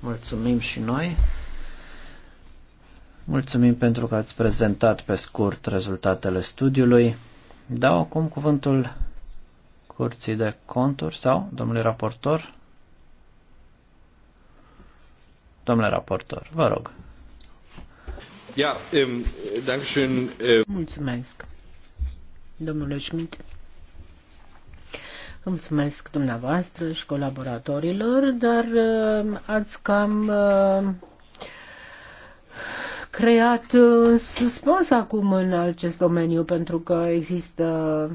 C: Mulțumim și noi! Mulțumim pentru că ați prezentat pe scurt rezultatele studiului. Dau acum cuvântul curții de conturi sau domnului raportor? Domnule raportor, vă rog. Ja, Äh Mulțumesc.
B: Domnule Schmidt. Mulțumesc dumneavoastră și colaboratorilor, dar uh, ați cam uh, creat uh, suspans acum în acest domeniu, pentru că există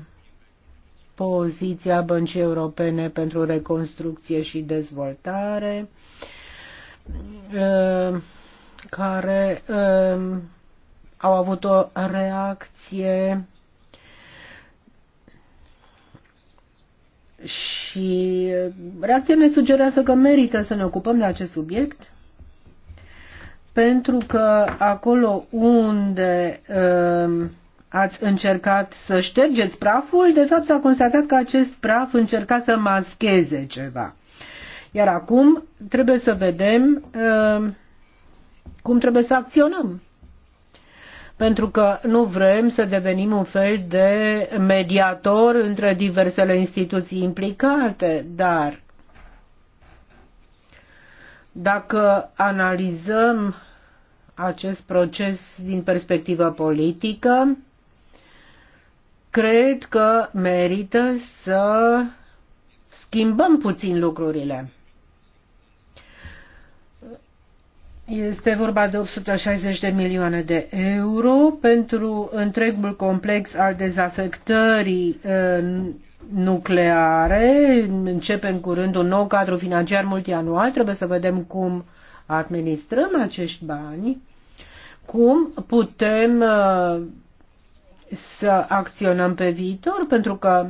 B: poziția Băncii Europene pentru Reconstrucție și Dezvoltare, care au avut o reacție Și reacția ne sugerează că merită să ne ocupăm de acest subiect, pentru că acolo unde uh, ați încercat să ștergeți praful, de fapt s-a constatat că acest praf încerca să mascheze ceva. Iar acum trebuie să vedem uh, cum trebuie să acționăm pentru că nu vrem să devenim un fel de mediator între diversele instituții implicate, dar dacă analizăm acest proces din perspectivă politică, cred că merită să schimbăm puțin lucrurile. Este vorba de 860 de milioane de euro pentru întregul complex al dezafectării uh, nucleare. Începe în curând un nou cadru financiar multianual. Trebuie să vedem cum administrăm acești bani, cum putem uh, să acționăm pe viitor, pentru că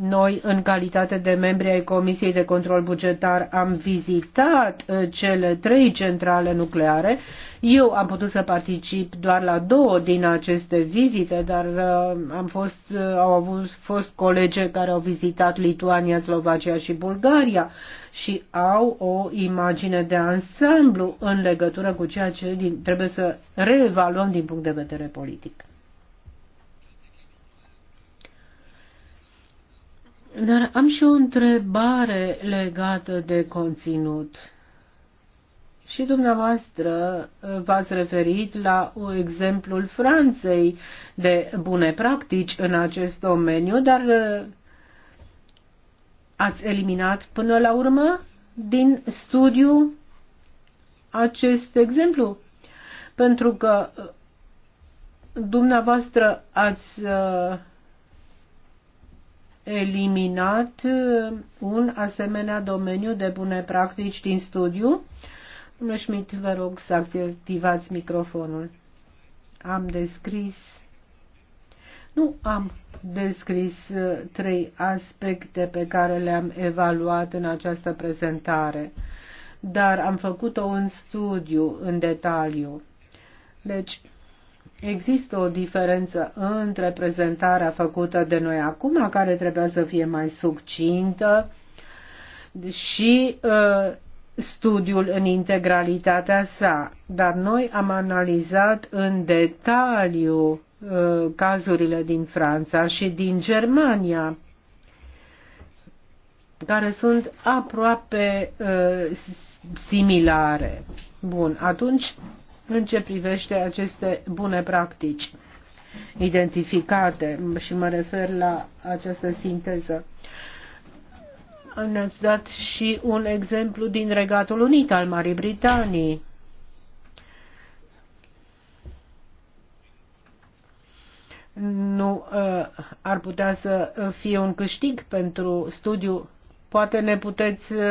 B: noi, în calitate de membri ai Comisiei de Control Bugetar, am vizitat uh, cele trei centrale nucleare. Eu am putut să particip doar la două din aceste vizite, dar uh, am fost, uh, au avut, fost colege care au vizitat Lituania, Slovacia și Bulgaria și au o imagine de ansamblu în legătură cu ceea ce din, trebuie să reevaluăm din punct de vedere politic. Dar am și o întrebare legată de conținut. Și dumneavoastră uh, v-ați referit la exemplul Franței de bune practici în acest domeniu, dar uh, ați eliminat până la urmă din studiu acest exemplu? Pentru că uh, dumneavoastră ați eliminat uh, un asemenea domeniu de bune practici din studiu. Domnul Schmidt, vă rog să activați microfonul. Am descris. Nu am descris uh, trei aspecte pe care le-am evaluat în această prezentare, dar am făcut-o în studiu, în detaliu. Deci, Există o diferență între prezentarea făcută de noi acum, care trebuia să fie mai succintă, și uh, studiul în integralitatea sa, dar noi am analizat în detaliu uh, cazurile din Franța și din Germania, care sunt aproape uh, similare. Bun, atunci în ce privește aceste bune practici identificate și mă refer la această sinteză. Ne-ați dat și un exemplu din Regatul Unit al Marii Britanii. Nu uh, ar putea să fie un câștig pentru studiu Poate ne puteți uh,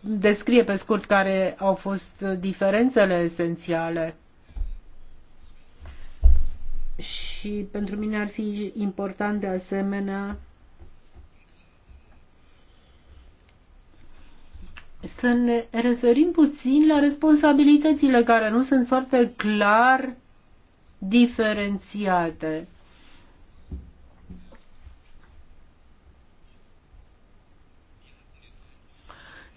B: descrie pe scurt care au fost uh, diferențele esențiale. Și pentru mine ar fi important de asemenea să ne referim puțin la responsabilitățile care nu sunt foarte clar diferențiate.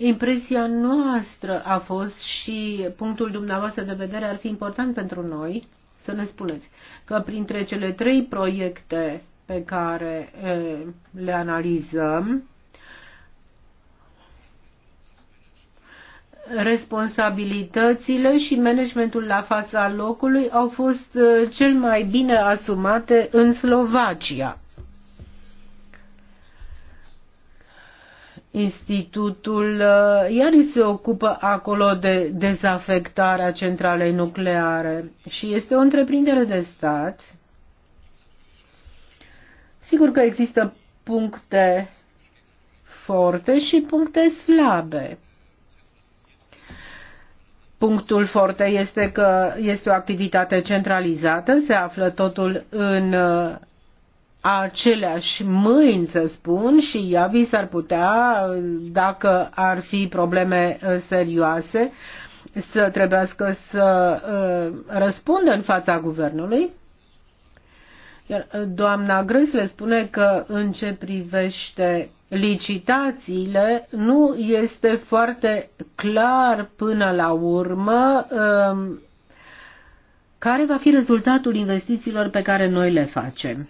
B: Impresia noastră a fost și punctul dumneavoastră de vedere ar fi important pentru noi să ne spuneți că printre cele trei proiecte pe care le analizăm, responsabilitățile și managementul la fața locului au fost cel mai bine asumate în Slovacia. Institutul uh, Iani se ocupă acolo de dezafectarea centralei nucleare și este o întreprindere de stat. Sigur că există puncte forte și puncte slabe. Punctul forte este că este o activitate centralizată, se află totul în uh, aceleași mâini, să spun, și vi s-ar putea, dacă ar fi probleme uh, serioase, să trebuiască să uh, răspundă în fața guvernului. Iar uh, doamna Grâsle spune că în ce privește licitațiile nu este foarte clar până la urmă care va fi rezultatul investițiilor pe care noi le facem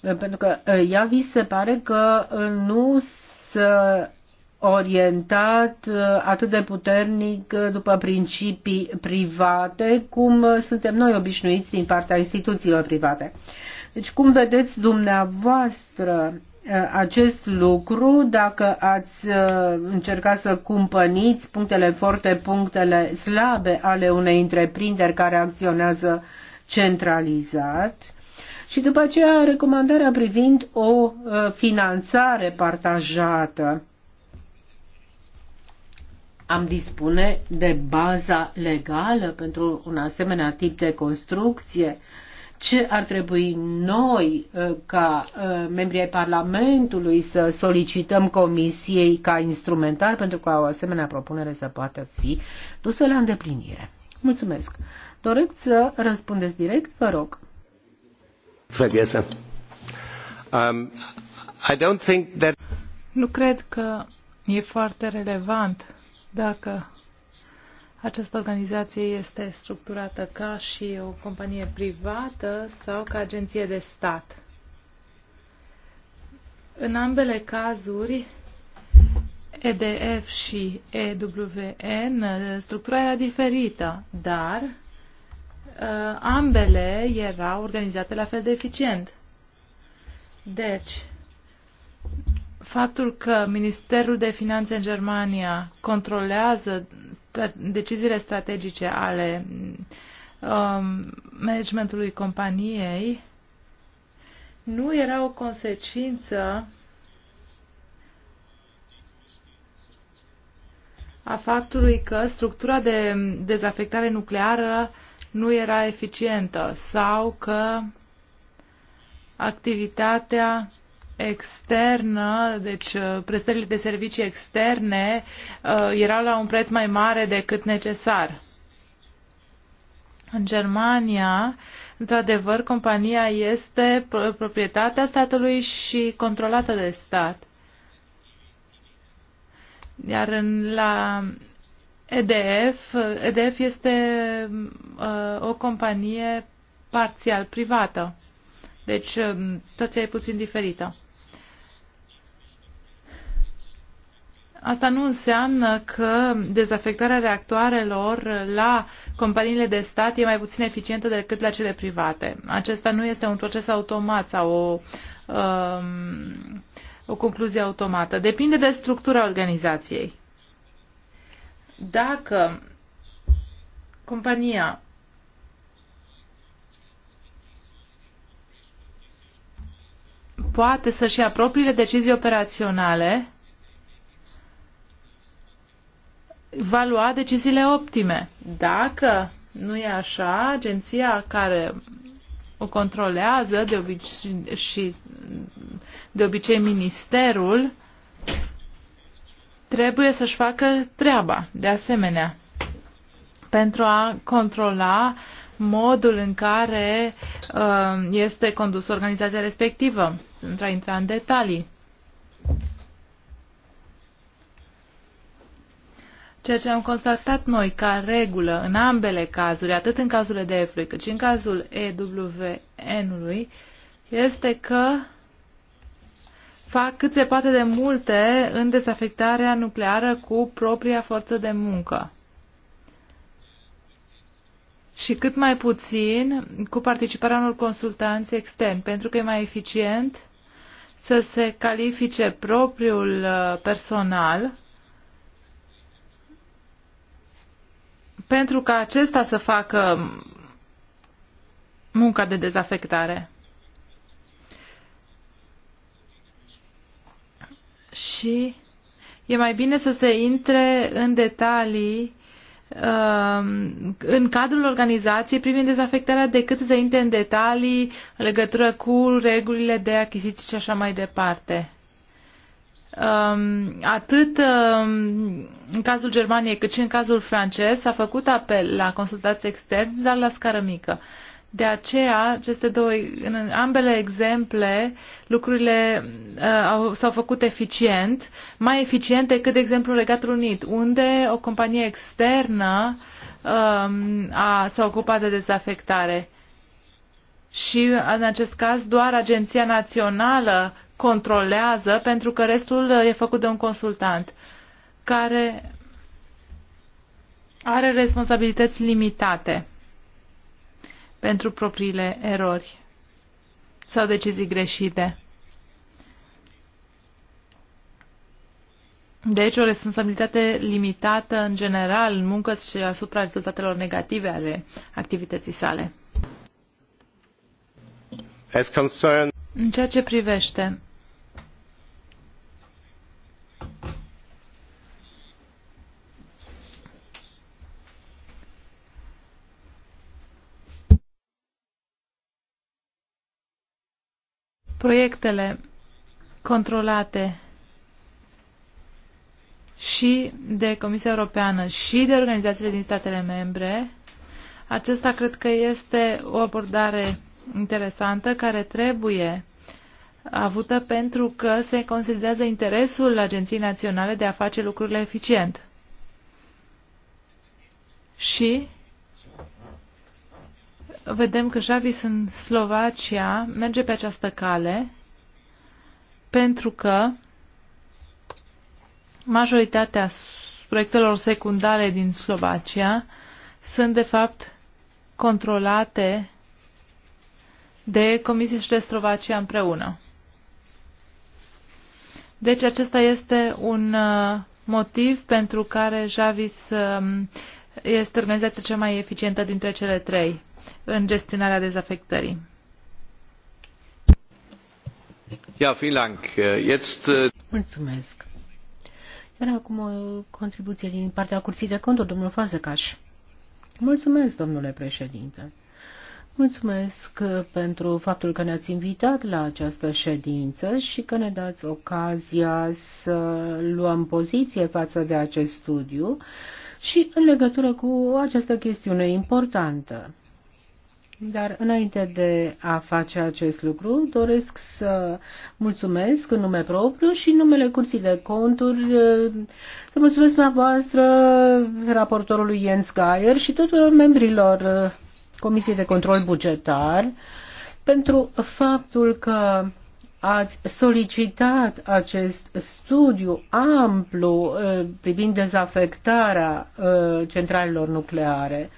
B: pentru că ea ă, vi se pare că ă, nu s-a orientat ă, atât de puternic după principii private cum suntem noi obișnuiți din partea instituțiilor private. Deci cum vedeți dumneavoastră acest lucru, dacă ați încercat să cumpăniți punctele forte, punctele slabe ale unei întreprinderi care acționează centralizat, și după aceea recomandarea privind o uh, finanțare partajată. Am dispune de baza legală pentru un asemenea tip de construcție? ce ar trebui noi, uh, ca uh, membrii ai Parlamentului, să solicităm Comisiei ca instrumentar pentru ca o asemenea propunere să poată fi dusă la îndeplinire. Mulțumesc. Doresc să răspundeți direct? Vă rog.
A: Um, I don't think that... Nu cred că e foarte relevant dacă această organizație este structurată ca și o companie privată sau ca agenție de stat. În ambele cazuri, EDF și EWN, structura era diferită, dar Uh, ambele erau organizate la fel de eficient. Deci, faptul că Ministerul de Finanțe în Germania controlează deciziile strategice ale um, managementului companiei nu era o consecință a faptului că structura de dezafectare nucleară nu era eficientă sau că activitatea externă, deci uh, prestările de servicii externe uh, erau la un preț mai mare decât necesar. În Germania, într-adevăr, compania este proprietatea statului și controlată de stat. Iar în, la EDF, EDF este uh, o companie parțial privată, deci uh, um, toți e puțin diferită. Asta nu înseamnă că dezafectarea reactoarelor la companiile de stat e mai puțin eficientă decât la cele private. Acesta nu este un proces automat sau o, um, o concluzie automată. Depinde de structura organizației. Dacă compania poate să-și ia propriile decizii operaționale, va lua deciziile optime. Dacă nu e așa, agenția care o controlează de obicei, și de obicei ministerul trebuie să-și facă treaba, de asemenea, pentru a controla modul în care uh, este condusă organizația respectivă, pentru a intra în detalii. Ceea ce am constatat noi ca regulă în ambele cazuri, atât în cazul EDF-ului cât și în cazul EWN-ului, este că fac cât se poate de multe în desafectarea nucleară cu propria forță de muncă. Și cât mai puțin cu participarea unor consultanți externi, pentru că e mai eficient să se califice propriul uh, personal pentru ca acesta să facă munca de dezafectare. și e mai bine să se intre în detalii um, în cadrul organizației privind dezafectarea decât să intre în detalii în legătură cu regulile de achiziții și așa mai departe. Um, atât um, în cazul Germaniei cât și în cazul francez s-a făcut apel la consultați externi, dar la scară mică. De aceea, aceste două, în ambele exemple, lucrurile uh, s-au făcut eficient, mai eficient decât, de exemplu, Regatul Unit, unde o companie externă uh, a, s-a ocupat de dezafectare. Și, în acest caz, doar Agenția Națională controlează, pentru că restul uh, e făcut de un consultant care are responsabilități limitate pentru propriile erori sau decizii greșite. Deci o responsabilitate limitată în general în muncă și asupra rezultatelor negative ale activității sale. As concern... În ceea ce privește proiectele controlate și de Comisia Europeană și de organizațiile din statele membre, acesta cred că este o abordare interesantă care trebuie avută pentru că se considerează interesul Agenției Naționale de a face lucrurile eficient. Și vedem că Javis în Slovacia merge pe această cale pentru că majoritatea proiectelor secundare din Slovacia sunt de fapt controlate de Comisie și de Slovacia împreună. Deci acesta este un uh, motiv pentru care Javis um, este organizația cea mai eficientă dintre cele trei în gestionarea dezafectării. Ja, vielen Dank. Jetzt, äh, Mulțumesc.
B: Era acum o contribuție din partea Curții de Conturi, domnul Fazăcaș. Mulțumesc, domnule președinte. Mulțumesc uh, pentru faptul că ne-ați invitat la această ședință și că ne dați ocazia să luăm poziție față de acest studiu și în legătură cu această chestiune importantă. Dar înainte de a face acest lucru, doresc să mulțumesc în nume propriu și în numele Curții de Conturi, eh, să mulțumesc dumneavoastră, raportorului Jens Geier și tuturor membrilor eh, Comisiei de Control Bugetar pentru faptul că ați solicitat acest studiu amplu eh, privind dezafectarea centralelor nucleare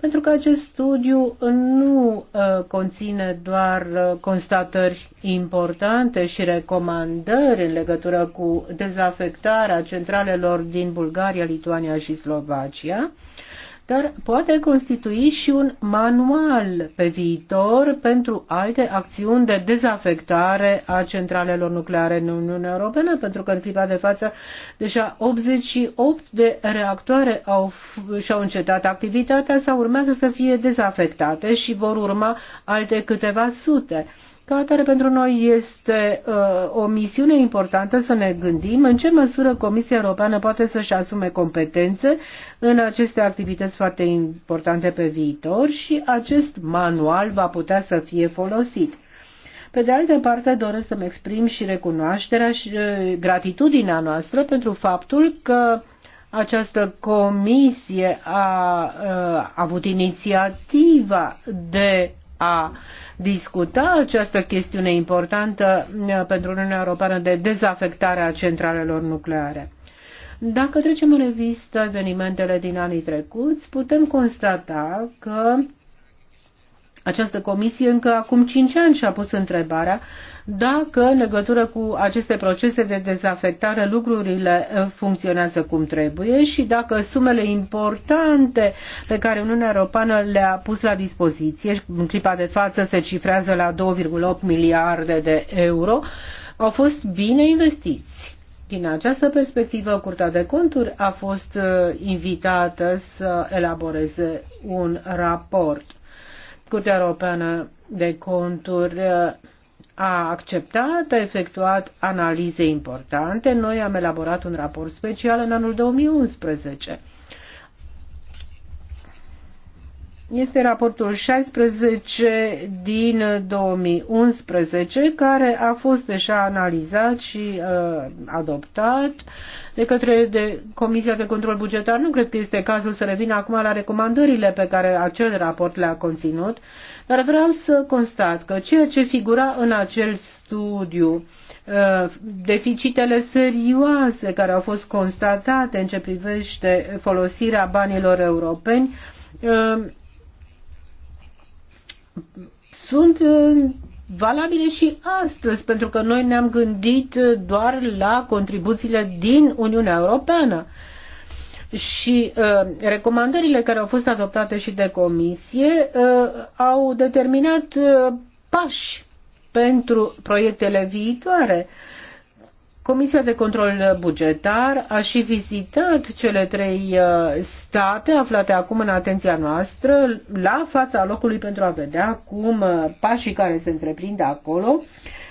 B: pentru că acest studiu uh, nu uh, conține doar uh, constatări importante și recomandări în legătură cu dezafectarea centralelor din Bulgaria, Lituania și Slovacia, dar poate constitui și un manual pe viitor pentru alte acțiuni de dezafectare a centralelor nucleare în Uniunea Europeană, pentru că în clipa de față deja 88 de reactoare au, și-au încetat activitatea sau urmează să fie dezafectate și vor urma alte câteva sute. Ca atare, pentru noi este uh, o misiune importantă să ne gândim în ce măsură Comisia Europeană poate să-și asume competențe în aceste activități foarte importante pe viitor și acest manual va putea să fie folosit. Pe de altă parte, doresc să-mi exprim și recunoașterea și uh, gratitudinea noastră pentru faptul că această comisie a uh, avut inițiativa de a discuta această chestiune importantă uh, pentru Uniunea Europeană de dezafectare a centralelor nucleare. Dacă trecem în revistă evenimentele din anii trecuți, putem constata că această comisie încă acum 5 ani și-a pus întrebarea dacă în legătură cu aceste procese de dezafectare lucrurile funcționează cum trebuie și dacă sumele importante pe care Uniunea Europeană le-a pus la dispoziție, în clipa de față se cifrează la 2,8 miliarde de euro, au fost bine investiți. Din această perspectivă, Curtea de Conturi a fost invitată să elaboreze un raport. Curtea Europeană de Conturi a acceptat, a efectuat analize importante. Noi am elaborat un raport special în anul 2011. Este raportul 16 din 2011, care a fost deja analizat și uh, adoptat de către de Comisia de Control Bugetar. Nu cred că este cazul să revin acum la recomandările pe care acel raport le-a conținut, dar vreau să constat că ceea ce figura în acel studiu uh, deficitele serioase care au fost constatate în ce privește folosirea banilor europeni uh, sunt uh, valabile și astăzi, pentru că noi ne-am gândit doar la contribuțiile din Uniunea Europeană. Și uh, recomandările care au fost adoptate și de comisie uh, au determinat uh, pași pentru proiectele viitoare. Uh, Comisia de control bugetar a și vizitat cele trei uh, state aflate acum în atenția noastră la fața locului pentru a vedea cum uh, pașii care se întreprind acolo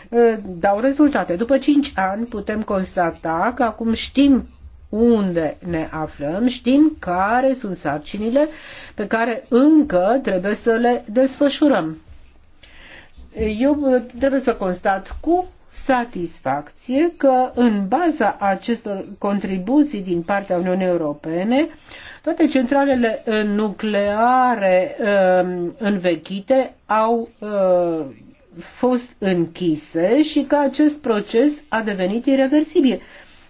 B: uh, dau rezultate. După cinci ani putem constata că acum știm unde ne aflăm, știm care sunt sarcinile pe care încă trebuie să le desfășurăm. Eu trebuie să constat cu satisfacție că în baza acestor contribuții din partea Uniunii Europene, toate centralele uh, nucleare uh, învechite au uh, fost închise și că acest proces a devenit irreversibil.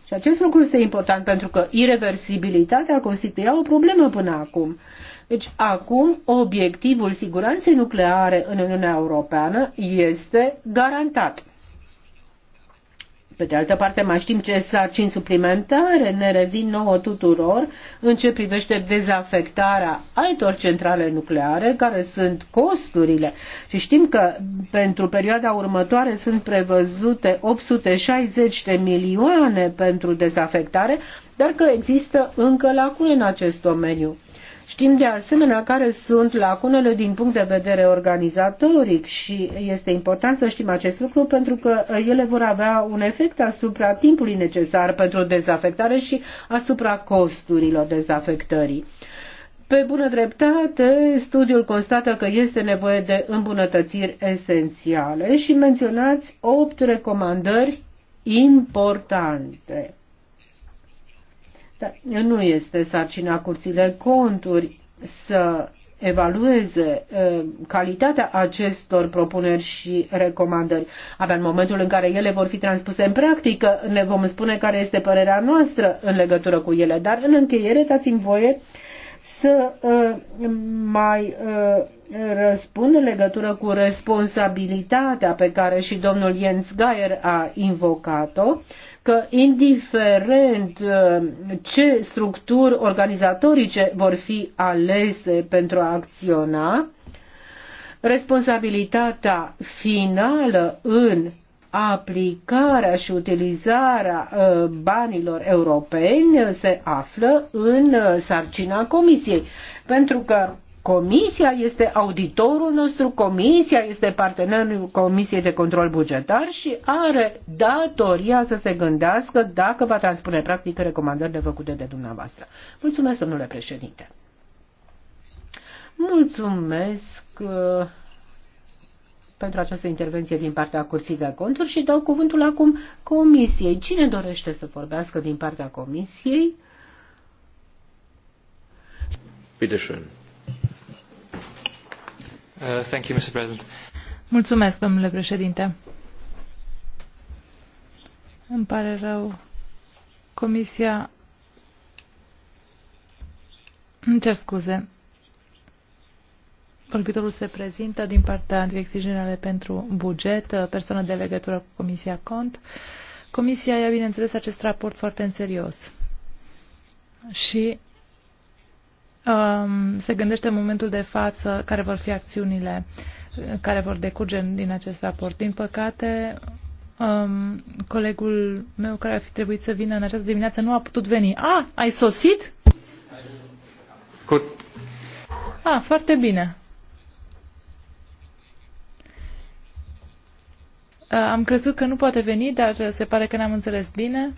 B: Și acest lucru este important pentru că irreversibilitatea constituia o problemă până acum. Deci acum obiectivul siguranței nucleare în Uniunea Europeană este garantat. Pe de altă parte, mai știm ce sarcini suplimentare ne revin nouă tuturor în ce privește dezafectarea altor centrale nucleare, care sunt costurile. Și știm că pentru perioada următoare sunt prevăzute 860 de milioane pentru dezafectare, dar că există încă lacune în acest domeniu. Știm de asemenea care sunt lacunele din punct de vedere organizatoric și este important să știm acest lucru pentru că ele vor avea un efect asupra timpului necesar pentru dezafectare și asupra costurilor dezafectării. Pe bună dreptate, studiul constată că este nevoie de îmbunătățiri esențiale și menționați opt recomandări importante. Nu este sarcina curții de conturi să evalueze uh, calitatea acestor propuneri și recomandări. Abia în momentul în care ele vor fi transpuse în practică, ne vom spune care este părerea noastră în legătură cu ele. Dar în încheiere, dați-mi voie să uh, mai uh, răspund în legătură cu responsabilitatea pe care și domnul Jens Geier a invocat-o că indiferent uh, ce structuri organizatorice vor fi alese pentru a acționa, responsabilitatea finală în aplicarea și utilizarea uh, banilor europeni se află în uh, sarcina Comisiei, pentru că Comisia este auditorul nostru, comisia este partenerul Comisiei de Control Bugetar și are datoria să se gândească dacă va transpune practic recomandările făcute de dumneavoastră. Mulțumesc, domnule președinte. Mulțumesc uh, pentru această intervenție din partea Curții de Conturi și dau cuvântul acum Comisiei. Cine dorește să vorbească din partea
A: Comisiei?
C: Bitte schön. Uh,
A: Mulțumesc, domnule președinte. Îmi pare rău. Comisia... Îmi cer scuze. Vorbitorul se prezintă din partea Direcției Generale pentru Buget, uh, persoană de legătură cu Comisia Cont. Comisia ia, bineînțeles, acest raport foarte în serios și Um, se gândește în momentul de față care vor fi acțiunile care vor decurge din acest raport. Din păcate, um, colegul meu care ar fi trebuit să vină în această dimineață nu a putut veni. A, ai sosit? Good. A, foarte bine. Uh, am crezut că nu poate veni, dar se pare că n-am înțeles bine.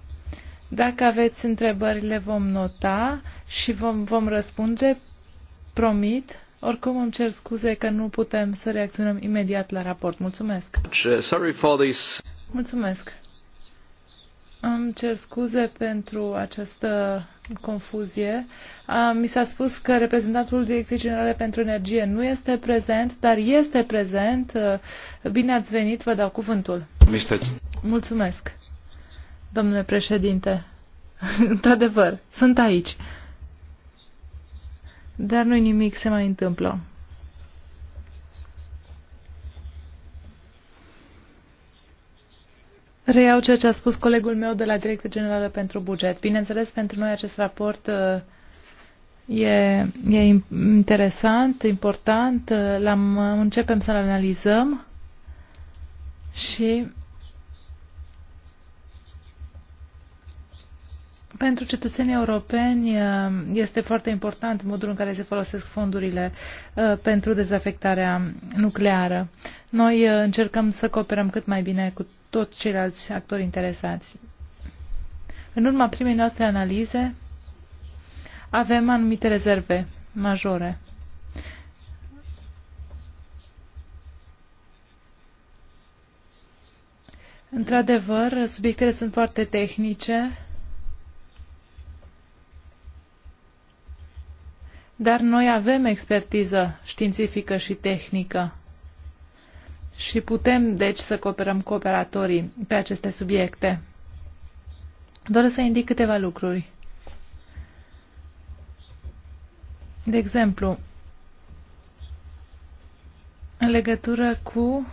A: Dacă aveți întrebări, le vom nota și vom, vom răspunde, promit. Oricum îmi cer scuze că nu putem să reacționăm imediat la raport. Mulțumesc!
C: Sorry for this.
A: Mulțumesc! Îmi cer scuze pentru această confuzie. Mi s-a spus că reprezentantul Direcției Generale pentru Energie nu este prezent, dar este prezent. Bine ați venit, vă dau cuvântul. Mulțumesc! Domnule președinte, într-adevăr, sunt aici. Dar nu nimic se mai întâmplă. Reiau ceea ce a spus colegul meu de la Direcția Generală pentru Buget. Bineînțeles, pentru noi acest raport uh, e, e interesant, important, uh, l-am, uh, începem să-l analizăm și Pentru cetățenii europeni uh, este foarte important modul în care se folosesc fondurile uh, pentru dezafectarea nucleară. Noi uh, încercăm să cooperăm cât mai bine cu toți ceilalți actori interesați. În urma primei noastre analize avem anumite rezerve majore. Într-adevăr, subiectele sunt foarte tehnice dar noi avem expertiză științifică și tehnică și putem, deci, să cooperăm cu operatorii pe aceste subiecte. Doresc să indic câteva lucruri. De exemplu, în legătură cu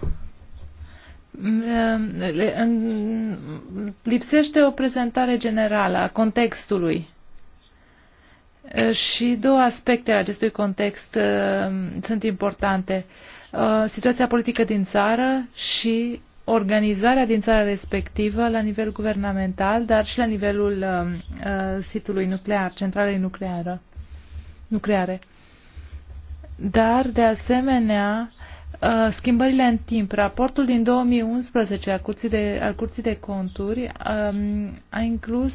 A: um, lipsește o prezentare generală a contextului și două aspecte ale acestui context sunt importante. Situația politică din țară și organizarea din țara respectivă la nivel guvernamental, dar și la nivelul sitului nuclear, centralei nucleară, nucleare. Dar, de asemenea, schimbările în timp. Raportul din 2011 al Curții de, al Curții de Conturi a inclus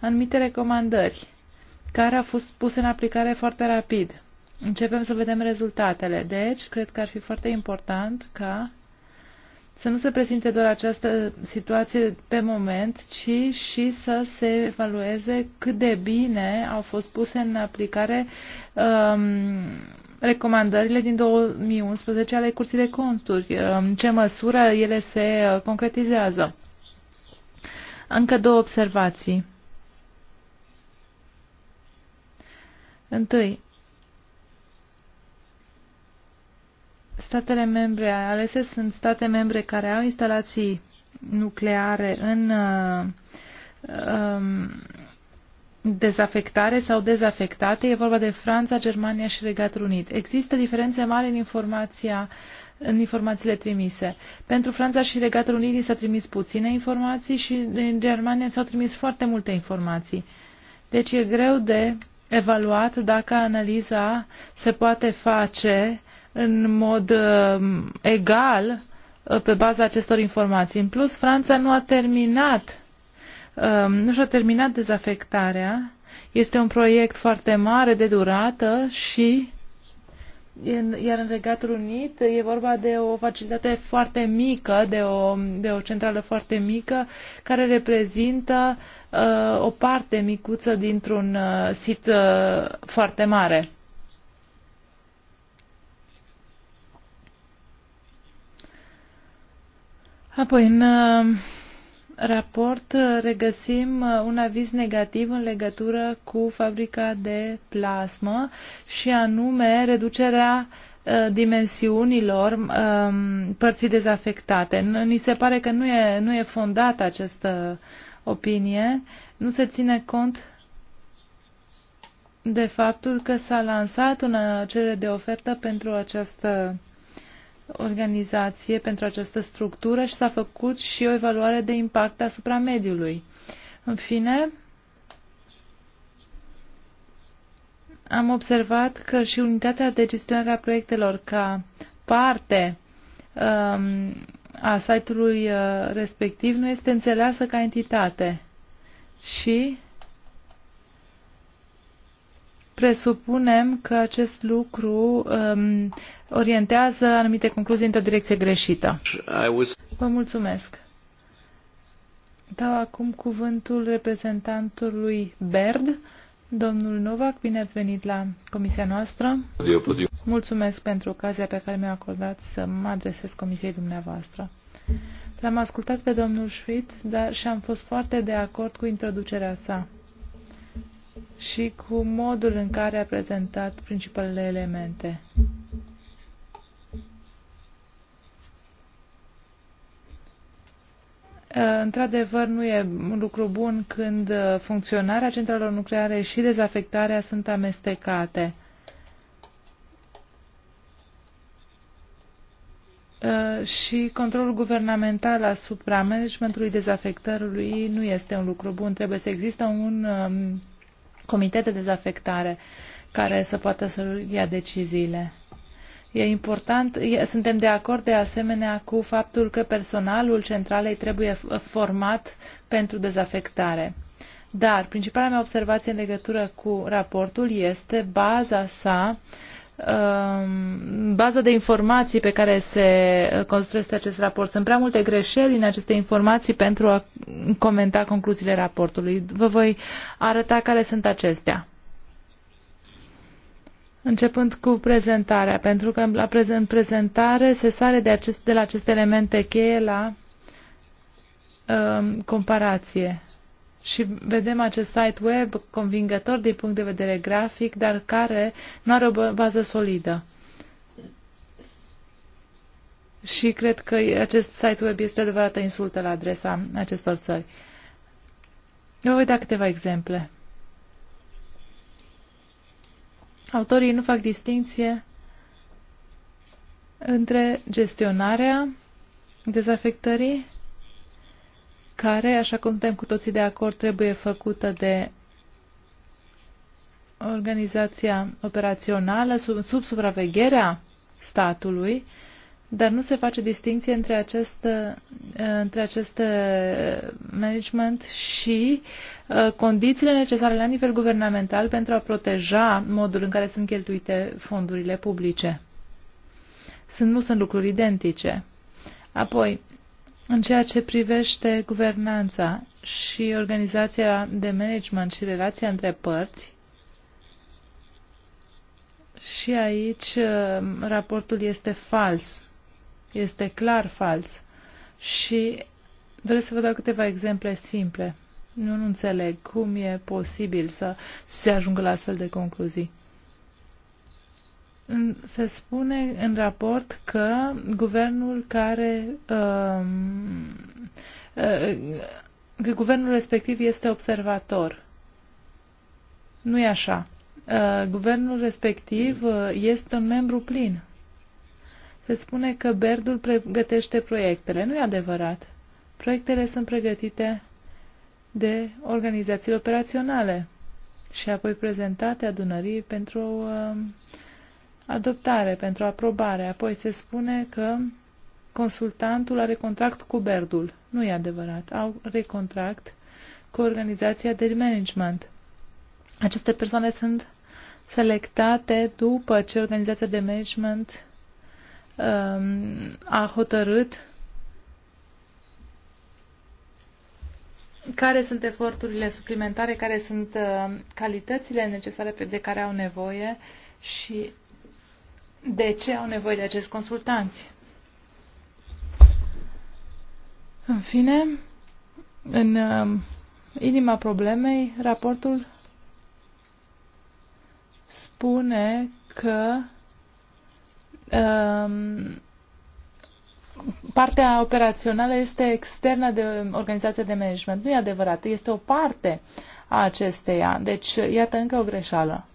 A: anumite recomandări care a fost pus în aplicare foarte rapid. Începem să vedem rezultatele. Deci, cred că ar fi foarte important ca să nu se prezinte doar această situație pe moment, ci și să se evalueze cât de bine au fost puse în aplicare um, recomandările din 2011 ale Curții de Conturi, um, în ce măsură ele se uh, concretizează. Încă două observații. Întâi, statele membre alese sunt state membre care au instalații nucleare în uh, um, dezafectare sau dezafectate. E vorba de Franța, Germania și Regatul Unit. Există diferențe mari în informația în informațiile trimise. Pentru Franța și Regatul Unit s-a trimis puține informații și în Germania s-au trimis foarte multe informații. Deci e greu de evaluat dacă analiza se poate face în mod um, egal uh, pe baza acestor informații. În plus, Franța nu a terminat, um, nu și-a terminat dezafectarea. Este un proiect foarte mare de durată și iar în Regatul Unit e vorba de o facilitate foarte mică, de o, de o centrală foarte mică, care reprezintă uh, o parte micuță dintr-un uh, sit uh, foarte mare. Apoi, în uh, raport uh, regăsim uh, un aviz negativ în legătură cu fabrica de plasmă și anume reducerea uh, dimensiunilor um, părții dezafectate. Ni se pare că nu e, nu e fondată această opinie, nu se ține cont de faptul că s-a lansat una cerere de ofertă pentru această organizație pentru această structură și s-a făcut și o evaluare de impact asupra mediului. În fine, am observat că și unitatea de gestionare a proiectelor ca parte um, a site-ului uh, respectiv nu este înțeleasă ca entitate și presupunem că acest lucru um, orientează anumite concluzii într-o direcție greșită. Vă mulțumesc. Dau acum cuvântul reprezentantului BERD, domnul Novak. Bine ați venit la comisia noastră. Mulțumesc pentru ocazia pe care mi-a acordat să mă adresez comisiei dumneavoastră. L-am ascultat pe domnul Schmidt, dar și am fost foarte de acord cu introducerea sa și cu modul în care a prezentat principalele elemente. Uh, într-adevăr, nu e un lucru bun când uh, funcționarea centralelor nucleare și dezafectarea sunt amestecate. Uh, și controlul guvernamental asupra managementului dezafectărului nu este un lucru bun. Trebuie să există un um, comitete de dezafectare care să poată să ia deciziile. E important, suntem de acord de asemenea cu faptul că personalul centralei trebuie format pentru dezafectare. Dar principala mea observație în legătură cu raportul este baza sa uh, Um, Baza de informații pe care se construiește acest raport. Sunt prea multe greșeli în aceste informații pentru a comenta concluziile raportului. Vă voi arăta care sunt acestea. Începând cu prezentarea, pentru că la prezent, prezentare se sare de, acest, de la aceste elemente cheie la uh, comparație și vedem acest site web convingător din punct de vedere grafic, dar care nu are o bază solidă. Și cred că acest site web este adevărată insultă la adresa acestor țări. Eu voi da câteva exemple. Autorii nu fac distinție între gestionarea dezafectării care, așa cum suntem cu toții de acord, trebuie făcută de organizația operațională sub, sub supravegherea statului, dar nu se face distinție între acest, uh, între acest uh, management și uh, condițiile necesare la nivel guvernamental pentru a proteja modul în care sunt cheltuite fondurile publice. Sunt, nu sunt lucruri identice. Apoi, în ceea ce privește guvernanța și organizația de management și relația între părți, și aici uh, raportul este fals, este clar fals. Și doresc să vă dau câteva exemple simple. Nu, nu înțeleg cum e posibil să se ajungă la astfel de concluzii se spune în raport că guvernul care um, uh, guvernul respectiv este observator. Nu e așa. Uh, guvernul respectiv uh, este un membru plin. Se spune că Berdul pregătește proiectele. Nu e adevărat. Proiectele sunt pregătite de organizațiile operaționale și apoi prezentate adunării pentru uh, adoptare, pentru aprobare. Apoi se spune că consultantul are contract cu Berdul. Nu e adevărat. Au recontract cu organizația de management. Aceste persoane sunt selectate după ce organizația de management um, a hotărât care sunt eforturile suplimentare, care sunt uh, calitățile necesare de care au nevoie și de ce au nevoie de acești consultanți. În fine, în um, inima problemei, raportul spune că um, partea operațională este externă de organizația de management. Nu e adevărat, este o parte a acesteia. Deci, iată încă o greșeală.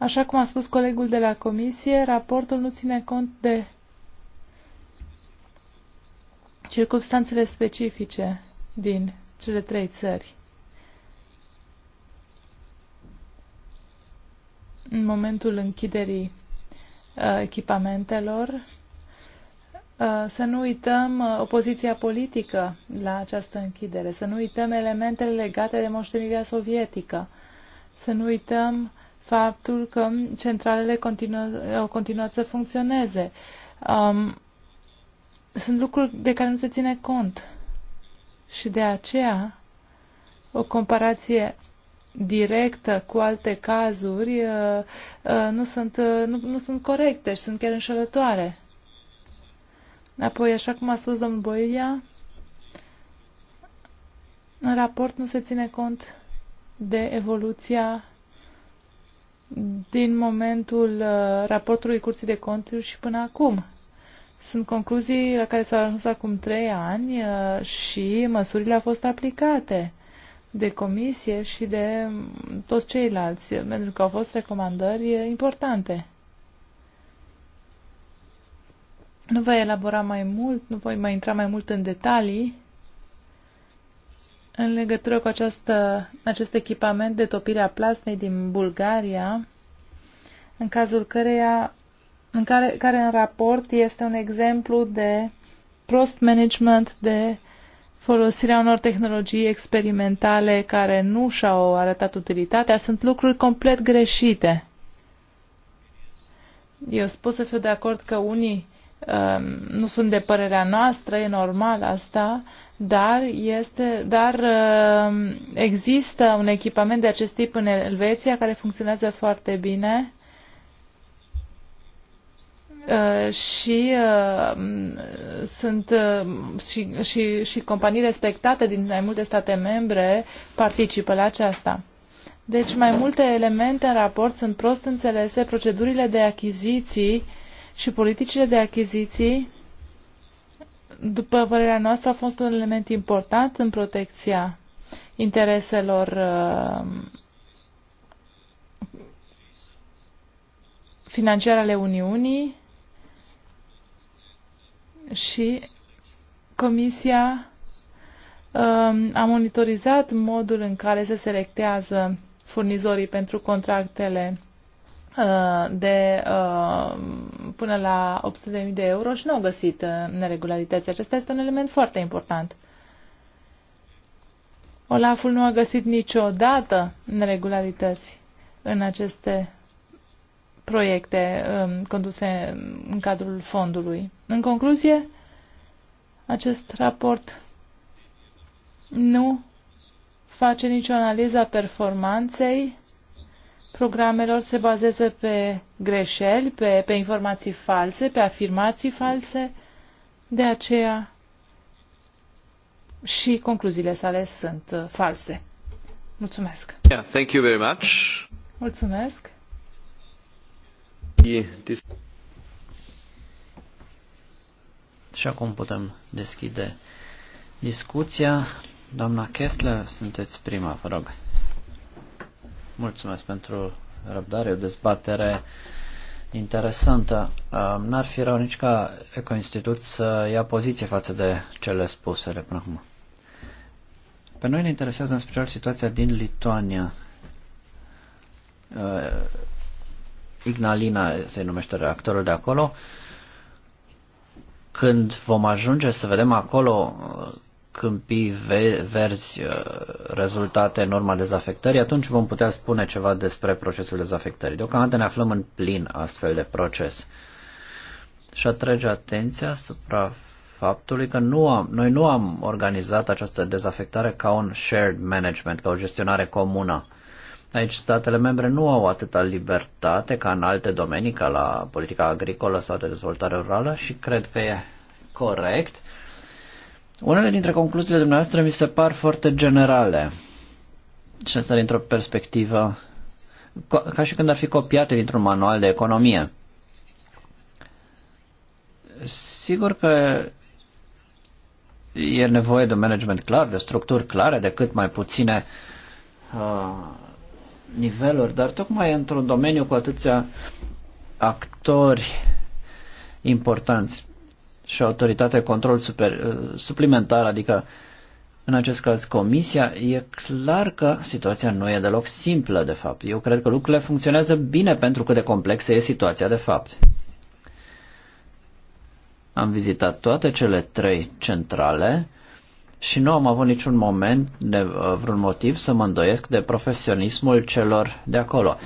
A: Așa cum a spus colegul de la comisie, raportul nu ține cont de circumstanțele specifice din cele trei țări. În momentul închiderii uh, echipamentelor, uh, să nu uităm uh, opoziția politică la această închidere, să nu uităm elementele legate de moștenirea sovietică, să nu uităm faptul că centralele continuă, au continuat să funcționeze. Um, sunt lucruri de care nu se ține cont. Și de aceea, o comparație directă cu alte cazuri uh, uh, nu sunt, uh, nu, nu sunt corecte și sunt chiar înșelătoare. Apoi, așa cum a spus domnul Boilia, în raport nu se ține cont de evoluția din momentul uh, raportului Curții de Conturi și până acum. Sunt concluzii la care s-au ajuns acum trei ani uh, și măsurile au fost aplicate de comisie și de toți ceilalți, pentru că au fost recomandări uh, importante. Nu voi elabora mai mult, nu voi mai intra mai mult în detalii, în legătură cu această, acest echipament de topire a plasmei din Bulgaria, în cazul căreia, în care, care în raport este un exemplu de prost management, de folosirea unor tehnologii experimentale care nu și-au arătat utilitatea, sunt lucruri complet greșite. Eu pot să fiu de acord că unii Ehm, nu sunt de părerea noastră, e normal asta, dar, este, dar ehm, există un echipament de acest tip în Elveția care funcționează foarte bine ehm, și sunt și, și, și companii respectate din mai multe state membre participă la aceasta. Deci mai multe elemente în raport sunt prost înțelese, procedurile de achiziții uh, și politicile de achiziții, după părerea noastră, au fost un element important în protecția intereselor uh, financiare ale Uniunii și Comisia um, a monitorizat modul în care se selectează furnizorii pentru contractele Uh, de uh, până la 800.000 de euro și nu au găsit uh, neregularități. Acesta este un element foarte important. Olaful nu a găsit niciodată neregularități în aceste proiecte um, conduse în cadrul fondului. În concluzie, acest raport nu face nicio analiză a performanței programelor se bazează pe greșeli, pe, pe informații false, pe afirmații false. De aceea și concluziile sale sunt uh, false. Mulțumesc.
C: Yeah, thank you very much.
A: Mulțumesc.
C: Și acum putem deschide discuția. Doamna Kessler, sunteți prima, vă rog. Mulțumesc pentru răbdare, o dezbatere interesantă. N-ar fi rău nici ca Ecoinstitut să ia poziție față de cele spuse de până acum. Pe noi ne interesează în special situația din Lituania. Uh, Ignalina se numește reactorul de acolo. Când vom ajunge să vedem acolo uh, câmpii verzi uh, rezultate în urma dezafectării, atunci vom putea spune ceva despre procesul dezafectării. Deocamdată ne aflăm în plin astfel de proces. Și atrage atenția asupra faptului că nu am, noi nu am organizat această dezafectare ca un shared management, ca o gestionare comună. Aici statele membre nu au atâta libertate ca în alte domenii, ca la politica agricolă sau de dezvoltare rurală și cred că e corect unele dintre concluziile dumneavoastră mi se par foarte generale și asta dintr-o perspectivă ca și când ar fi copiate dintr-un manual de economie. Sigur că e nevoie de un management clar, de structuri clare, de cât mai puține uh, niveluri, dar tocmai într-un domeniu cu atâția actori importanți și o autoritate de control super, uh, suplimentar, adică în acest caz comisia, e clar că situația nu e deloc simplă, de fapt. Eu cred că lucrurile funcționează bine pentru cât de complexă e situația, de fapt. Am vizitat toate cele trei centrale și nu am avut niciun moment, de uh, vreun motiv să mă îndoiesc de profesionismul celor de acolo.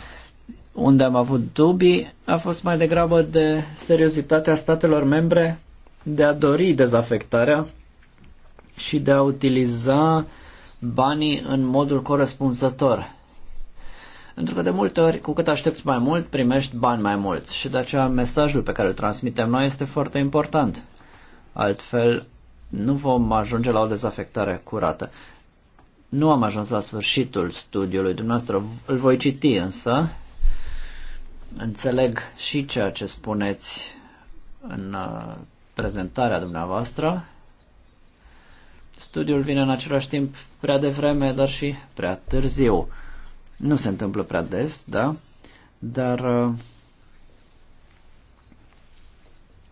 C: Unde am avut dubii a fost mai degrabă de seriozitatea statelor membre de a dori dezafectarea și de a utiliza banii în modul corespunzător. Pentru că de multe ori, cu cât aștepți mai mult, primești bani mai mulți și de aceea mesajul pe care îl transmitem noi este foarte important. Altfel, nu vom ajunge la o dezafectare curată. Nu am ajuns la sfârșitul studiului dumneavoastră, îl voi citi însă. Înțeleg și ceea ce spuneți în uh, prezentarea dumneavoastră. Studiul vine în același timp prea devreme, dar și prea târziu. Nu se întâmplă prea des, da? Dar uh,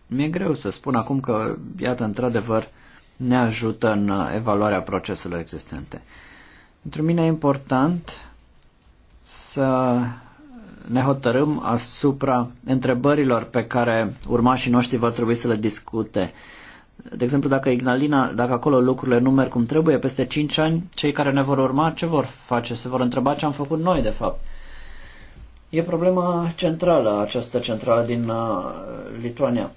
C: mi-e greu să spun acum că, iată, într-adevăr, ne ajută în uh, evaluarea proceselor existente. Pentru mine e important să ne hotărâm asupra întrebărilor pe care urmașii noștri vor trebui să le discute. De exemplu, dacă Ignalina, dacă acolo lucrurile nu merg cum trebuie, peste 5 ani, cei care ne vor urma ce vor face? Se vor întreba ce am făcut noi, de fapt. E problema centrală, această centrală din uh, Lituania.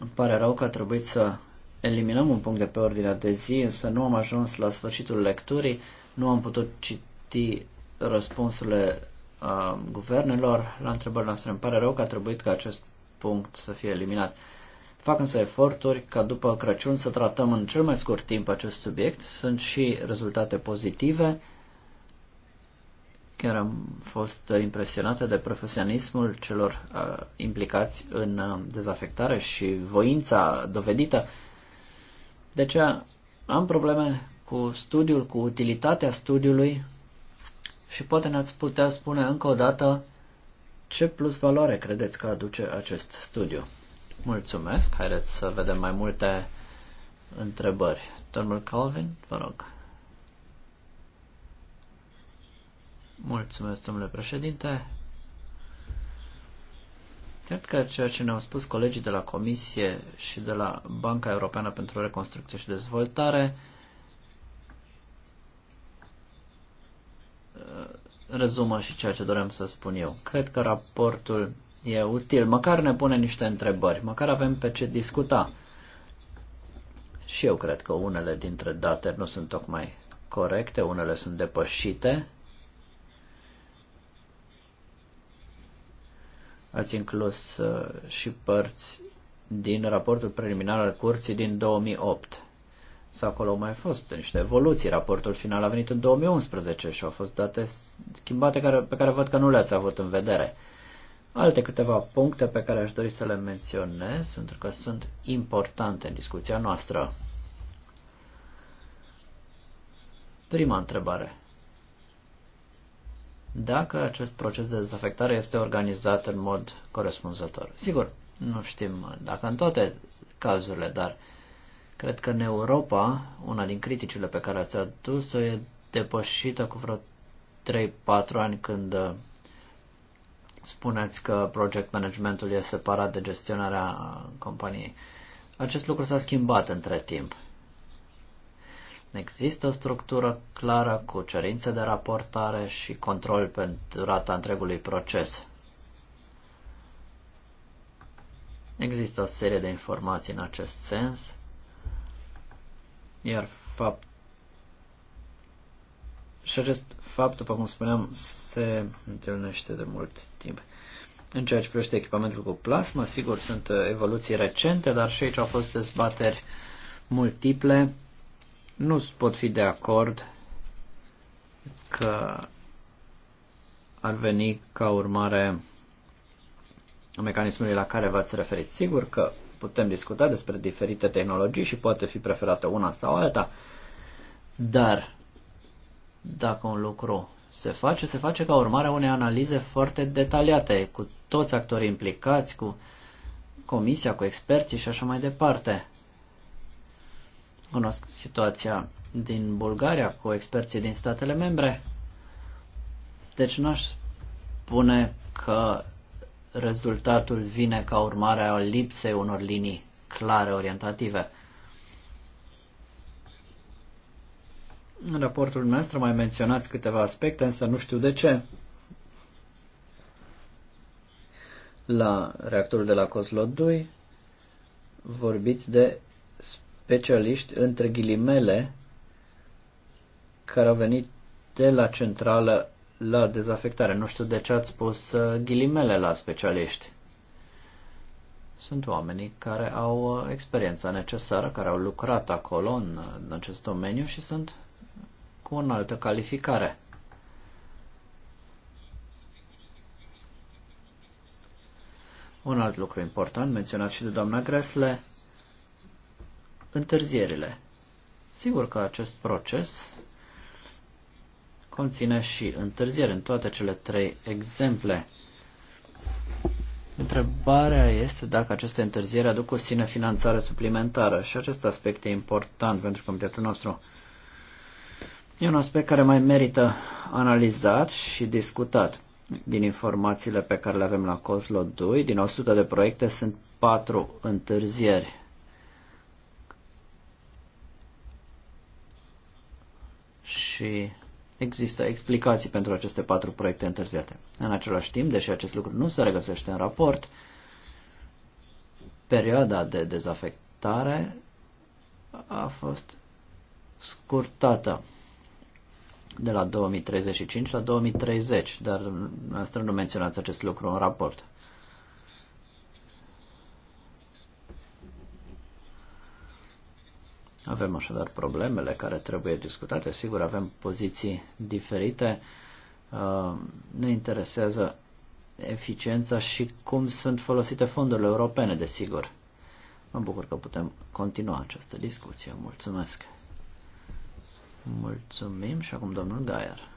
C: Îmi pare rău că a trebuit să eliminăm un punct de pe ordinea de zi, însă nu am ajuns la sfârșitul lecturii, nu am putut citi răspunsurile uh, guvernelor la întrebările noastre. Îmi pare rău că a trebuit ca acest punct să fie eliminat. Fac însă eforturi ca după Crăciun să tratăm în cel mai scurt timp acest subiect. Sunt și rezultate pozitive. Chiar am fost impresionată de profesionismul celor uh, implicați în uh, dezafectare și voința dovedită. De aceea am probleme cu studiul, cu utilitatea studiului și poate ne-ați putea spune încă o dată ce plus valoare credeți că aduce acest studiu. Mulțumesc. Haideți să vedem mai multe întrebări. Domnul Calvin, vă rog. Mulțumesc, domnule președinte. Cred că ceea ce ne-au spus colegii de la Comisie și de la Banca Europeană pentru Reconstrucție și Dezvoltare Uh, rezumă și ceea ce doream să spun eu. Cred că raportul e util, măcar ne pune niște întrebări, măcar avem pe ce discuta. Și eu cred că unele dintre date nu sunt tocmai corecte, unele sunt depășite. Ați inclus uh, și părți din raportul preliminar al curții din 2008. Sau acolo au mai fost niște evoluții. Raportul final a venit în 2011 și au fost date schimbate care, pe care văd că nu le-ați avut în vedere. Alte câteva puncte pe care aș dori să le menționez, pentru că sunt importante în discuția noastră. Prima întrebare. Dacă acest proces de dezafectare este organizat în mod corespunzător. Sigur, nu știm dacă în toate cazurile, dar uh, Cred că în Europa, una din criticile pe care ați adus-o e depășită cu vreo 3-4 ani când uh, spuneți că project managementul e separat de gestionarea companiei. Acest lucru s-a schimbat între timp. Există o structură clară cu cerințe de raportare și control pentru rata întregului proces. Există o serie de informații în acest sens. Iar fapt și acest fapt, după cum spuneam, se întâlnește de mult timp. În ceea ce privește echipamentul cu plasmă, sigur, sunt evoluții recente, dar și aici au fost dezbateri multiple. Nu pot fi de acord că ar veni ca urmare a mecanismului la care v-ați referit. Sigur că Putem discuta despre diferite tehnologii și poate fi preferată una sau alta, dar dacă un lucru se face, se face ca urmare a unei analize foarte detaliate, cu toți actorii implicați, cu comisia, cu experții și așa mai departe. Cunosc situația din Bulgaria cu experții din statele membre. Deci n-aș spune că rezultatul vine ca urmare a lipsei unor linii clare orientative. În raportul nostru mai menționați câteva aspecte, însă nu știu de ce. La reactorul de la 2 vorbiți de specialiști între ghilimele care au venit de la centrală la dezafectare. Nu știu de ce ați pus uh, ghilimele la specialiști. Sunt oamenii care au uh, experiența necesară, care au lucrat acolo în, în acest domeniu și sunt cu o altă calificare. Un alt lucru important, menționat și de doamna Gresle, întârzierile. Sigur că acest proces conține și întârziere în toate cele trei exemple. Întrebarea este dacă aceste întârzieri aduc cu sine finanțare suplimentară și acest aspect e important pentru comitetul nostru. E un aspect care mai merită analizat și discutat. Din informațiile pe care le avem la COSLO 2, din 100 de proiecte sunt 4 întârzieri. Și există explicații pentru aceste patru proiecte întârziate. În același timp, deși acest lucru nu se regăsește în raport, perioada de dezafectare a fost scurtată de la 2035 la 2030, dar noastră nu menționați acest lucru în raport. Avem așadar problemele care trebuie discutate. Sigur, avem poziții diferite. Uh, ne interesează eficiența și cum sunt folosite fondurile europene, desigur. Mă bucur că putem continua această discuție. Mulțumesc! Mulțumim și acum domnul Gaier.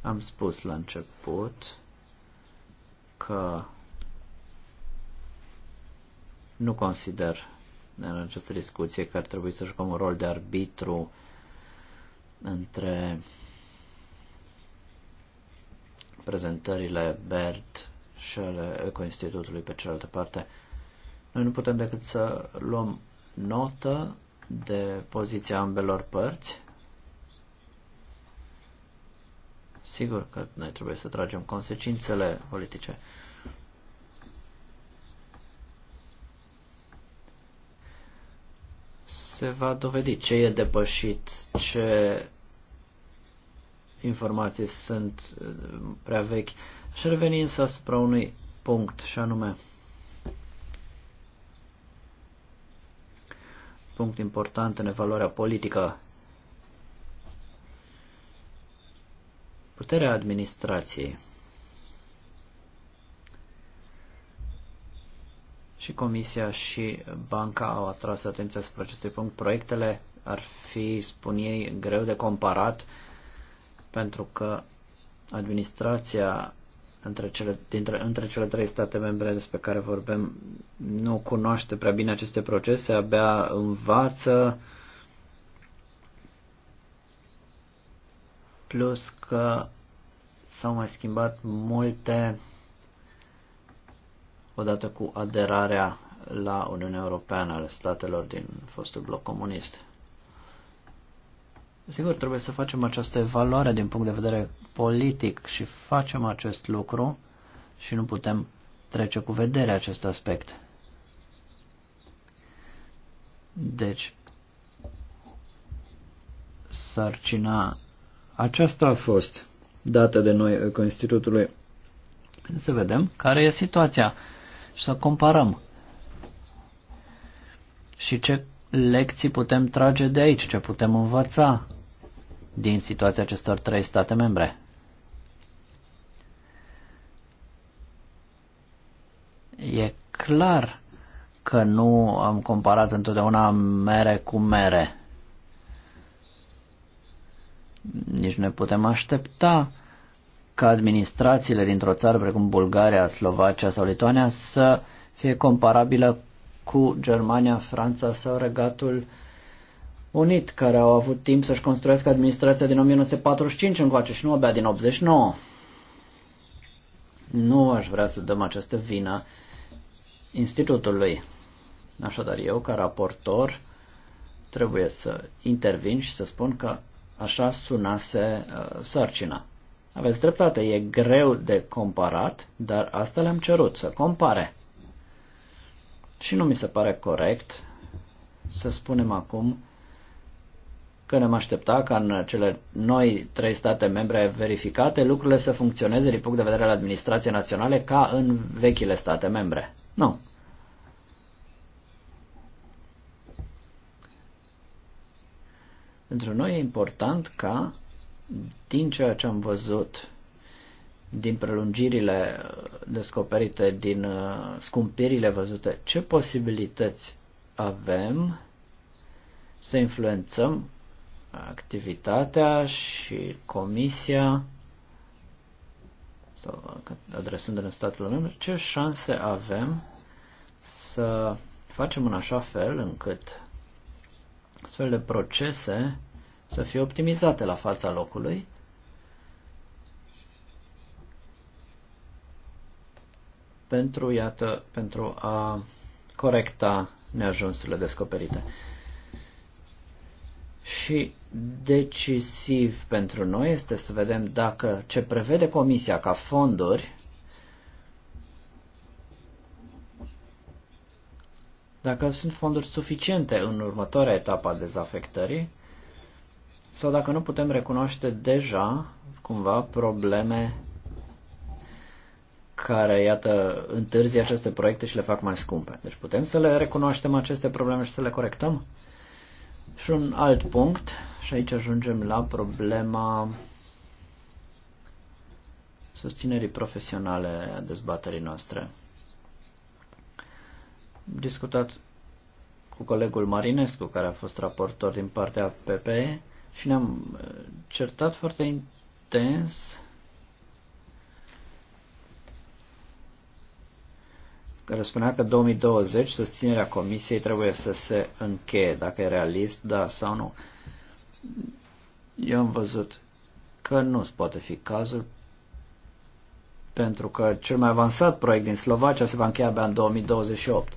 C: Am spus la început că nu consider în această discuție că ar trebui să jucăm un rol de arbitru între prezentările BERT și ale Ecoinstitutului pe cealaltă parte. Noi nu putem decât să luăm notă de poziția ambelor părți. Sigur că noi trebuie să tragem consecințele politice. se va dovedi ce e depășit, ce informații sunt uh, prea vechi. Și reveni însă asupra unui punct, și anume punct important în evaluarea politică. Puterea administrației. și Comisia și Banca au atras atenția spre acestui punct. Proiectele ar fi, spun ei, greu de comparat pentru că administrația între cele, dintre, între cele trei state membre despre care vorbim nu cunoaște prea bine aceste procese, abia învață, plus că s-au mai schimbat multe odată cu aderarea la Uniunea Europeană ale statelor din fostul bloc comunist. Sigur, trebuie să facem această evaluare din punct de vedere politic și facem acest lucru și nu putem trece cu vedere acest aspect. Deci, sarcina aceasta a fost dată de noi Constitutului. Să vedem care e situația și să comparăm. Și ce lecții putem trage de aici, ce putem învăța din situația acestor trei state membre. E clar că nu am comparat întotdeauna mere cu mere. Nici ne putem aștepta ca administrațiile dintr-o țară precum Bulgaria, Slovacia sau Lituania să fie comparabilă cu Germania, Franța sau Regatul Unit, care au avut timp să-și construiască administrația din 1945 încoace și nu abia din 89. Nu aș vrea să dăm această vină institutului. Așadar, eu, ca raportor, trebuie să intervin și să spun că așa sunase uh, sarcina. Aveți dreptate, e greu de comparat, dar asta le-am cerut, să compare. Și nu mi se pare corect să spunem acum că ne-am aștepta ca în cele noi trei state membre verificate lucrurile să funcționeze din punct de vedere al administrației naționale ca în vechile state membre. Nu. Pentru noi e important ca din ceea ce am văzut, din prelungirile descoperite, din uh, scumpirile văzute, ce posibilități avem să influențăm activitatea și comisia sau adresându-ne statelor membre, ce șanse avem să facem în așa fel încât astfel de procese să fie optimizate la fața locului. pentru, iată, pentru a corecta neajunsurile descoperite. Și decisiv pentru noi este să vedem dacă ce prevede Comisia ca fonduri, dacă sunt fonduri suficiente în următoarea etapă a dezafectării, sau dacă nu putem recunoaște deja cumva probleme care, iată, întârzi aceste proiecte și le fac mai scumpe. Deci putem să le recunoaștem aceste probleme și să le corectăm? Și un alt punct, și aici ajungem la problema susținerii profesionale a dezbaterii noastre. Am discutat cu colegul Marinescu, care a fost raportor din partea PPE, și ne-am uh, certat foarte intens care spunea că 2020 susținerea comisiei trebuie să se încheie, dacă e realist, da sau nu. Eu am văzut că nu poate fi cazul, pentru că cel mai avansat proiect din Slovacia se va încheia abia în 2028.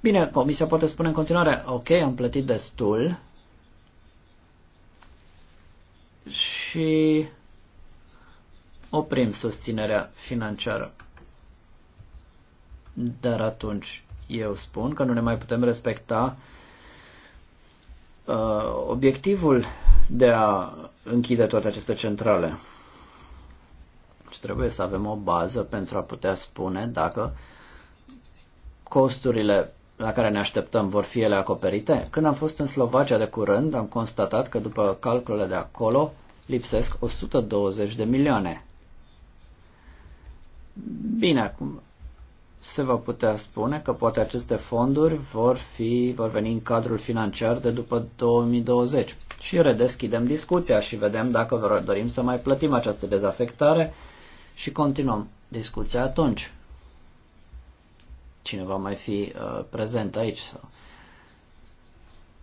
C: Bine, comisia poate spune în continuare, ok, am plătit destul, și oprim susținerea financiară. Dar atunci eu spun că nu ne mai putem respecta uh, obiectivul de a închide toate aceste centrale. Și trebuie să avem o bază pentru a putea spune dacă costurile la care ne așteptăm vor fi ele acoperite? Când am fost în Slovacia de curând, am constatat că după calculele de acolo lipsesc 120 de milioane. Bine, acum se va putea spune că poate aceste fonduri vor, fi, vor veni în cadrul financiar de după 2020. Și redeschidem discuția și vedem dacă dorim să mai plătim această dezafectare și continuăm discuția atunci cine va mai fi uh, prezent aici.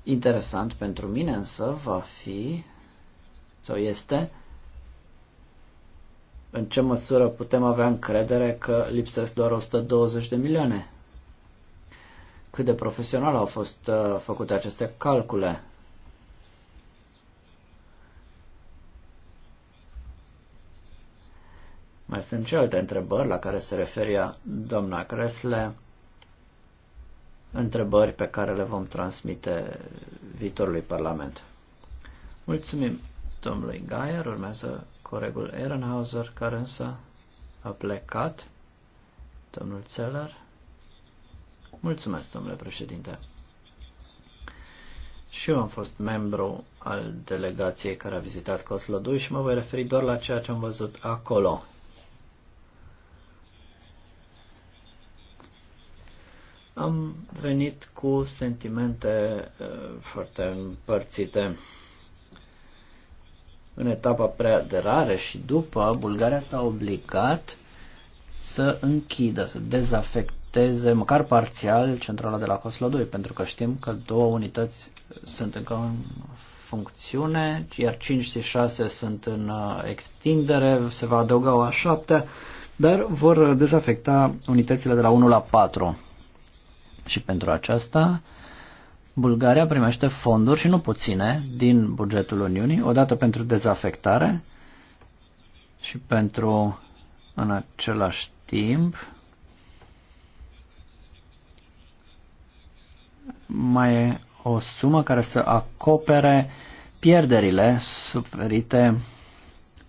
C: Interesant pentru mine însă va fi, sau este, în ce măsură putem avea încredere că lipsesc doar 120 de milioane. Cât de profesional au fost uh, făcute aceste calcule? Mai sunt și alte întrebări la care se referia doamna Cresle întrebări pe care le vom transmite viitorului Parlament. Mulțumim domnului Gaier, urmează colegul Ehrenhauser, care însă a plecat, domnul Zeller. Mulțumesc, domnule președinte. Și eu am fost membru al delegației care a vizitat Coslodui și mă voi referi doar la ceea ce am văzut acolo. am venit cu sentimente uh, foarte împărțite. În etapa preaderare și după, Bulgaria s-a obligat să închidă, să dezafecteze, măcar parțial, centrala de la 2, pentru că știm că două unități sunt încă în funcțiune, iar 5 și 6 sunt în uh, extindere, se va adăuga o a 7 dar vor dezafecta unitățile de la 1 la 4. Și pentru aceasta, Bulgaria primește fonduri și nu puține din bugetul Uniunii, odată pentru dezafectare și pentru, în același timp, mai e o sumă care să acopere pierderile suferite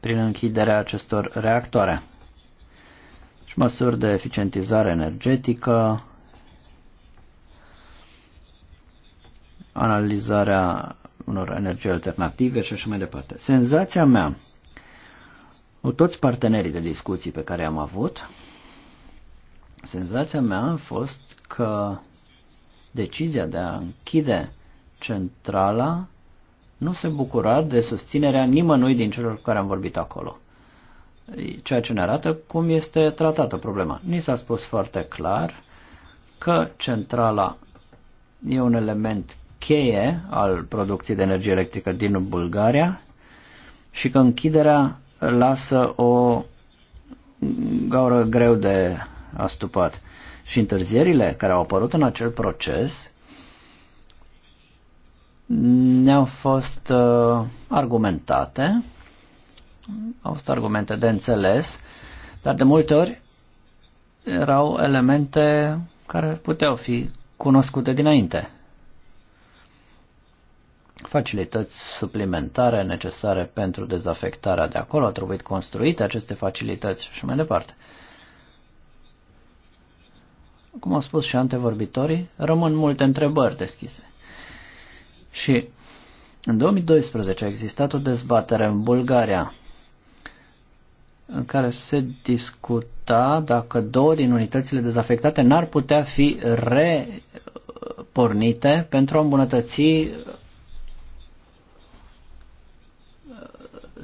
C: prin închiderea acestor reactoare și măsuri de eficientizare energetică, analizarea unor energii alternative și așa mai departe. Senzația mea cu toți partenerii de discuții pe care am avut, senzația mea a fost că decizia de a închide centrala nu se bucura de susținerea nimănui din celor cu care am vorbit acolo. Ceea ce ne arată cum este tratată problema. Ni s-a spus foarte clar că centrala e un element cheie al producției de energie electrică din Bulgaria și că închiderea lasă o gaură greu de astupat. Și întârzierile care au apărut în acel proces ne-au fost uh, argumentate, au fost argumente de înțeles, dar de multe ori erau elemente care puteau fi cunoscute dinainte facilități suplimentare necesare pentru dezafectarea de acolo, au trebuit construite aceste facilități și mai departe. Cum au spus și antevorbitorii, rămân multe întrebări deschise. Și în 2012 a existat o dezbatere în Bulgaria în care se discuta dacă două din unitățile dezafectate n-ar putea fi repornite pentru a îmbunătăți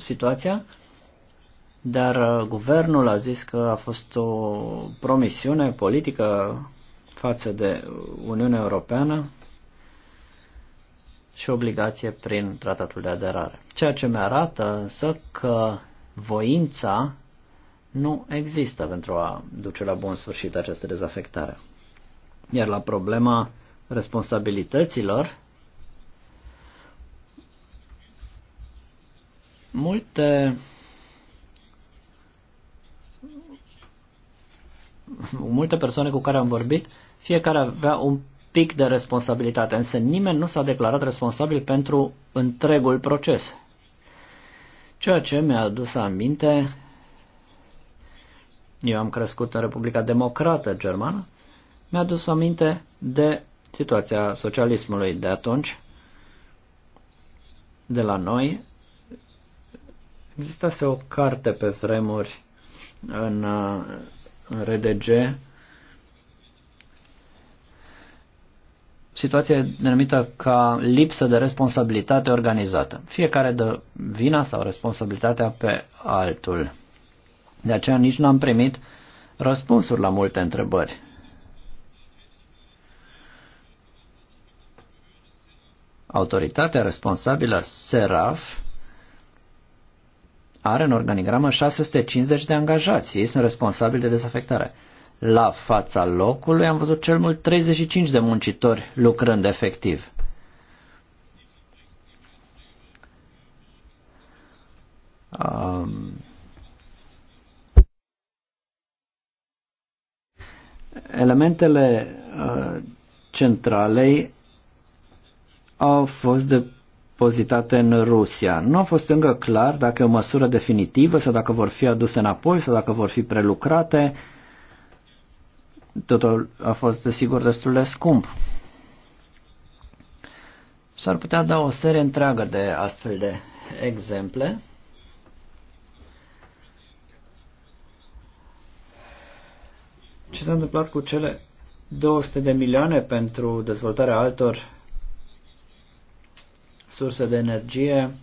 C: situația, dar uh, guvernul a zis că a fost o promisiune politică față de Uniunea Europeană și obligație prin tratatul de aderare. Ceea ce mi-arată însă că voința nu există pentru a duce la bun sfârșit această dezafectare. Iar la problema responsabilităților, Multe multe persoane cu care am vorbit, fiecare avea un pic de responsabilitate, însă nimeni nu s-a declarat responsabil pentru întregul proces. Ceea ce mi-a adus aminte, eu am crescut în Republica Democrată Germană, mi-a adus aminte de situația socialismului de atunci. De la noi Existase o carte pe vremuri în, uh, în RDG. Situația denumită ca lipsă de responsabilitate organizată. Fiecare dă vina sau responsabilitatea pe altul. De aceea nici nu am primit răspunsuri la multe întrebări. Autoritatea responsabilă, SERAF, are în organigramă 650 de angajați. Ei sunt responsabili de dezafectare. La fața locului am văzut cel mult 35 de muncitori lucrând efectiv. Um, elementele uh, centralei au fost de pozitate în Rusia. Nu a fost încă clar dacă e o măsură definitivă sau dacă vor fi aduse înapoi sau dacă vor fi prelucrate. Totul a fost, desigur, destul de scump. S-ar putea da o serie întreagă de astfel de exemple. Ce s-a întâmplat cu cele 200 de milioane pentru dezvoltarea altor sursă de energie.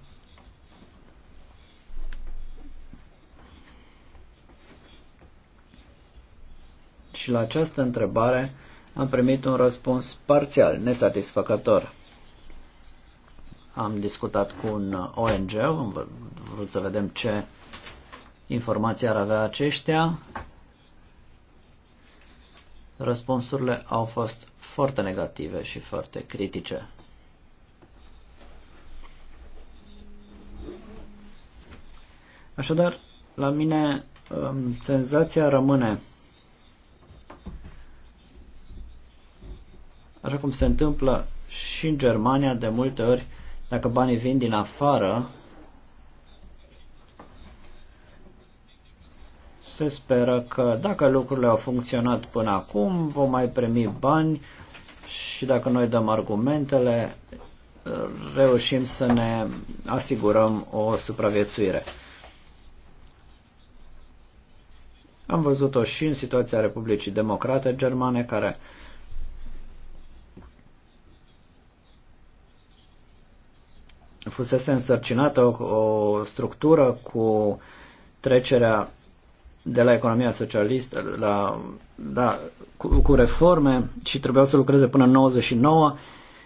C: Și la această întrebare am primit un răspuns parțial, nesatisfăcător. Am discutat cu un ONG, am vrut să vedem ce informații ar avea aceștia. Răspunsurile au fost foarte negative și foarte critice. Așadar, la mine um, senzația rămâne așa cum se întâmplă și în Germania de multe ori, dacă banii vin din afară, se speră că dacă lucrurile au funcționat până acum, vom mai primi bani și dacă noi dăm argumentele, reușim să ne asigurăm o supraviețuire. Am văzut-o și în situația Republicii Democrate Germane, care fusese însărcinată o, o structură cu trecerea de la economia socialistă la, da, cu, cu reforme și trebuiau să lucreze până în 99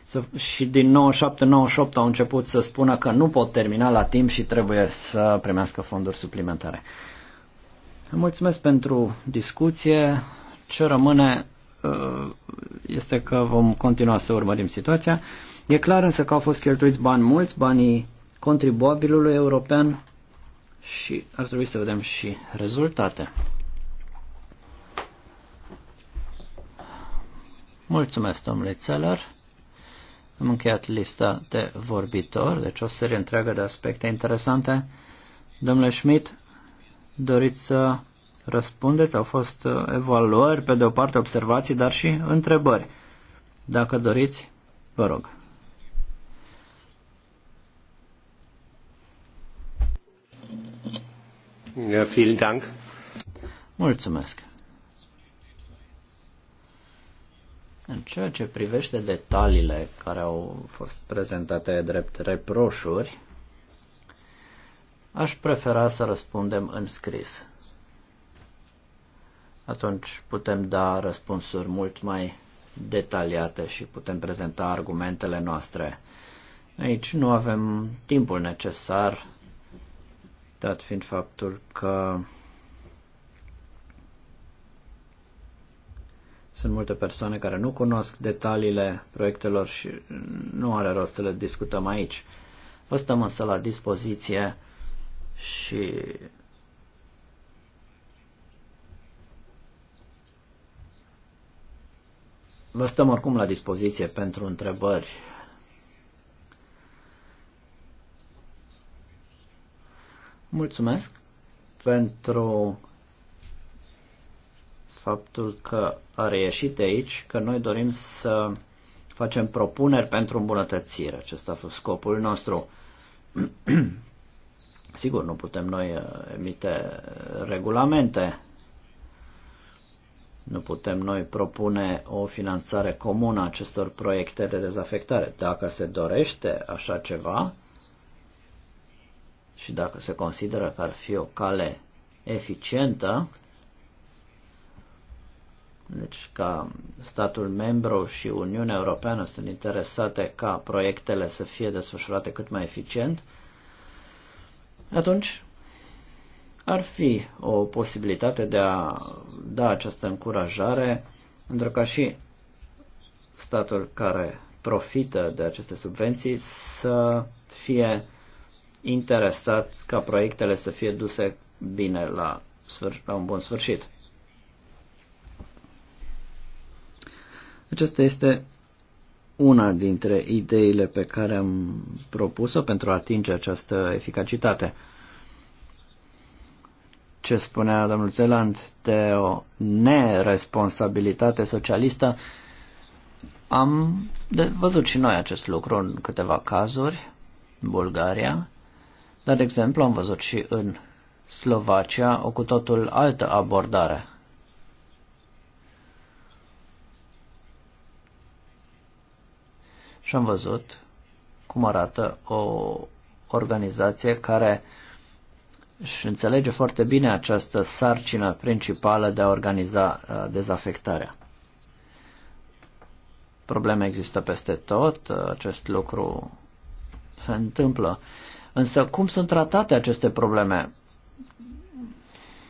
C: să, și din 97-98 au început să spună că nu pot termina la timp și trebuie să primească fonduri suplimentare. Mulțumesc pentru discuție. Ce rămâne uh, este că vom continua să urmărim situația. E clar însă că au fost cheltuiți bani mulți, banii contribuabilului european și ar trebui să vedem și rezultate. Mulțumesc, domnule Țeler. Am încheiat lista de vorbitori, deci o serie întreagă de aspecte interesante. Domnule Schmidt, Doriți să răspundeți? Au fost uh, evaluări, pe de o parte observații, dar și întrebări. Dacă doriți, vă rog. Vielen Dank. Mulțumesc. În ceea ce privește detaliile care au fost prezentate drept reproșuri, Aș prefera să răspundem în scris. Atunci putem da răspunsuri mult mai detaliate și putem prezenta argumentele noastre. Aici nu avem timpul necesar, dat fiind faptul că Sunt multe persoane care nu cunosc detaliile proiectelor și nu are rost să le discutăm aici. Vă stăm însă la dispoziție și vă stăm oricum la dispoziție pentru întrebări. Mulțumesc pentru faptul că a reieșit aici că noi dorim să facem propuneri pentru îmbunătățire. Acesta a fost scopul nostru. Sigur, nu putem noi uh, emite regulamente, nu putem noi propune o finanțare comună a acestor proiecte de dezafectare. Dacă se dorește așa ceva și dacă se consideră că ar fi o cale eficientă, deci ca statul membru și Uniunea Europeană sunt interesate ca proiectele să fie desfășurate cât mai eficient, atunci ar fi o posibilitate de a da această încurajare, pentru ca și statul care profită de aceste subvenții să fie interesat ca proiectele să fie duse bine la, la un bun sfârșit. Acesta este una dintre ideile pe care am propus-o pentru a atinge această eficacitate. Ce spunea domnul Zeland de o neresponsabilitate socialistă, am văzut și noi acest lucru în câteva cazuri, în Bulgaria, dar, de exemplu, am văzut și în Slovacia o cu totul altă abordare. și am văzut cum arată o organizație care își înțelege foarte bine această sarcină principală de a organiza uh, dezafectarea. Probleme există peste tot, uh, acest lucru se întâmplă. Însă cum sunt tratate aceste probleme?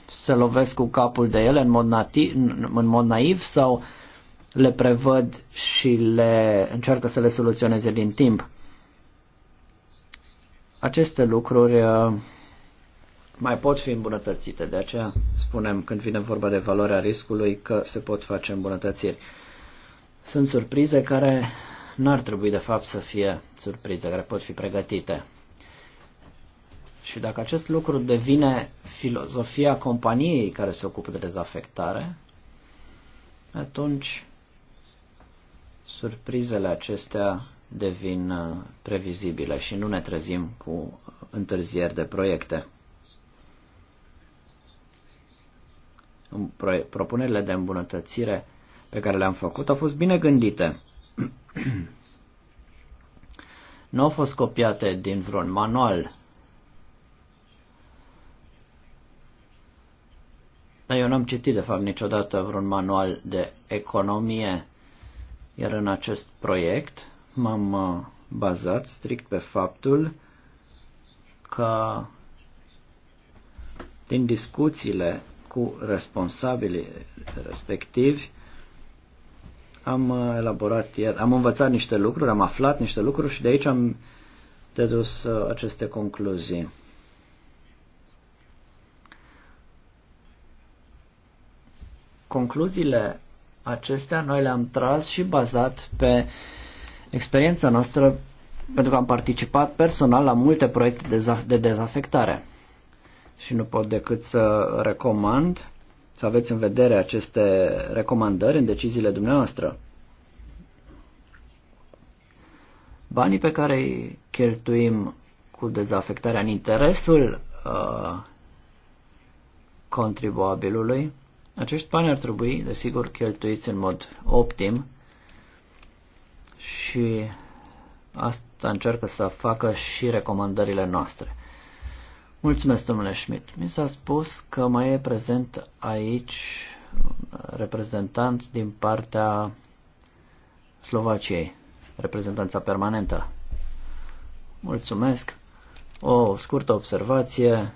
C: Se lovesc cu capul de ele în mod, nati- în mod naiv sau uh, le prevăd și le încearcă să le soluționeze din timp. Aceste lucruri uh, mai pot fi îmbunătățite, de aceea spunem când vine vorba de valoarea riscului că se pot face îmbunătățiri. Sunt surprize care n-ar trebui de fapt să fie surprize, care pot fi pregătite. Și dacă acest lucru devine filozofia companiei care se ocupă de dezafectare, atunci surprizele acestea devin uh, previzibile și nu ne trezim cu întârzieri de proiecte. Propunerile de îmbunătățire pe care le-am făcut au fost bine gândite. nu au fost copiate din vreun manual. Dar eu n-am citit, de fapt, niciodată vreun manual de economie iar în acest proiect m-am uh, bazat strict pe faptul că din discuțiile cu responsabilii respectivi am uh, elaborat, am învățat niște lucruri, am aflat niște lucruri și de aici am dedus uh, aceste concluzii. Concluziile acestea noi le-am tras și bazat pe experiența noastră pentru că am participat personal la multe proiecte de dezafectare. Și nu pot decât să recomand să aveți în vedere aceste recomandări în deciziile dumneavoastră. Banii pe care îi cheltuim cu dezafectarea în interesul uh, contribuabilului acești bani ar trebui, desigur, cheltuiți în mod optim și asta încearcă să facă și recomandările noastre. Mulțumesc, domnule Schmidt. Mi s-a spus că mai e prezent aici reprezentant din partea Slovaciei, reprezentanța permanentă. Mulțumesc. O scurtă observație.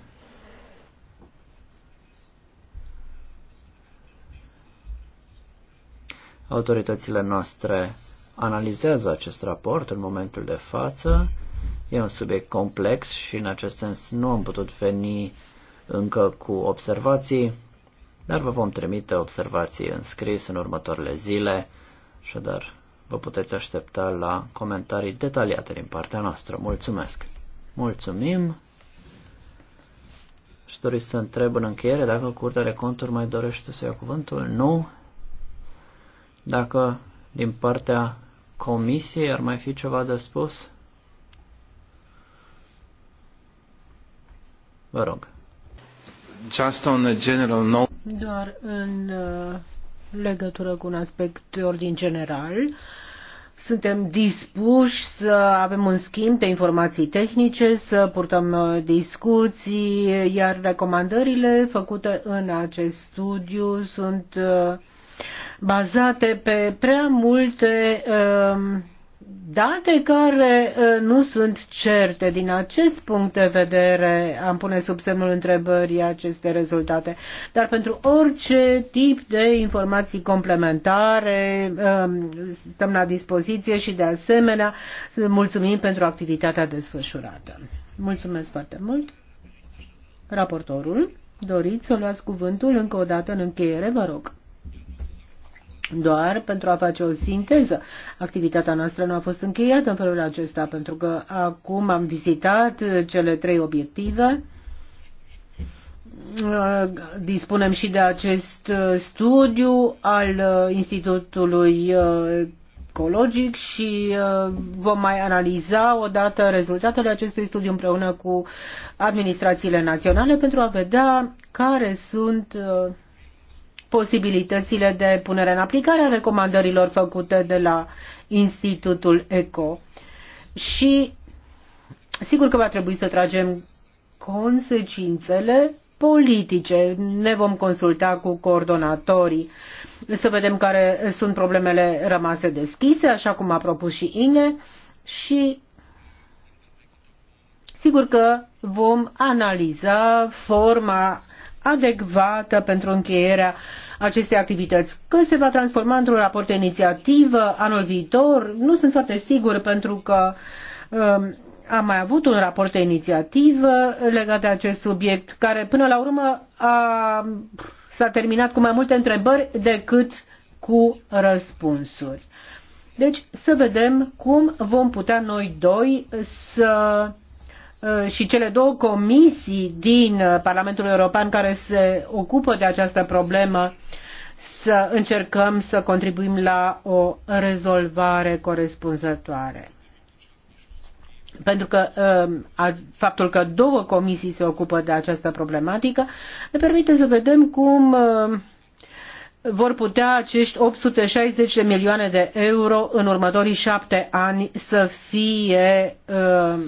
C: Autoritățile noastre analizează acest raport în momentul de față. E un subiect complex și în acest sens nu am putut veni încă cu observații, dar vă vom trimite observații în scris în următoarele zile, așadar vă puteți aștepta la comentarii detaliate din partea noastră. Mulțumesc! Mulțumim! Și doriți să întreb în încheiere dacă Curtea de Conturi mai dorește să ia cuvântul. Nu? Dacă din partea comisiei ar mai fi ceva de spus? Vă rog. Just on a general note.
B: Doar în uh, legătură cu un aspect de ordin general, suntem dispuși să avem un schimb de informații tehnice, să purtăm uh, discuții, iar recomandările făcute în acest studiu sunt uh, bazate pe prea multe um, date care uh, nu sunt certe. Din acest punct de vedere am pune sub semnul întrebării aceste rezultate. Dar pentru orice tip de informații complementare um, stăm la dispoziție și de asemenea mulțumim pentru activitatea desfășurată. Mulțumesc foarte mult. Raportorul, doriți să luați cuvântul încă o dată în încheiere, vă rog doar pentru a face o sinteză. Activitatea noastră nu a fost încheiată în felul acesta, pentru că acum am vizitat cele trei obiective. Uh, dispunem și de acest uh, studiu al uh, Institutului ecologic și vom mai analiza odată rezultatele acestui studiu împreună cu administrațiile naționale pentru a vedea care sunt posibilitățile de punere în aplicare a recomandărilor făcute de la Institutul ECO. Și sigur că va trebui să tragem consecințele politice. Ne vom consulta cu coordonatorii să vedem care sunt problemele rămase deschise, așa cum a propus și Inge, și sigur că vom analiza forma adecvată pentru încheierea aceste activități. Că se va transforma într-un raport de inițiativă anul viitor, nu sunt foarte sigur pentru că um, am mai avut un raport de inițiativă legat de acest subiect, care până la urmă a, s-a terminat cu mai multe întrebări decât cu răspunsuri. Deci să vedem cum vom putea noi doi să Uh, și cele două comisii din uh, Parlamentul European care se ocupă de această problemă să încercăm să contribuim la o rezolvare corespunzătoare. Pentru că uh, faptul că două comisii se ocupă de această problematică ne permite să vedem cum vor putea acești 860 de milioane de euro în următorii șapte ani să fie uh,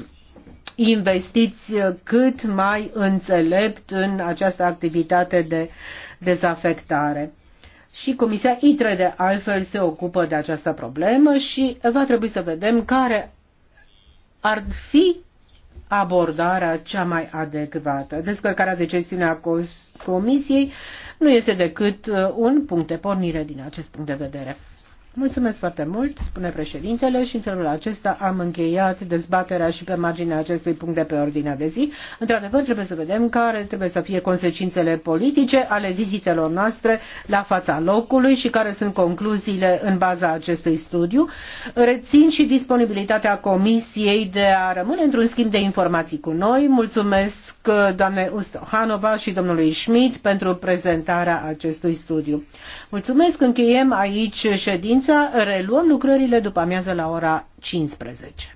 B: investiți uh, cât mai înțelept în această activitate de dezafectare. Și Comisia ITRE de altfel se ocupă de această problemă și va trebui să vedem care ar fi abordarea cea mai adecvată. Descărcarea de gestiune a Comisiei nu este decât uh, un punct de pornire din acest punct de vedere. Mulțumesc foarte mult, spune președintele, și în felul acesta am încheiat dezbaterea și pe marginea acestui punct de pe ordinea de zi. Într-adevăr, trebuie să vedem care trebuie să fie consecințele politice ale vizitelor noastre la fața locului și care sunt concluziile în baza acestui studiu. Rețin și disponibilitatea Comisiei de a rămâne într-un schimb de informații cu noi. Mulțumesc doamne Ustohanova și domnului Schmidt pentru prezentarea acestui studiu. Mulțumesc, încheiem aici ședința ședința. Reluăm lucrările după amiază la ora 15.